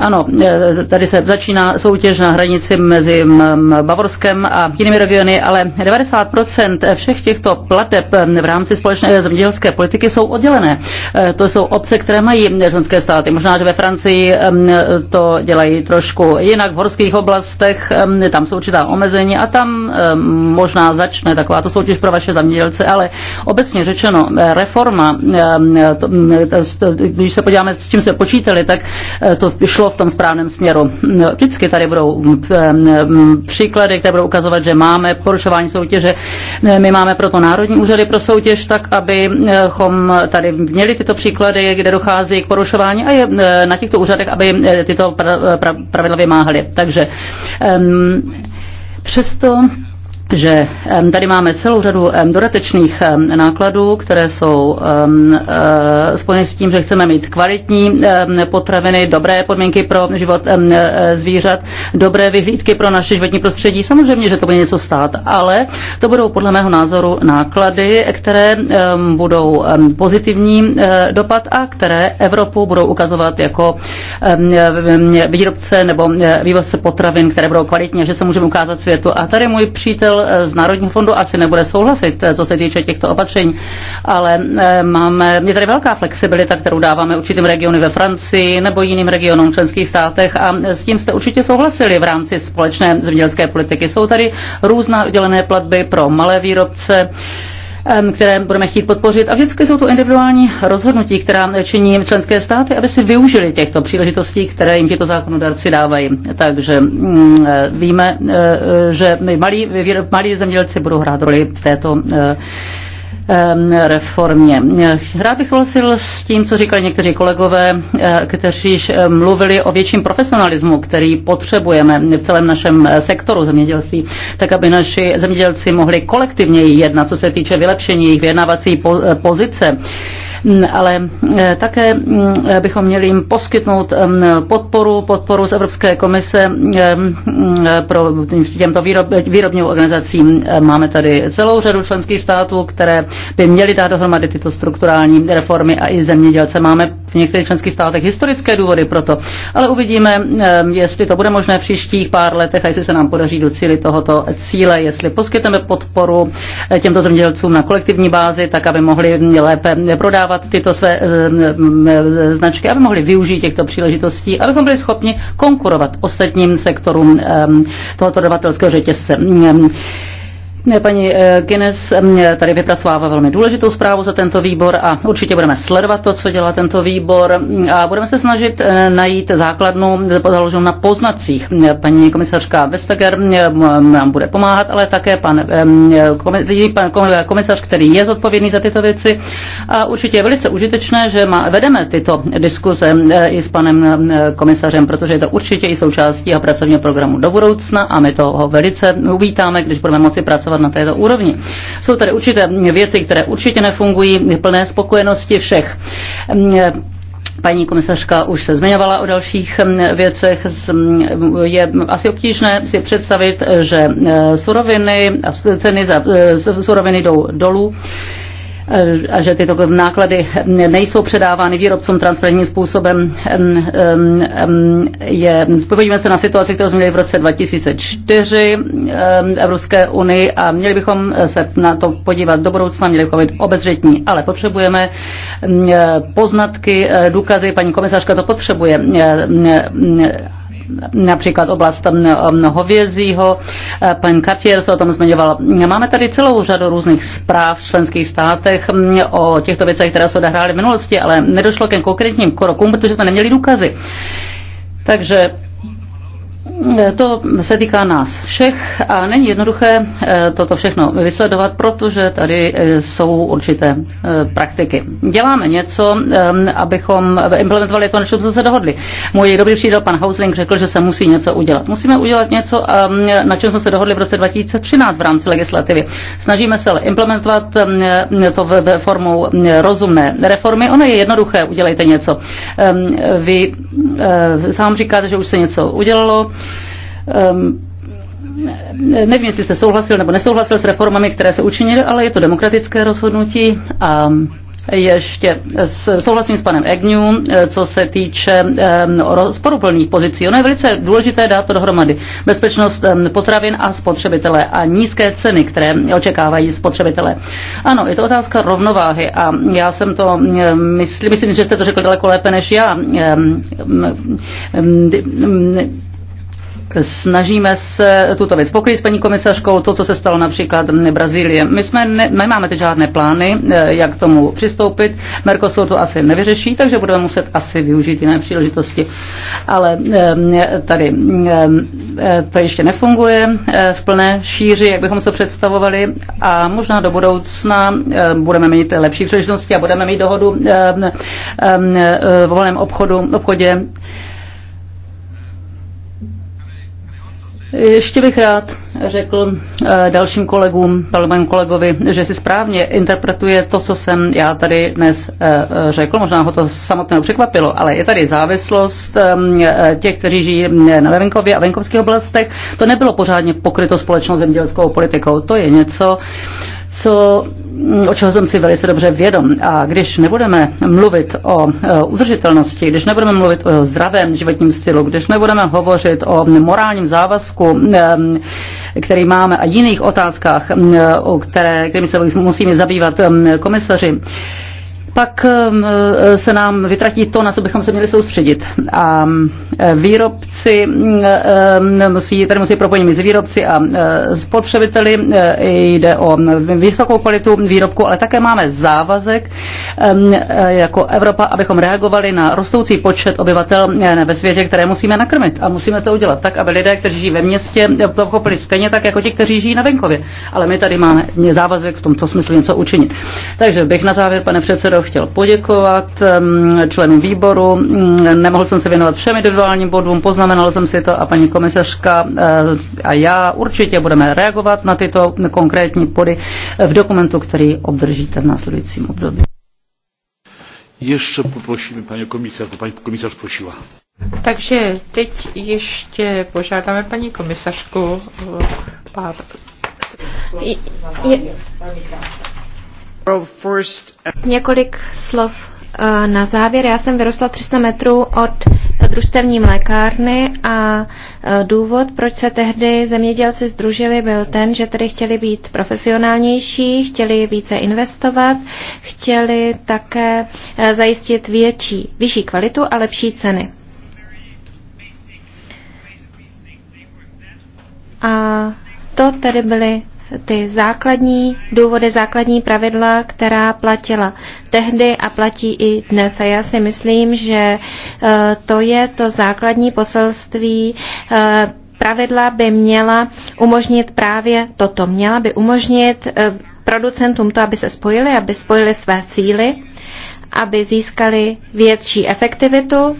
Ano, e, tady se začíná soutěž na hranici mezi Bavorskem a jinými regiony, ale 90% všech těchto plateb v rámci společné zemědělské politiky jsou oddělené. E, to jsou obce, které mají ženské státy. Možná, že ve Francii to dělají trošku jinak, v horských oblastech, tam jsou určitá omezení a tam možná začne takováto soutěž pro vaše zemědělce, ale obecně řečeno, e, reforma, když se podíváme, s čím se počítali, tak to šlo v tom správném směru. Vždycky tady budou příklady, které budou ukazovat, že máme porušování soutěže. My máme proto Národní úřady pro soutěž, tak abychom tady měli tyto příklady, kde dochází k porušování a je na těchto úřadech, aby e, tyto pravidla vymáhali. Takže přesto že tady máme celou řadu dodatečných nákladů, které jsou e, spojeny s tím, že chceme mít kvalitní potraviny, dobré podmínky pro život e, zvířat, dobré vyhlídky pro naše životní prostředí. Samozřejmě, že to bude něco stát, ale to budou podle mého názoru náklady, které budou pozitivní e, dopad a které Evropu budou ukazovat jako výrobce nebo vývozce potravin, které budou kvalitní a že se můžeme ukázat světu. A tady můj přítel ředitel eh, z Národního fondu asi nebude souhlasit, eh, co se týče těchto opatření, ale eh, máme, je tady velká flexibilita, kterou dáváme určitým regiony ve Francii nebo jiným regionům v členských státech a s tím jste určitě souhlasili v rámci společné zemědělské politiky. Jsou tady různá udělené platby pro malé výrobce, které budeme chtít podpořit. A vždycky jsou to individuální rozhodnutí, která činí členské státy, aby si využili těchto příležitostí, které jim tyto zákonodárci dávají. Takže mm, eh, víme, eh, že malí, malí zemědělci budou hrát roli v této eh, reformě. Rád bych souhlasil s tím, co říkali někteří kolegové, kteří mluvili o větším profesionalismu, který potřebujeme v celém našem eh, sektoru zemědělství, tak aby naši zemědělci mohli kolektivněji jednat, co se týče vylepšení jejich vyjednávací eh, pozice Mm, ale eh, také mm, eh, bychom měli jim poskytnout mm, podporu, podporu z Evropské komise eh, pro těmto výrob, výrobním organizacím. Máme tady celou řadu členských států, které by měly dát dohromady tyto strukturální reformy a i zemědělce. Máme v některých členských státech historické důvody pro to, ale uvidíme, jestli to bude možné v příštích pár letech a jestli se nám podaří docílit tohoto cíle, jestli poskytneme podporu těmto zemědělcům na kolektivní bázi, tak aby mohli lépe prodávat prodávat tyto své eh, značky, aby mohli využít těchto příležitostí, abychom byli schopni konkurovat ostatním sektorům eh, tohoto dodavatelského řetězce. Ne, Paní eh, Guinness eh, tady vypracovává velmi důležitou zprávu za tento výbor a určitě budeme sledovat to, co dělá tento výbor a budeme se snažit eh, najít základnu založenou na poznacích. Paní komisařka Vestager nám bude pomáhat, ale také pan komisař, který je zodpovědný za tyto věci a určitě je velice užitečné, že má, vedeme tyto diskuze i s panem komisařem, protože je to určitě i součástí jeho pracovního programu do budoucna a my toho velice uvítáme, když budeme moci pracovat pracovat na této úrovni. Jsou tady určité věci, které určitě nefungují, plné spokojenosti všech. Mm, paní komisařka už se zmiňovala o dalších mm, věcech. Mm, je asi obtížné si představit, že suroviny a ceny za suroviny jdou dolů a že tyto náklady nejsou předávány výrobcům transparentním způsobem. Je, podívejme se na situaci, kterou jsme měli v roce 2004 Evropské unii a měli bychom se na to podívat do budoucna, měli bychom být obezřetní, ale potřebujeme poznatky, eh, důkazy, paní komisařka to potřebuje eh, eh, například oblast hovězího, eh, pan Cartier se o tom zmiňoval. Máme tady celou řadu různých zpráv v členských státech o těchto věcech, které se odehrály v minulosti, ale nedošlo ke konkrétním krokům, protože jsme neměli důkazy. Takže to se týká nás všech a není jednoduché eh, toto všechno vysledovat, protože tady eh, jsou určité eh, praktiky. Děláme něco, abychom implementovali to, na čem jsme se dohodli. Můj dobrý přítel pan Hausling řekl, že se musí něco udělat. Musíme udělat něco, na čem jsme se dohodli v roce 2013 v rámci legislativy. Snažíme se ale implementovat to formou rozumné reformy. Ono je jednoduché, udělejte něco. Vy sám říkáte, že už se něco udělalo Ehm, nevím, jestli jste souhlasil nebo nesouhlasil s reformami, které se učinily, ale je to demokratické rozhodnutí a ještě souhlasím s panem Egnu, eh, co se týče ehm, rozporuplných pozicí. Ono je velice důležité dát to dohromady. Bezpečnost ehm, potravin a spotřebitele a nízké ceny, které očekávají spotřebitele. Ano, je to otázka rovnováhy a já jsem to, myslím, myslím že jste to řekl daleko lépe než já. Snažíme se tuto věc pokryt s paní komisařkou, to, co se stalo například v Brazílii. My jsme ne, nemáme teď žádné plány, eh, jak k tomu přistoupit. Mercosur to asi nevyřeší, takže budeme muset asi využít jiné příležitosti. Ale eh, tady eh, to ještě nefunguje v plné šíři, jak bychom se představovali a možná do budoucna budeme mít lepší příležitosti a budeme mít dohodu v volném obchodu, obchodě Ještě bych rád řekl eh, dalším kolegům, dalším kolegovi, že si správně interpretuje to, co jsem já tady dnes eh, řekl. Možná ho to samotného překvapilo, ale je tady závislost ehm, eh, těch, kteří žijí na venkově a venkovských oblastech. To nebylo pořádně pokryto společnou zemědělskou politikou. To je něco, co, mm, o čeho jsem si velice dobře vědom. A když nebudeme mluvit o e, udržitelnosti, když nebudeme mluvit o zdravém životním stylu, když nebudeme hovořit o morálním závazku, e, který máme a jiných otázkách, e, o které, kterými se musíme zabývat komisaři, pak um, eh, se nám vytratí to, na co bychom se měli soustředit. A um, výrobci mm, eh, um, musí, tady musí propojit mezi výrobci a eh, spotřebiteli, jde o vysokou kvalitu výrobku, ale také máme závazek jako Evropa, abychom reagovali na rostoucí počet obyvatel ve světě, které musíme nakrmit. A musíme to udělat tak, aby lidé, kteří žijí ve městě, to pochopili stejně tak, jako ti, kteří žijí na venkově. Ale my tady máme závazek v tomto smyslu něco učinit. Takže bych na závěr, pane předsedo, chtěl poděkovat členům výboru. Nemohl jsem se věnovat všem individuálním bodům, poznamenal jsem si to a paní komisařka eh, a já určitě budeme reagovat na tyto konkrétní body v dokumentu, který obdržíte v následujícím období. Ještě poprosíme paní komisařku, paní komisař prosila. Takže teď ještě požádáme paní komisařku pár... Je, je... Uh, Několik slov uh, na závěr. Já jsem vyrostla 300 metrů od družstevní mlékárny a uh, důvod, proč se tehdy zemědělci združili, byl ten, že tedy chtěli být profesionálnější, chtěli více investovat, chtěli také zajistit větší, vyšší kvalitu a lepší ceny. A to tedy byly ty základní důvody, základní pravidla, která platila tehdy a platí i dnes. A já si myslím, že eh, to je to základní poselství eh, pravidla by měla umožnit právě toto. Měla by umožnit eh, producentům to, aby se spojili, aby spojili své cíly, aby získali větší efektivitu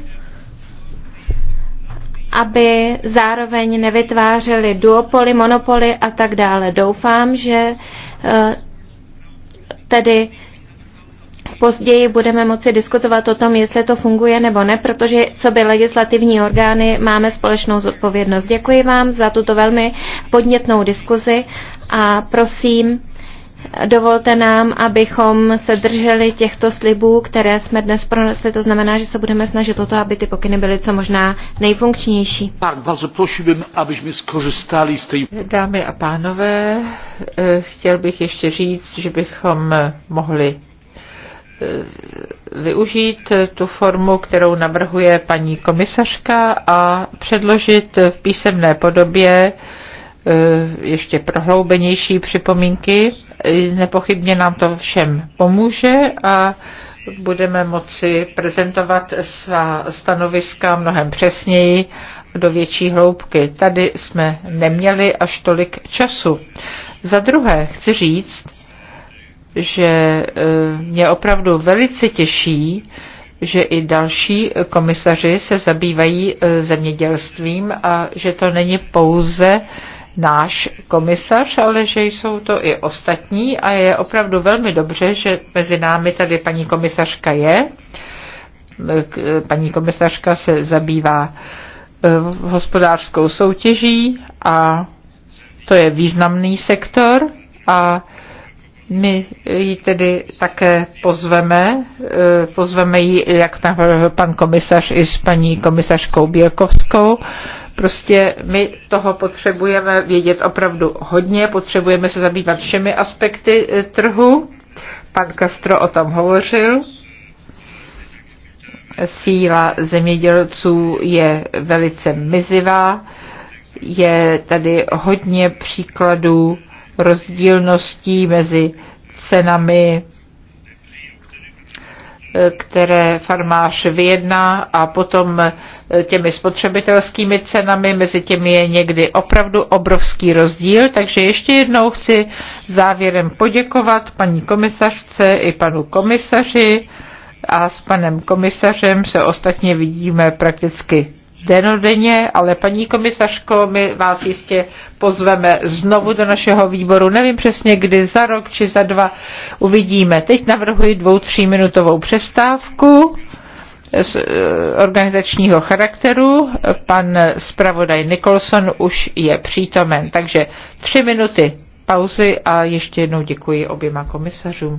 aby zároveň nevytvářely duopoly, monopoly a tak dále. Doufám, že eh, tedy později budeme moci diskutovat o tom, jestli to funguje nebo ne, protože co by legislativní orgány máme společnou zodpovědnost. Děkuji vám za tuto velmi podnětnou diskuzi a prosím, Dovolte nám, abychom se drželi těchto slibů, které jsme dnes pronesli. To znamená, že se budeme snažit o to, aby ty pokyny byly co možná nejfunkčnější. Tak, bardzo prosím, abychom skorzystali z té... Dámy a pánové, eh, chtěl bych ještě říct, že bychom mohli eh, využít tu formu, kterou navrhuje paní komisařka a předložit v písemné podobě eh, ještě prohloubenější připomínky Nepochybně nám to všem pomůže a budeme moci prezentovat svá stanoviska mnohem přesněji do větší hloubky. Tady jsme neměli až tolik času. Za druhé chci říct, že eh, mě opravdu velice těší, že i další komisaři se zabývají eh, zemědělstvím a že to není pouze náš komisař, ale že jsou to i ostatní a je opravdu velmi dobře, že mezi námi tady paní komisařka je. Paní komisařka se zabývá eh, hospodářskou soutěží a to je významný sektor a my ji tedy také pozveme, eh, pozveme ji, jak pan komisař, i s paní komisařkou Bělkovskou, Prostě my toho potřebujeme vědět opravdu hodně, potřebujeme se zabývat všemi aspekty eh, trhu. Pan Castro o tom hovořil. Síla zemědělců je velice mizivá. Je tady hodně příkladů rozdílností mezi cenami které farmář vyjedná a potom e, těmi spotřebitelskými cenami, mezi těmi je někdy opravdu obrovský rozdíl, takže ještě jednou chci závěrem poděkovat paní komisařce i panu komisaři a s panem komisařem se ostatně vidíme prakticky denodenně, ale paní komisařko, my vás jistě pozveme znovu do našeho výboru. Nevím přesně, kdy za rok či za dva uvidíme. Teď navrhuji dvou, tříminutovou přestávku z eh, organizačního charakteru. Pan zpravodaj Nicholson už je přítomen. Takže tři minuty pauzy a ještě jednou děkuji oběma komisařům.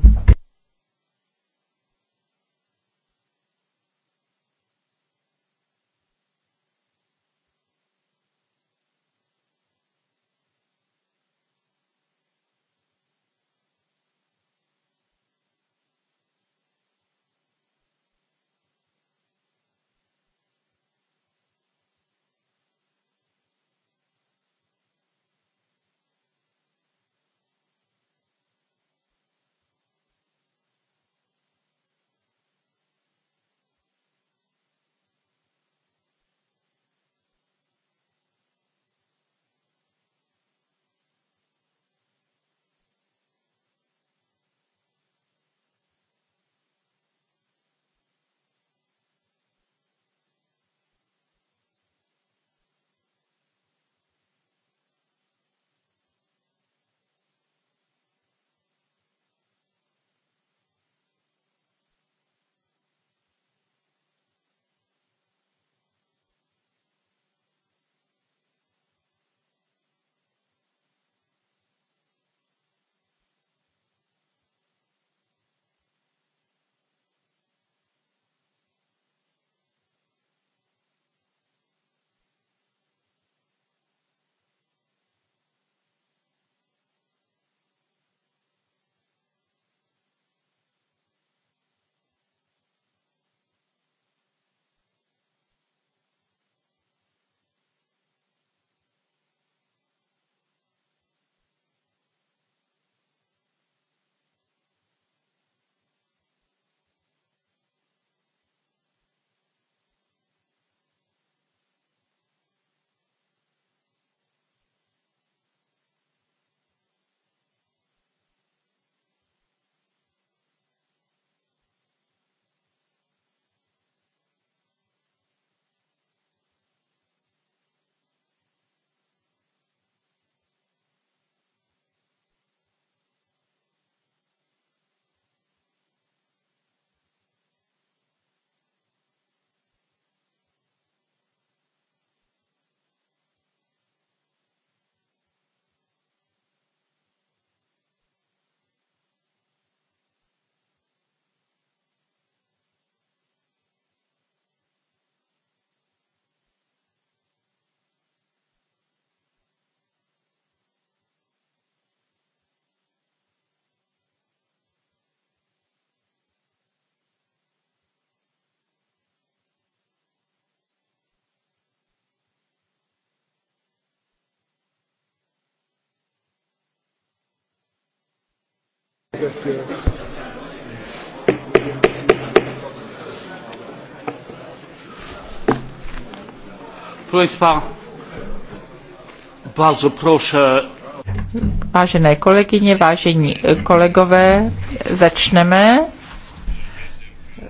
Vážené kolegyně, vážení kolegové, začneme.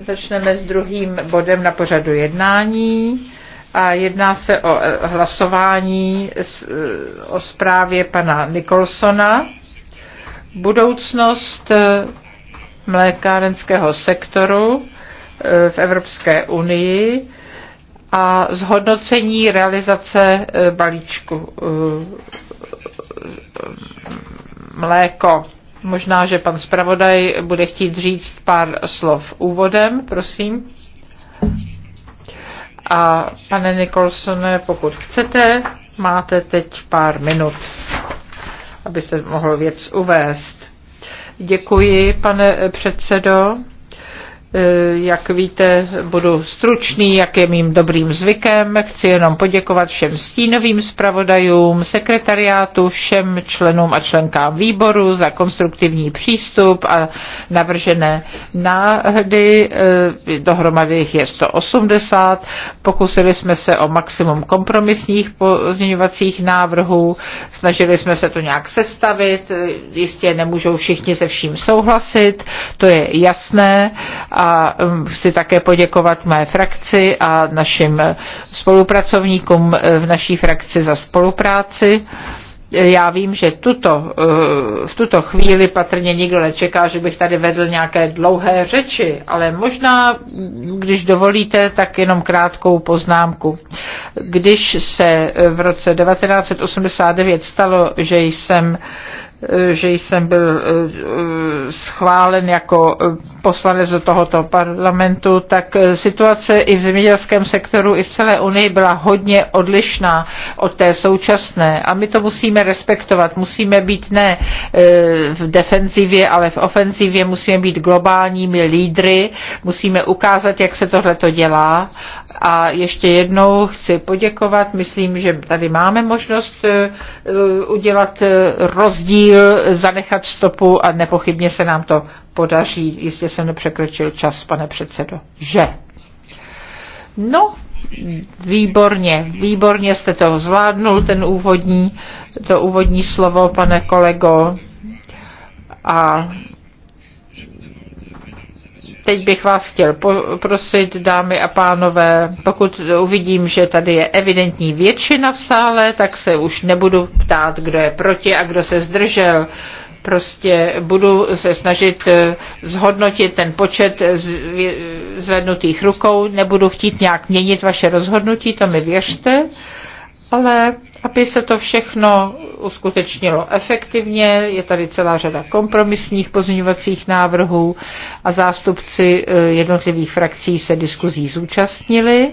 Začneme s druhým bodem na pořadu jednání a jedná se o hlasování o zprávě pana Nikolsona budoucnost eh, mlékárenského sektoru eh, v Evropské unii a zhodnocení realizace eh, balíčku mléko. Možná, že pan zpravodaj bude chtít říct pár slov úvodem, prosím. A pane Nikolsone, pokud chcete, máte teď pár minut abyste mohl věc uvést. Děkuji, pane předsedo. E, jak víte, budu stručný, jak je mým dobrým zvykem. Chci jenom poděkovat všem stínovým zpravodajům, sekretariátu, všem členům a členkám výboru za konstruktivní přístup a navržené náhody. E, dohromady jich je 180. Pokusili jsme se o maximum kompromisních pozměňovacích návrhů. Snažili jsme se to nějak sestavit. E, jistě nemůžou všichni se vším souhlasit, to je jasné. A a um, chci také poděkovat mé frakci a našim spolupracovníkům uh, v naší frakci za spolupráci já vím, že tuto, uh, v tuto chvíli patrně nikdo nečeká, že bych tady vedl nějaké dlouhé řeči, ale možná, když dovolíte, tak jenom krátkou poznámku. Když se v roce 1989 stalo, že jsem že jsem byl eh, eh, schválen jako eh, poslanec do tohoto parlamentu, tak situace i v zemědělském sektoru, i v celé Unii byla hodně odlišná od té současné. A my to musíme respektovat. Musíme být ne v defenzivě, ale v ofenzivě. Musíme být globálními lídry. Musíme ukázat, jak se tohle to dělá. A ještě jednou chci poděkovat. Myslím, že tady máme možnost udělat rozdíl cíl zanechat stopu a nepochybně se nám to podaří. Jistě jsem nepřekročil čas, pane předsedo. Že? No, výborně, výborně jste to zvládnul, ten úvodní, to úvodní slovo, pane kolego. A teď bych vás chtěl poprosit, dámy a pánové, pokud uvidím, že tady je evidentní většina v sále, tak se už nebudu ptát, kdo je proti a kdo se zdržel prostě budu se snažit eh, zhodnotit ten počet zvednutých rukou, nebudu chtít nějak měnit vaše rozhodnutí, to mi věřte, ale aby se to všechno uskutečnilo efektivně. Je tady celá řada kompromisních pozměňovacích návrhů a zástupci eh, jednotlivých frakcí se diskuzí zúčastnili,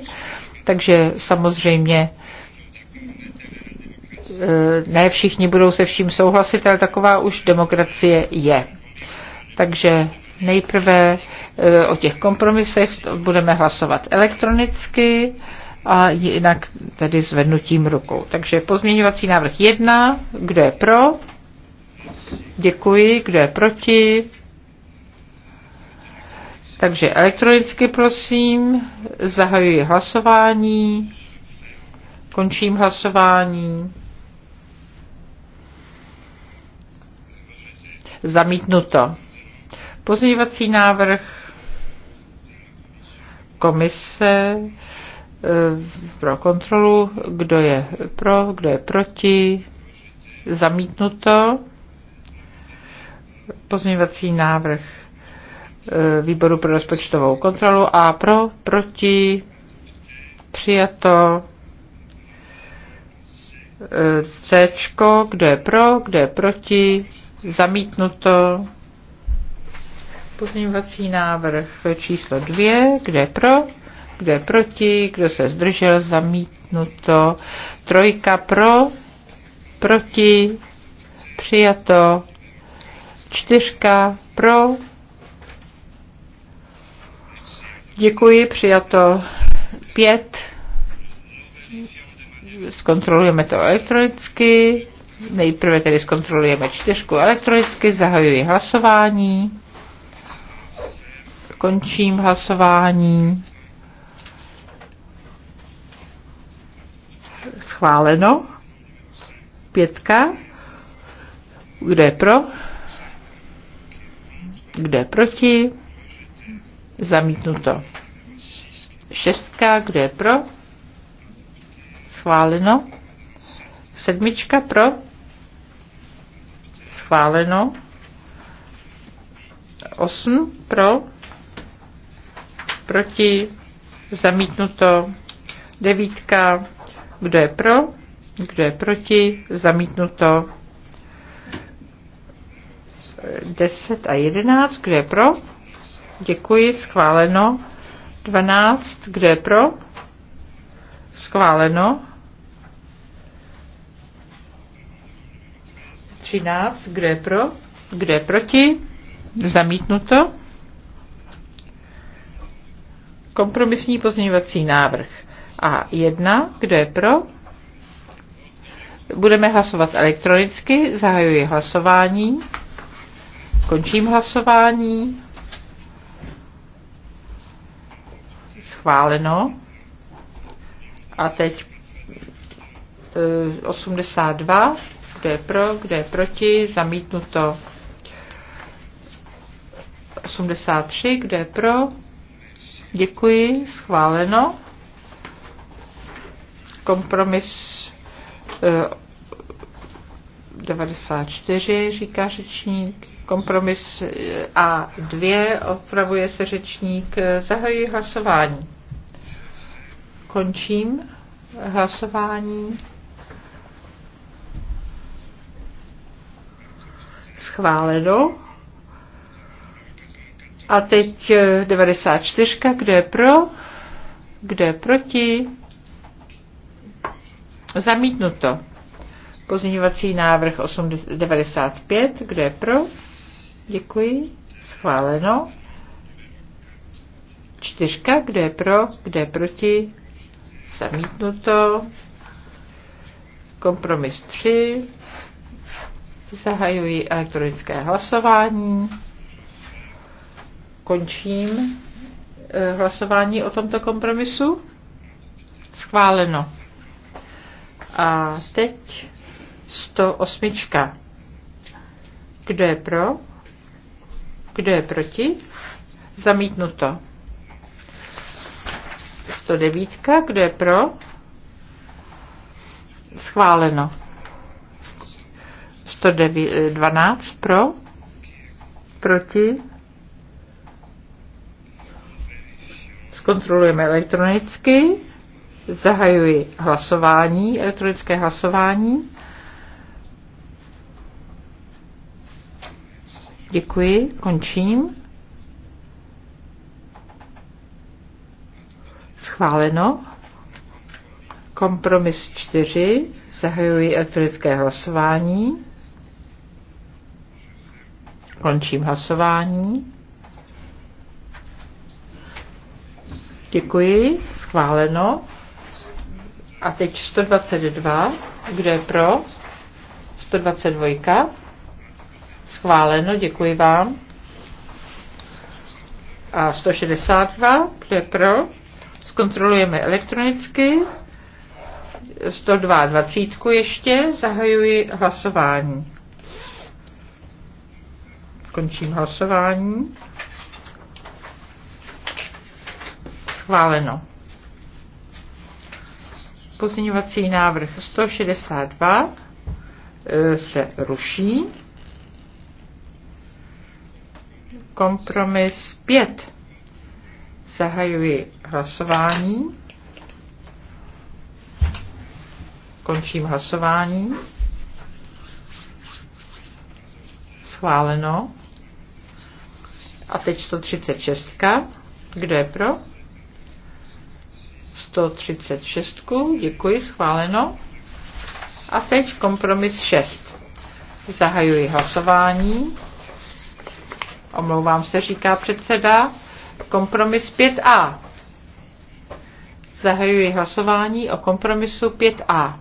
takže samozřejmě eh, ne všichni budou se vším souhlasit, ale taková už demokracie je. Takže nejprve eh, o těch kompromisech budeme hlasovat elektronicky a jinak tedy zvednutím rukou. Takže pozměňovací návrh 1, kdo je pro? Děkuji, kdo je proti? Takže elektronicky prosím, zahajuji hlasování, končím hlasování. Zamítnuto. Pozměňovací návrh komise Eh, pro kontrolu, kdo je pro, kdo je proti, zamítnuto, pozměňovací návrh eh, výboru pro rozpočtovou kontrolu a pro, proti, přijato, eh, C, kdo je pro, kdo je proti, zamítnuto, pozměňovací návrh číslo 2, kde pro, kdo je proti, kdo se zdržel, zamítnuto. Trojka pro, proti, přijato. Čtyřka pro, děkuji, přijato. Pět, zkontrolujeme to elektronicky. Nejprve tedy zkontrolujeme čtyřku elektronicky, zahajuji hlasování, končím hlasování. Schváleno. Pětka. Kdo je pro? Kdo je proti? Zamítnuto. Šestka. Kdo je pro? Schváleno. Sedmička pro? Schváleno. Osm pro? Proti? Zamítnuto. Devítka kdo je pro? Kdo je proti? Zamítnuto. 10 a 11. Kdo je pro? Děkuji, schváleno. 12. Kdo je pro? Schváleno. 13. Kdo je pro? Kdo je proti? Zamítnuto. Kompromisní pozměňovací návrh. A1, kdo je pro? Budeme hlasovat elektronicky, zahajuji hlasování, končím hlasování, schváleno. A teď 82, eh, kdo je pro, kdo je proti, zamítnuto 83, kdo je pro, děkuji, schváleno. Kompromis 94, eh, říká řečník. Kompromis eh, A2, opravuje se řečník. Zahajuji hlasování. Končím hlasování. Schváleno. A teď 94, eh, kdo je pro, kdo je proti, Zamítnuto. Pozměňovací návrh 95. Kdo je pro? Děkuji. Schváleno. Čtyřka. Kdo je pro? Kdo je proti? Zamítnuto. Kompromis 3. Zahajuji elektronické hlasování. Končím eh, hlasování o tomto kompromisu. Schváleno. A teď 108. Kdo je pro? Kdo je proti? Zamítnuto. 109. Kdo je pro? Schváleno. 112 pro? Proti? Zkontrolujeme elektronicky. Zahajuji hlasování, elektronické hlasování. Děkuji, končím. Schváleno. Kompromis 4. Zahajuji elektronické hlasování. Končím hlasování. Děkuji. Schváleno. A teď 122. Kdo je pro? 122. Schváleno, děkuji vám. A 162. Kdo je pro? Zkontrolujeme elektronicky. 122 ještě. Zahajuji hlasování. Končím hlasování. Schváleno. Pozměňovací návrh 162 e, se ruší. Kompromis 5. Zahajuji hlasování. Končím hlasování. Schváleno. A teď 136. Kdo je pro? 136. Děkuji, schváleno. A teď kompromis 6. Zahajuji hlasování. Omlouvám se, říká předseda. Kompromis 5a. Zahajuji hlasování o kompromisu 5a.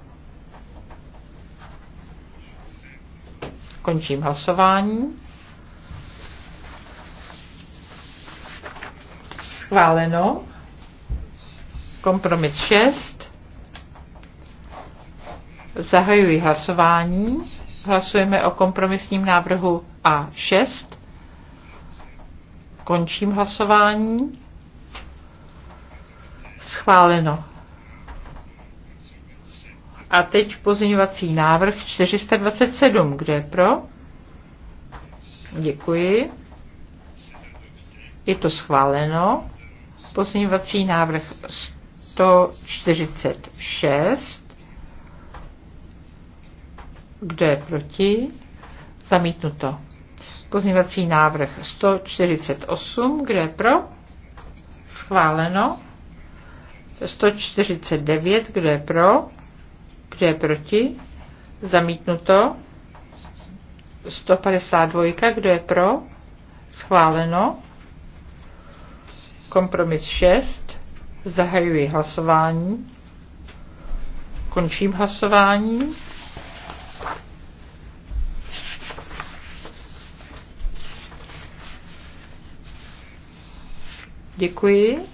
Končím hlasování. Schváleno. Kompromis 6. Zahajuji hlasování. Hlasujeme o kompromisním návrhu A6. Končím hlasování. Schváleno. A teď pozměňovací návrh 427. Kdo je pro? Děkuji. Je to schváleno. Pozměňovací návrh 146. Kdo je proti? Zamítnuto. Pozměňovací návrh 148. Kdo je pro? Schváleno. 149. Kdo je pro? Kdo je proti? Zamítnuto. 152. Kdo je pro? Schváleno. Kompromis 6. Zahajuji hlasování. Končím hlasování. Děkuji.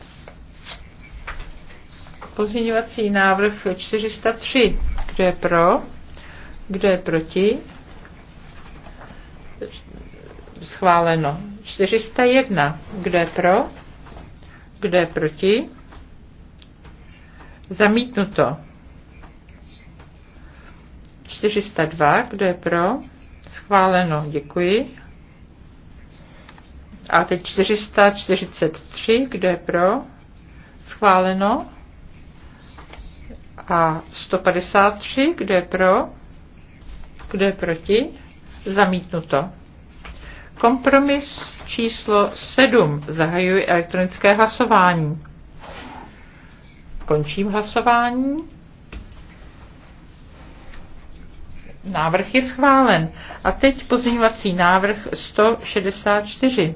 Pozměňovací návrh 403. Kdo je pro? Kdo je proti? Schváleno. 401. Kdo je pro? Kdo je proti? Zamítnuto. 402, kdo je pro? Schváleno, děkuji. A teď 443, kdo je pro? Schváleno. A 153, kdo je pro? Kdo je proti? Zamítnuto. Kompromis číslo 7. Zahajuji elektronické hlasování končím hlasování. Návrh je schválen. A teď pozměňovací návrh 164.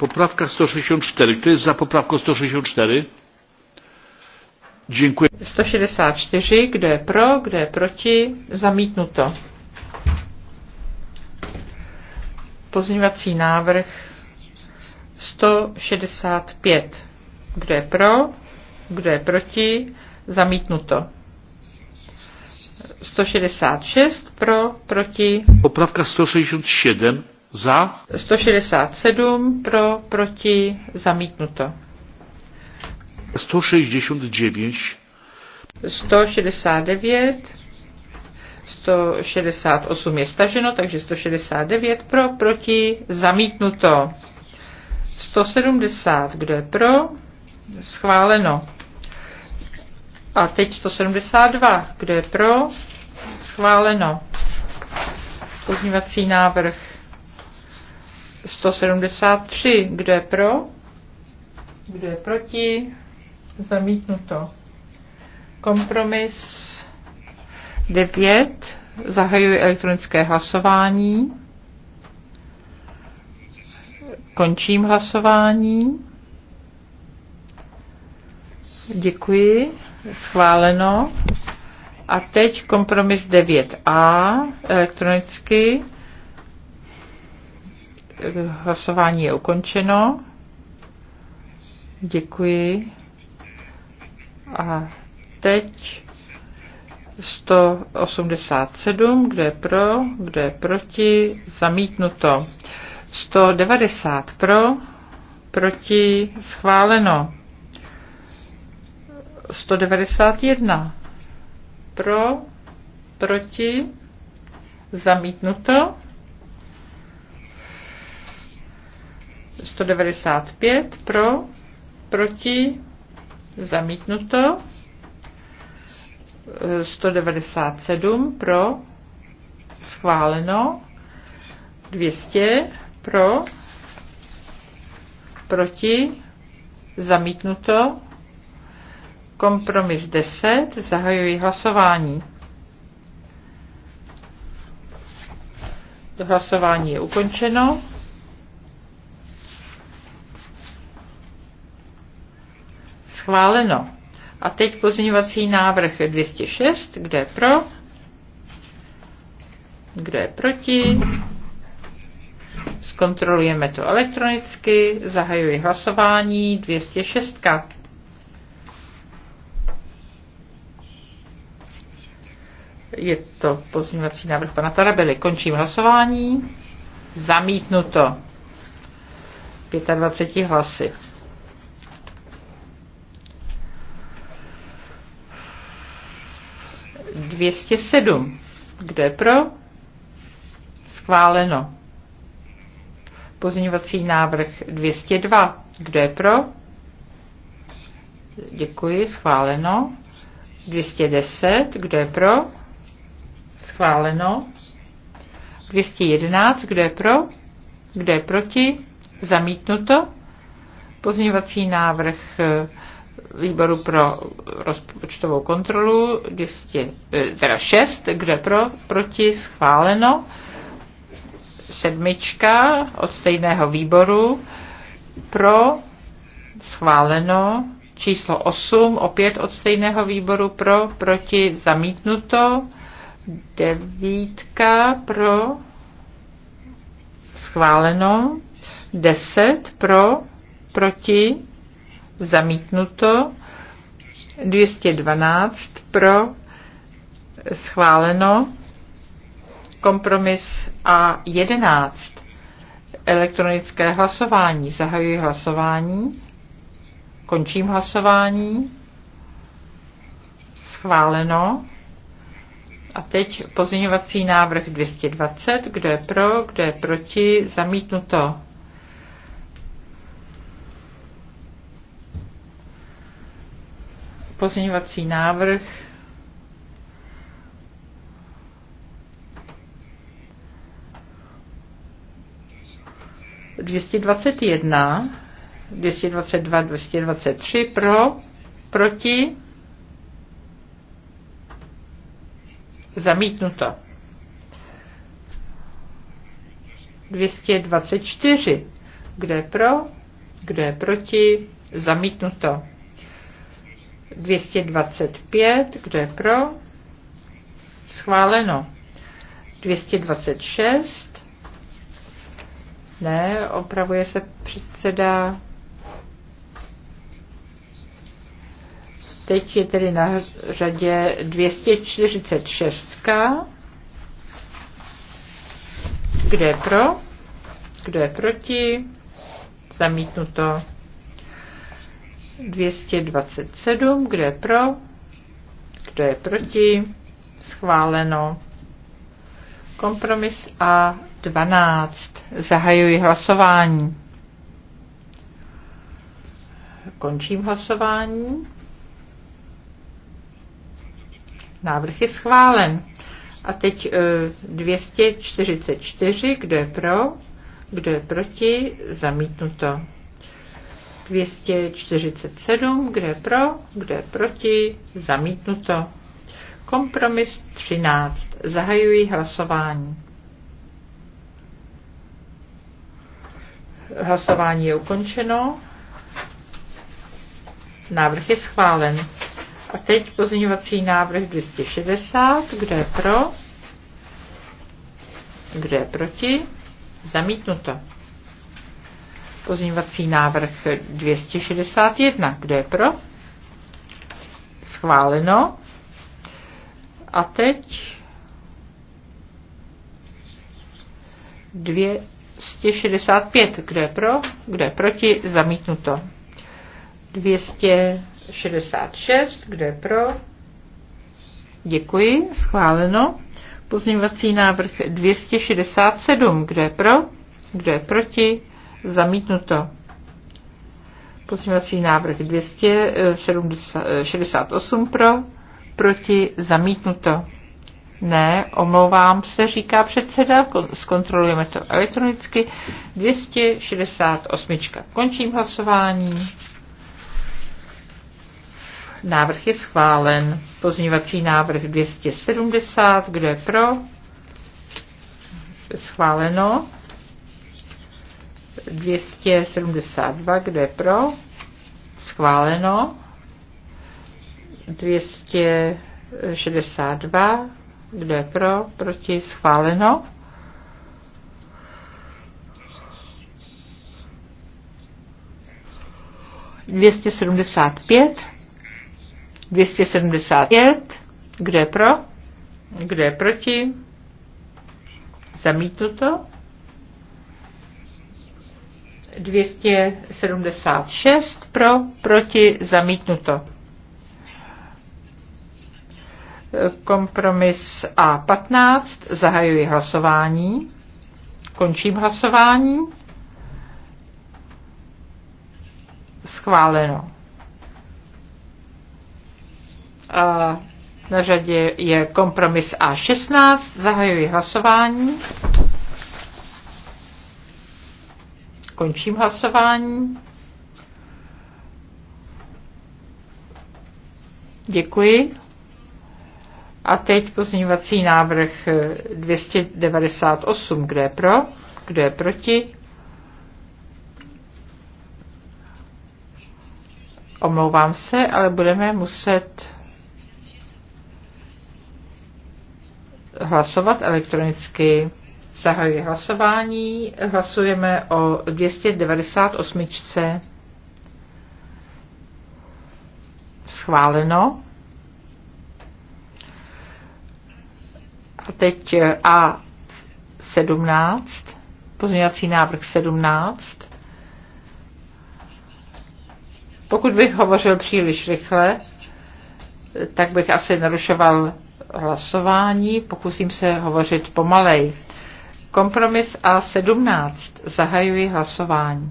Poprawka 164. Kto jest za poprawką 164? Děkuji. 164. Kdo je pro, kdo je proti? Zamítnuto. Pozměňovací návrh 165. Kdo je pro, kdo je proti? Zamítnuto. 166 pro, proti. Poprávka 167 za. 167 pro, proti, zamítnuto. 169. 169. 168 je staženo, takže 169 pro, proti, zamítnuto. 170, kdo je pro, schváleno. A teď 172, kdo je pro, schváleno. Pozměvací návrh 173. Kdo je pro? Kdo je proti? Zamítnuto. Kompromis 9. Zahajuji elektronické hlasování. Končím hlasování. Děkuji. Schváleno. A teď kompromis 9a elektronicky. Hlasování je ukončeno. Děkuji. A teď 187, kdo je pro, kdo je proti, zamítnuto. 190 pro, proti, schváleno. 191 pro, proti, zamítnuto. 195 pro, proti, zamítnuto. 197 pro, schváleno. 200 pro, proti, zamítnuto. Kompromis 10, zahajuji hlasování. Hlasování je ukončeno. Schváleno. A teď pozměňovací návrh 206. Kdo je pro? Kdo je proti? Zkontrolujeme to elektronicky. Zahajuji hlasování 206. Je to pozměňovací návrh pana Tarabely. Končím hlasování. Zamítnuto. 25 hlasy. 207. Kdo je pro? Schváleno. Pozměňovací návrh 202. Kdo je pro? Děkuji, schváleno. 210. Kdo je pro? Schváleno. 211. Kdo je pro? Kdo je proti? Zamítnuto. Pozměňovací návrh výboru pro rozpočtovou kontrolu 200, eh, teda 6, kde pro, proti schváleno, sedmička od stejného výboru pro schváleno, číslo 8 opět od stejného výboru pro, proti zamítnuto, devítka pro schváleno, 10 pro, proti zamítnuto, 212 pro, schváleno, kompromis A11, elektronické hlasování, zahajuji hlasování, končím hlasování, schváleno. A teď pozměňovací návrh 220, kdo je pro, kdo je proti, zamítnuto. pozměňovací návrh dvěstě dvacet jedna, dvěstě dvacet dva, dvěstě dvacet tři pro, proti, zamítnuto. 224. čtyři, kde pro? kde proti? Zamítnuto. 225, kdo je pro? Schváleno. 226. Ne, opravuje se předseda. Teď je tedy na řadě 246. Kdo je pro? Kdo je proti? Zamítnuto. 227, kdo je pro, kdo je proti, schváleno. Kompromis A12. Zahajuji hlasování. Končím hlasování. Návrh je schválen. A teď 244, eh, kdo je pro, kdo je proti, zamítnuto. 247, kde je pro, kde je proti, zamítnuto. Kompromis 13. Zahajuji hlasování. Hlasování je ukončeno. Návrh je schválen. A teď pozměňovací návrh 260. Kdo je pro? Kdo je proti? Zamítnuto. Pozměňovací návrh 261. Kdo je pro? Schváleno. A teď 265. Kdo je pro? Kdo je proti? Zamítnuto. 266. Kdo je pro? Děkuji. Schváleno. Pozměňovací návrh 267. Kdo je pro? Kdo je proti? Zamítnuto. Pozměňovací návrh 268 pro, proti zamítnuto. Ne, omlouvám se, říká předseda, zkontrolujeme to elektronicky. 268. Končím hlasování. Návrh je schválen. Pozměňovací návrh 270. Kdo je pro? Schváleno. 272, kde pro, schváleno. 262, kde pro, proti, schváleno. Dvěstě sedmdesát pět, dvěstě sedmdesát pět, je pro, je proti, zamítnuto. 276 pro, proti, zamítnuto. Kompromis A15, zahajuji hlasování, končím hlasování. Schváleno. A na řadě je kompromis A16, zahajuji hlasování. Končím hlasování. Děkuji. A teď pozměňovací návrh 298. Kdo je pro? Kdo je proti? Omlouvám se, ale budeme muset hlasovat elektronicky. Zahajuji hlasování. Hlasujeme o 298. Schváleno. A teď eh, A17. Pozměňovací návrh 17. Pokud bych hovořil příliš rychle, eh, tak bych asi narušoval hlasování. Pokusím se hovořit pomalej. Kompromis A17. Zahajuji hlasování.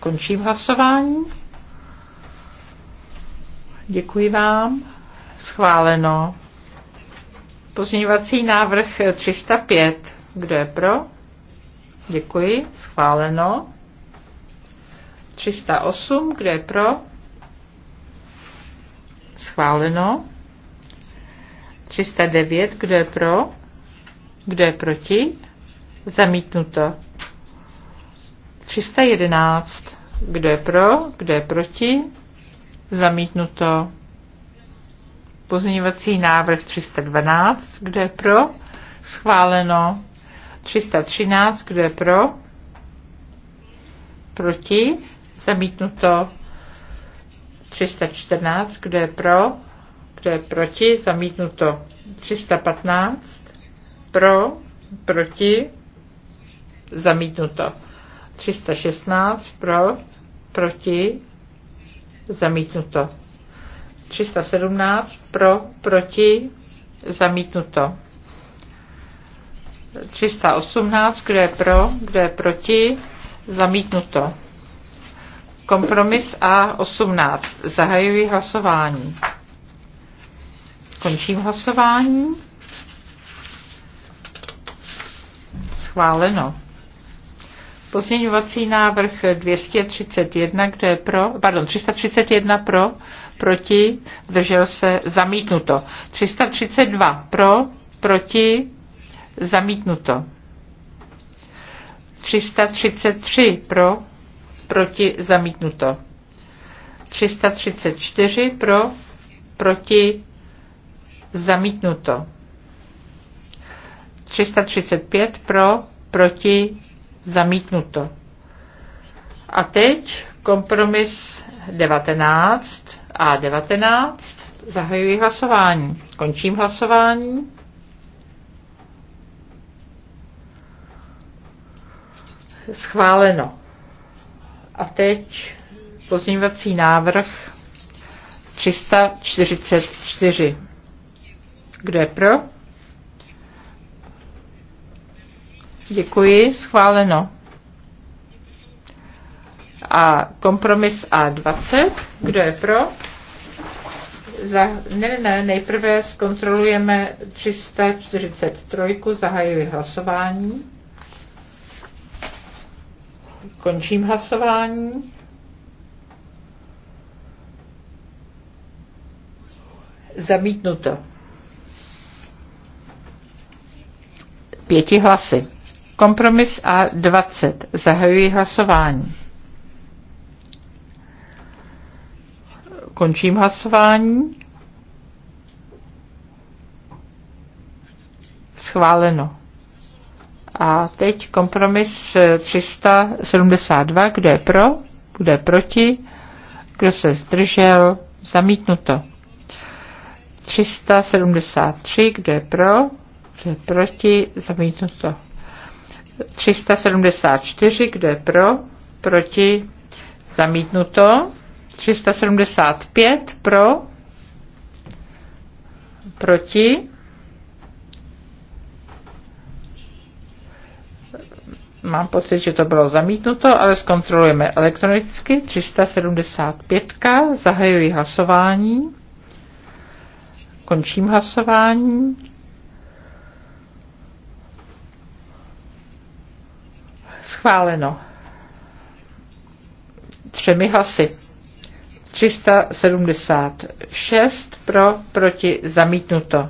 Končím hlasování. Děkuji vám. Schváleno. Pozměňovací návrh 305. Kdo je pro? Děkuji. Schváleno. 308. Kdo je pro? Schváleno. 309, kdo je pro, kdo je proti, zamítnuto. 311, kdo je pro, kdo je proti, zamítnuto. Pozměňovací návrh 312, kdo je pro, schváleno. 313, kdo je pro, proti, zamítnuto. 314, kdo je pro, kdo je proti, zamítnuto 315, pro, proti, zamítnuto 316, pro, proti, zamítnuto 317, pro, proti, zamítnuto 318, kdo je pro, kdo je proti, zamítnuto. Kompromis A18. Zahajuji hlasování. Končím hlasování. Schváleno. Pozměňovací návrh 231, kdo je pro, pardon, 331 pro, proti, zdržel se, zamítnuto. 332 pro, proti, zamítnuto. 333 pro, proti, zamítnuto. 334 pro, proti, zamítnuto. 335 pro, proti, zamítnuto. A teď kompromis 19 a 19. Zahajuji hlasování. Končím hlasování. Schváleno. A teď pozměňovací návrh 344. Kdo je pro? Děkuji, schváleno. A kompromis A20, kdo je pro? Za, ne, ne, nejprve zkontrolujeme 343, zahajuji hlasování. Končím hlasování. Zamítnuto. pěti hlasy. Kompromis A20. Zahajuji hlasování. Končím hlasování. Schváleno. A teď kompromis 372. Kdo je pro? Kdo je proti? Kdo se zdržel? Zamítnuto. 373. Kdo je pro? kdo je proti, zamítnuto. 374, kdo je pro, proti, zamítnuto. 375 pro, proti, mám pocit, že to bylo zamítnuto, ale zkontrolujeme elektronicky. 375. Zahajuji hlasování. Končím hlasování. Schváleno. Třemi hlasy. 376 pro, proti, zamítnuto.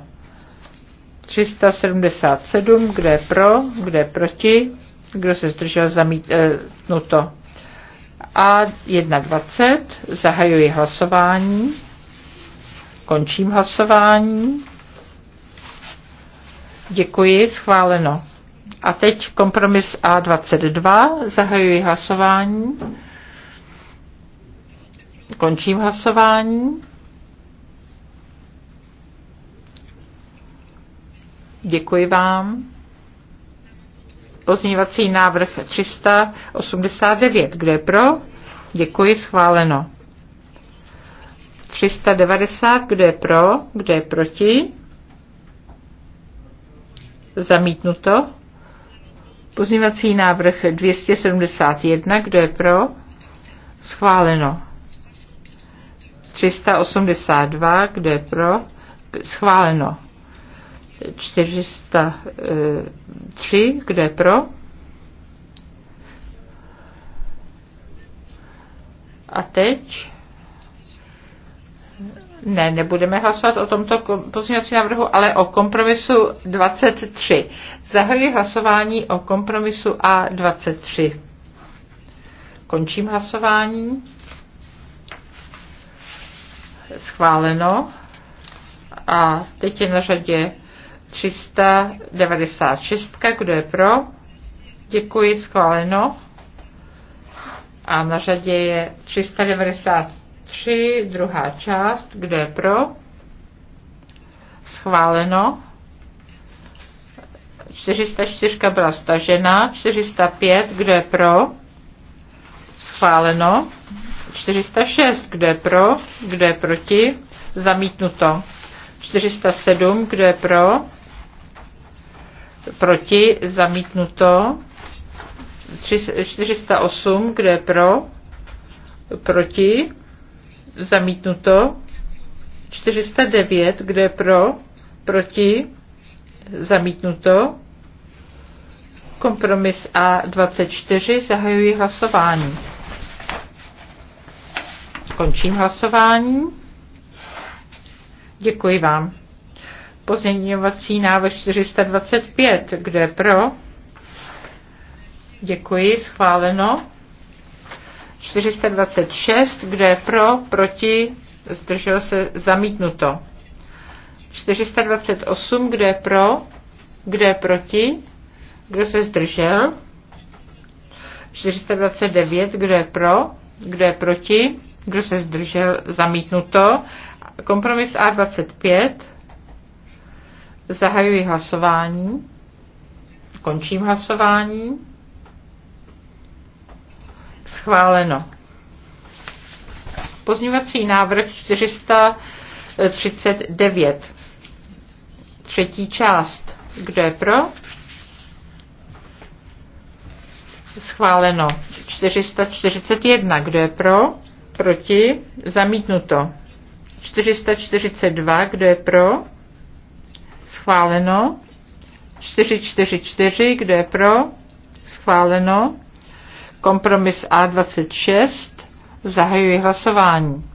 377, kde pro, kde proti, kdo se zdržel, zamítnuto. A 1.20, zahajuji hlasování, končím hlasování. Děkuji, schváleno. A teď kompromis A22. Zahajuji hlasování. Končím hlasování. Děkuji vám. Pozměňovací návrh 389. Kdo je pro? Děkuji, schváleno. 390. Kdo je pro? Kdo je proti? Zamítnuto. Pozměňovací návrh 271, kdo je pro? Schváleno. 382, kdo je pro? Schváleno. 403, kdo je pro? A teď ne, nebudeme hlasovat o tomto pozměňovacím návrhu, ale o kompromisu 23. Zahajuji hlasování o kompromisu A23. Končím hlasování. Schváleno. A teď je na řadě 396. Kdo je pro? Děkuji, schváleno. A na řadě je 3, druhá část, kde je pro, schváleno. 404 byla stažena, 405, kde je pro, schváleno. 406, kde je pro, kde je proti, zamítnuto. 407, kde je pro, proti, zamítnuto. 408, kde je pro, proti, Zamítnuto. 409, kdo je pro? Proti? Zamítnuto. Kompromis A24, zahajuji hlasování. Končím hlasování. Děkuji vám. Pozměňovací návrh 425, kde pro? Děkuji, schváleno. 426, kde je pro, proti, zdržel se, zamítnuto. 428, kde je pro, kde je proti, kdo se zdržel. 429, kdo je pro, kdo je proti, kdo se zdržel, zamítnuto. Kompromis A25. Zahajuji hlasování. Končím hlasování. Schváleno. Pozňovací návrh 439. Třetí část. Kdo je pro? Schváleno. 441. Kdo je pro? Proti? Zamítnuto. 442. Kdo je pro? Schváleno. 444. Kdo je pro? Schváleno. Kompromis A26. Zahajuji hlasování.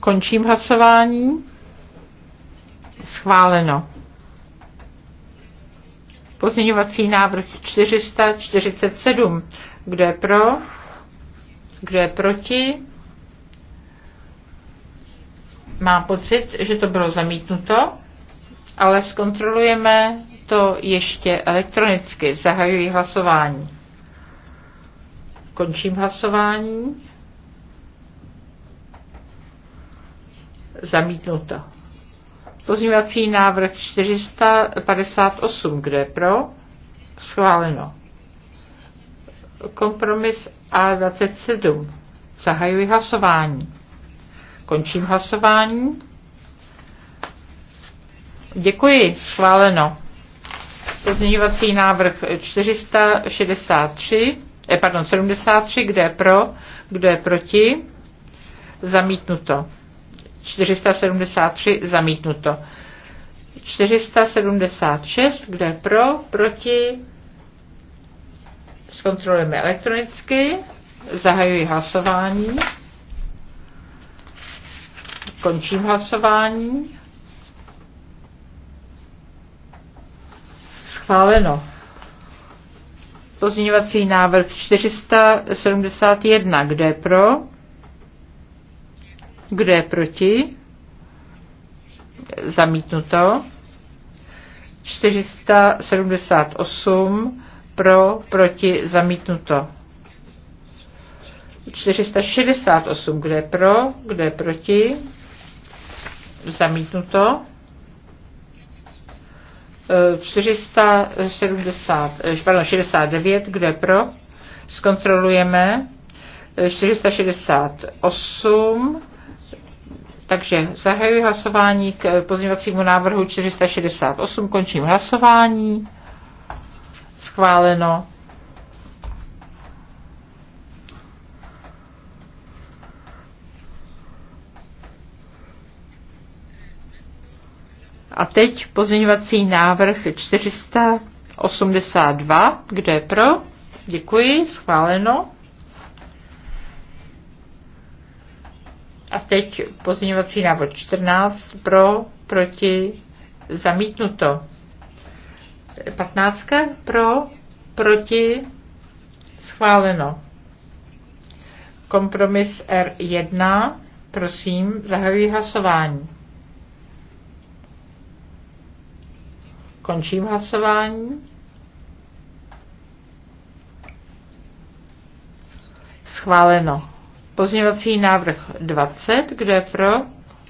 Končím hlasování. Schváleno. Pozměňovací návrh 447. Kdo je pro? Kdo je proti? Mám pocit, že to bylo zamítnuto, ale zkontrolujeme to ještě elektronicky. Zahajuji hlasování. Končím hlasování. Zamítnuto. Pozměňovací návrh 458, kde pro? Schváleno. Kompromis A27. Zahajuji hlasování. Končím hlasování. Děkuji, schváleno. Pozměňovací návrh 463, eh, pardon, 73, kde je pro, kde je proti, zamítnuto. 473 zamítnuto. 476, kde je pro, proti, zkontrolujeme elektronicky, zahajuji hlasování, končím hlasování. Schváleno. Pozměňovací návrh 471. Kdo je pro? Kdo je proti? Zamítnuto. 478 pro, proti, zamítnuto. 468, kdo je pro, kdo je proti, zamítnuto. 470, pardon, 69, kde pro, zkontrolujeme 468, takže zahajuji hlasování k pozměňovacímu návrhu 468, končím hlasování, schváleno A teď pozměňovací návrh 482. Kdo je pro? Děkuji, schváleno. A teď pozměňovací návrh 14 pro, proti, zamítnuto. 15 pro, proti, schváleno. Kompromis R1, prosím, zahajuji hlasování. Končím hlasování. Schváleno. Pozměňovací návrh 20. Kdo je pro?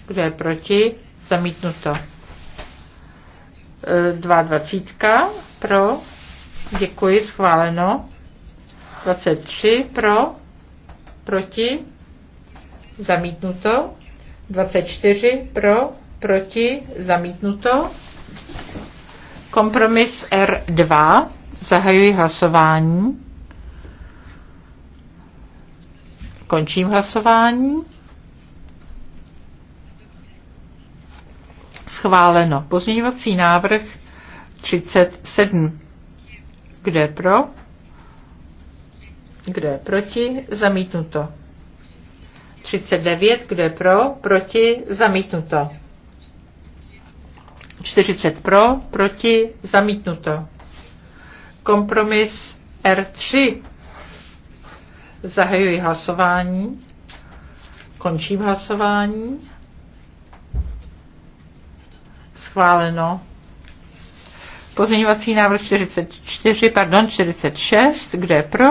Kdo je proti? Zamítnuto. 22. Pro? Děkuji. Schváleno. 23. Pro? Proti? Zamítnuto. 24. Pro? Proti? Zamítnuto. Kompromis R2. Zahajuji hlasování. Končím hlasování. Schváleno. Pozměňovací návrh 37. Kdo je pro? Kdo je proti? Zamítnuto. 39. Kdo je pro? Proti? Zamítnuto. 40 pro, proti, zamítnuto. Kompromis R3. Zahajuji hlasování. Končím hlasování. Schváleno. Pozměňovací návrh 44, pardon, 46, kde je pro?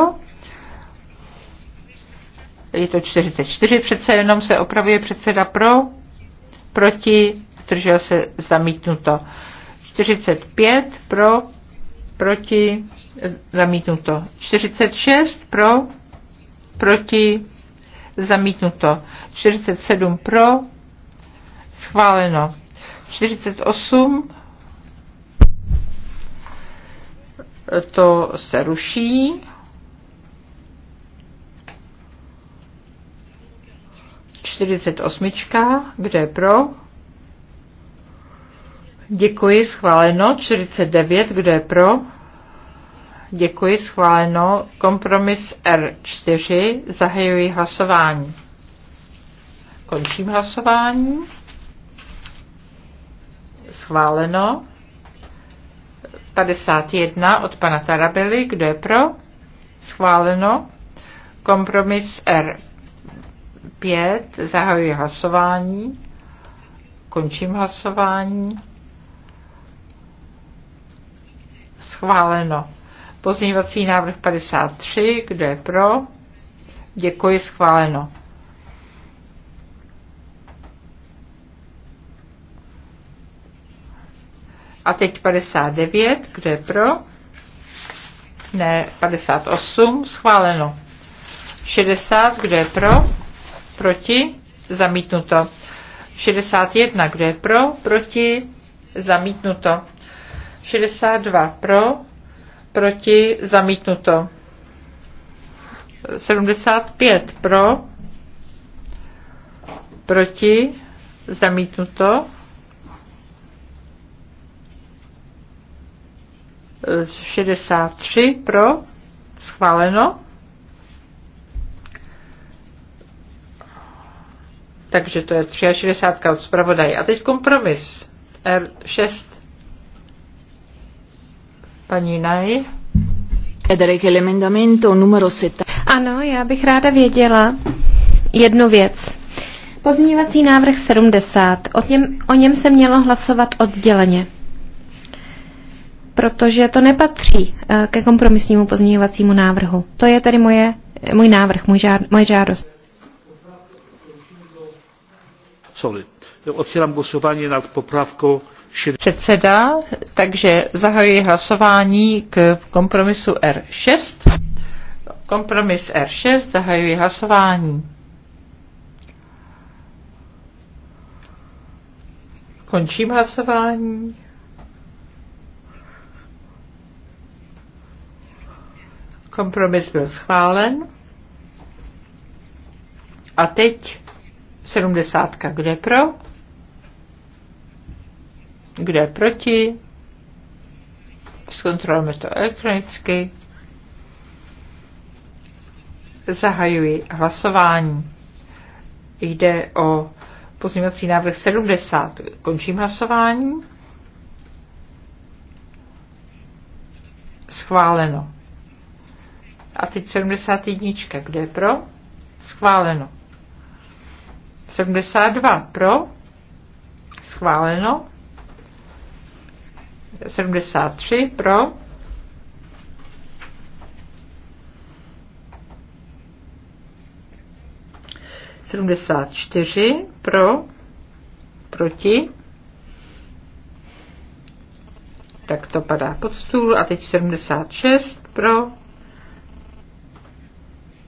Je to 44, přece jenom se opravuje předseda pro, proti, zdržel se zamítnuto. 45 pro, proti, zamítnuto. 46 pro, proti, zamítnuto. 47 pro, schváleno. 48 to se ruší. osmička, kde je pro? Děkuji, schváleno. 49, kdo je pro? Děkuji, schváleno. Kompromis R4, zahajuji hlasování. Končím hlasování. Schváleno. 51 od pana Tarabely, kdo je pro? Schváleno. Kompromis R5, zahajuji hlasování. Končím hlasování. Schváleno. Pozměňovací návrh 53. Kdo je pro? Děkuji. Schváleno. A teď 59. Kdo je pro? Ne, 58. Schváleno. 60. Kdo je pro? Proti? Zamítnuto. 61. Kdo je pro? Proti? Zamítnuto. 62 pro, proti, zamítnuto. 75 pro, proti, zamítnuto. 63 pro, schváleno. Takže to je 63 od zpravodaje. A teď kompromis. R6 Paní Naj. Ano, já bych ráda věděla jednu věc. Pozměňovací návrh 70. O něm, o něm se mělo hlasovat odděleně, protože to nepatří eh, ke kompromisnímu pozměňovacímu návrhu. To je tedy moje, můj návrh, můj žád, moje žádost. Sorry. Otvírám hlasování nad poprawką Předseda, takže zahajuji hlasování k kompromisu R6. Kompromis R6, zahajuji hlasování. Končím hlasování. Kompromis byl schválen. A teď 70. Kdo je pro? Kdo je proti? Zkontrolujeme to elektronicky. Zahajuji hlasování. Jde o pozměňovací návrh 70. Končím hlasování. Schváleno. A teď 71. Kdo je pro? Schváleno. 72 pro. Schváleno. 73 pro. Sedmdesát čtyři pro, proti. Tak to padá pod stůl. A teď 76 pro,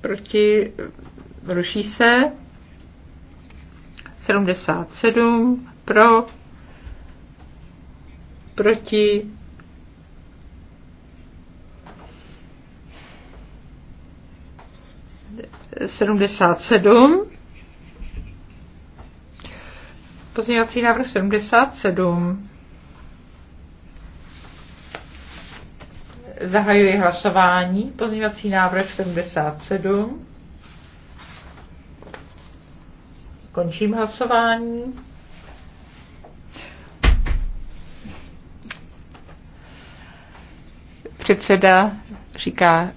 proti, ruší se. 77 pro, proti, sedmdesát sedm, pozměňovací návrh 77. Zahajuji hlasování. Pozměňovací návrh 77. Končím hlasování. Předseda říká,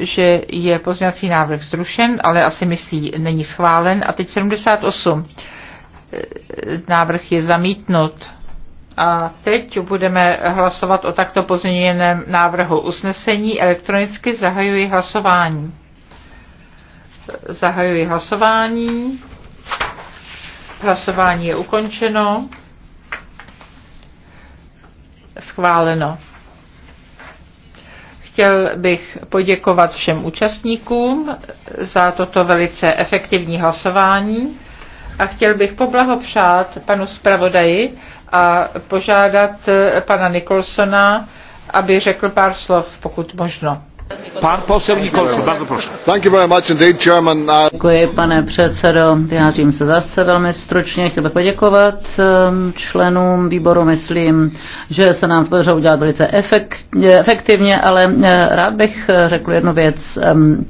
že je pozměňovací návrh zrušen, ale asi myslí, není schválen. A teď 78. Návrh je zamítnut. A teď budeme hlasovat o takto pozměněném návrhu usnesení. Elektronicky zahajuji hlasování. Zahajuji hlasování. Hlasování je ukončeno. Schváleno. Chtěl bych poděkovat všem účastníkům za toto velice efektivní hlasování a chtěl bych poblahopřát panu zpravodaji a požádat eh, pana Nikolsona, aby řekl pár slov, pokud možno. Pan posel Nikolson, bardzo proszę. Thank you very much indeed, Chairman. Uh, Děkuji, pane předsedo. Vyjádřím se zase velmi stručně. Chtěl bych poděkovat um, členům výboru. Myslím, že se nám podařilo udělat velice eh, efektivně, ale eh, rád bych eh, řekl jednu věc. Um,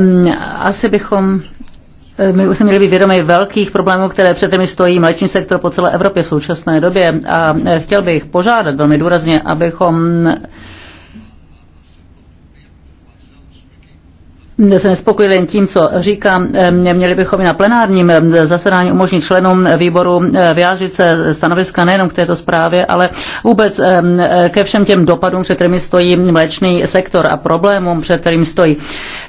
um, asi bychom my už jsme měli být vědomi velkých problémů, které před těmi stojí mléční sektor po celé Evropě v současné době. A chtěl bych požádat velmi důrazně, abychom se nespokojili jen tím, co říkám, eh, měli bychom na plenárním eh, zasedání umožnit členům výboru eh, vyjádřit se stanoviska nejenom k této zprávě, ale vůbec ke všem těm dopadům, před kterými stojí mléčný sektor a problémům, před kterým stojí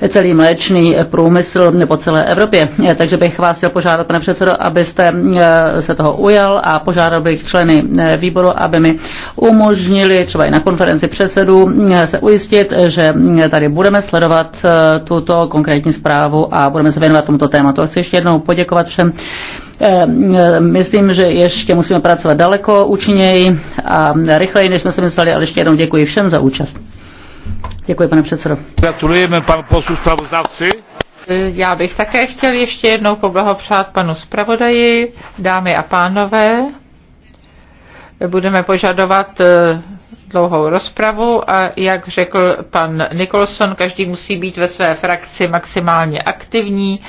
celý mléčný průmysl po celé Evropě. Takže bych vás chtěl požádat, pane předsedo, abyste se toho ujal a požádal bych členy výboru, aby mi umožnili třeba i na konferenci předsedů se ujistit, že mm, tady budeme sledovat tu tuto konkrétní zprávu a budeme se věnovat tomuto tématu. A chci ještě jednou poděkovat všem eh, eh, myslím, že ještě musíme pracovat daleko účinněji a rychleji, než jsme se mysleli, ale ještě jednou děkuji všem za účast. Děkuji, pane předsedo. Gratulujeme panu poslu zpravodavci. Eh, já bych také chtěl ještě jednou poblahopřát panu zpravodaji, dámy a pánové. Budeme požadovat dlouhou rozpravu a jak řekl pan Nicholson, každý musí být ve své frakci maximálně aktivní,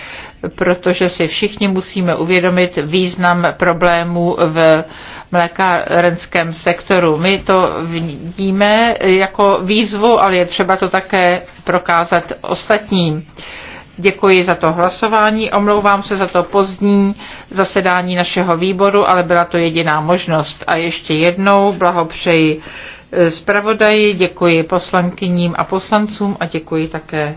protože si všichni musíme uvědomit význam problémů v mlékárenském sektoru. My to vidíme jako výzvu, ale je třeba to také prokázat ostatním. Děkuji za to hlasování, omlouvám se za to pozdní zasedání našeho výboru, ale byla to jediná možnost. A ještě jednou blahopřeji zpravodaji, děkuji poslankyním a poslancům a děkuji také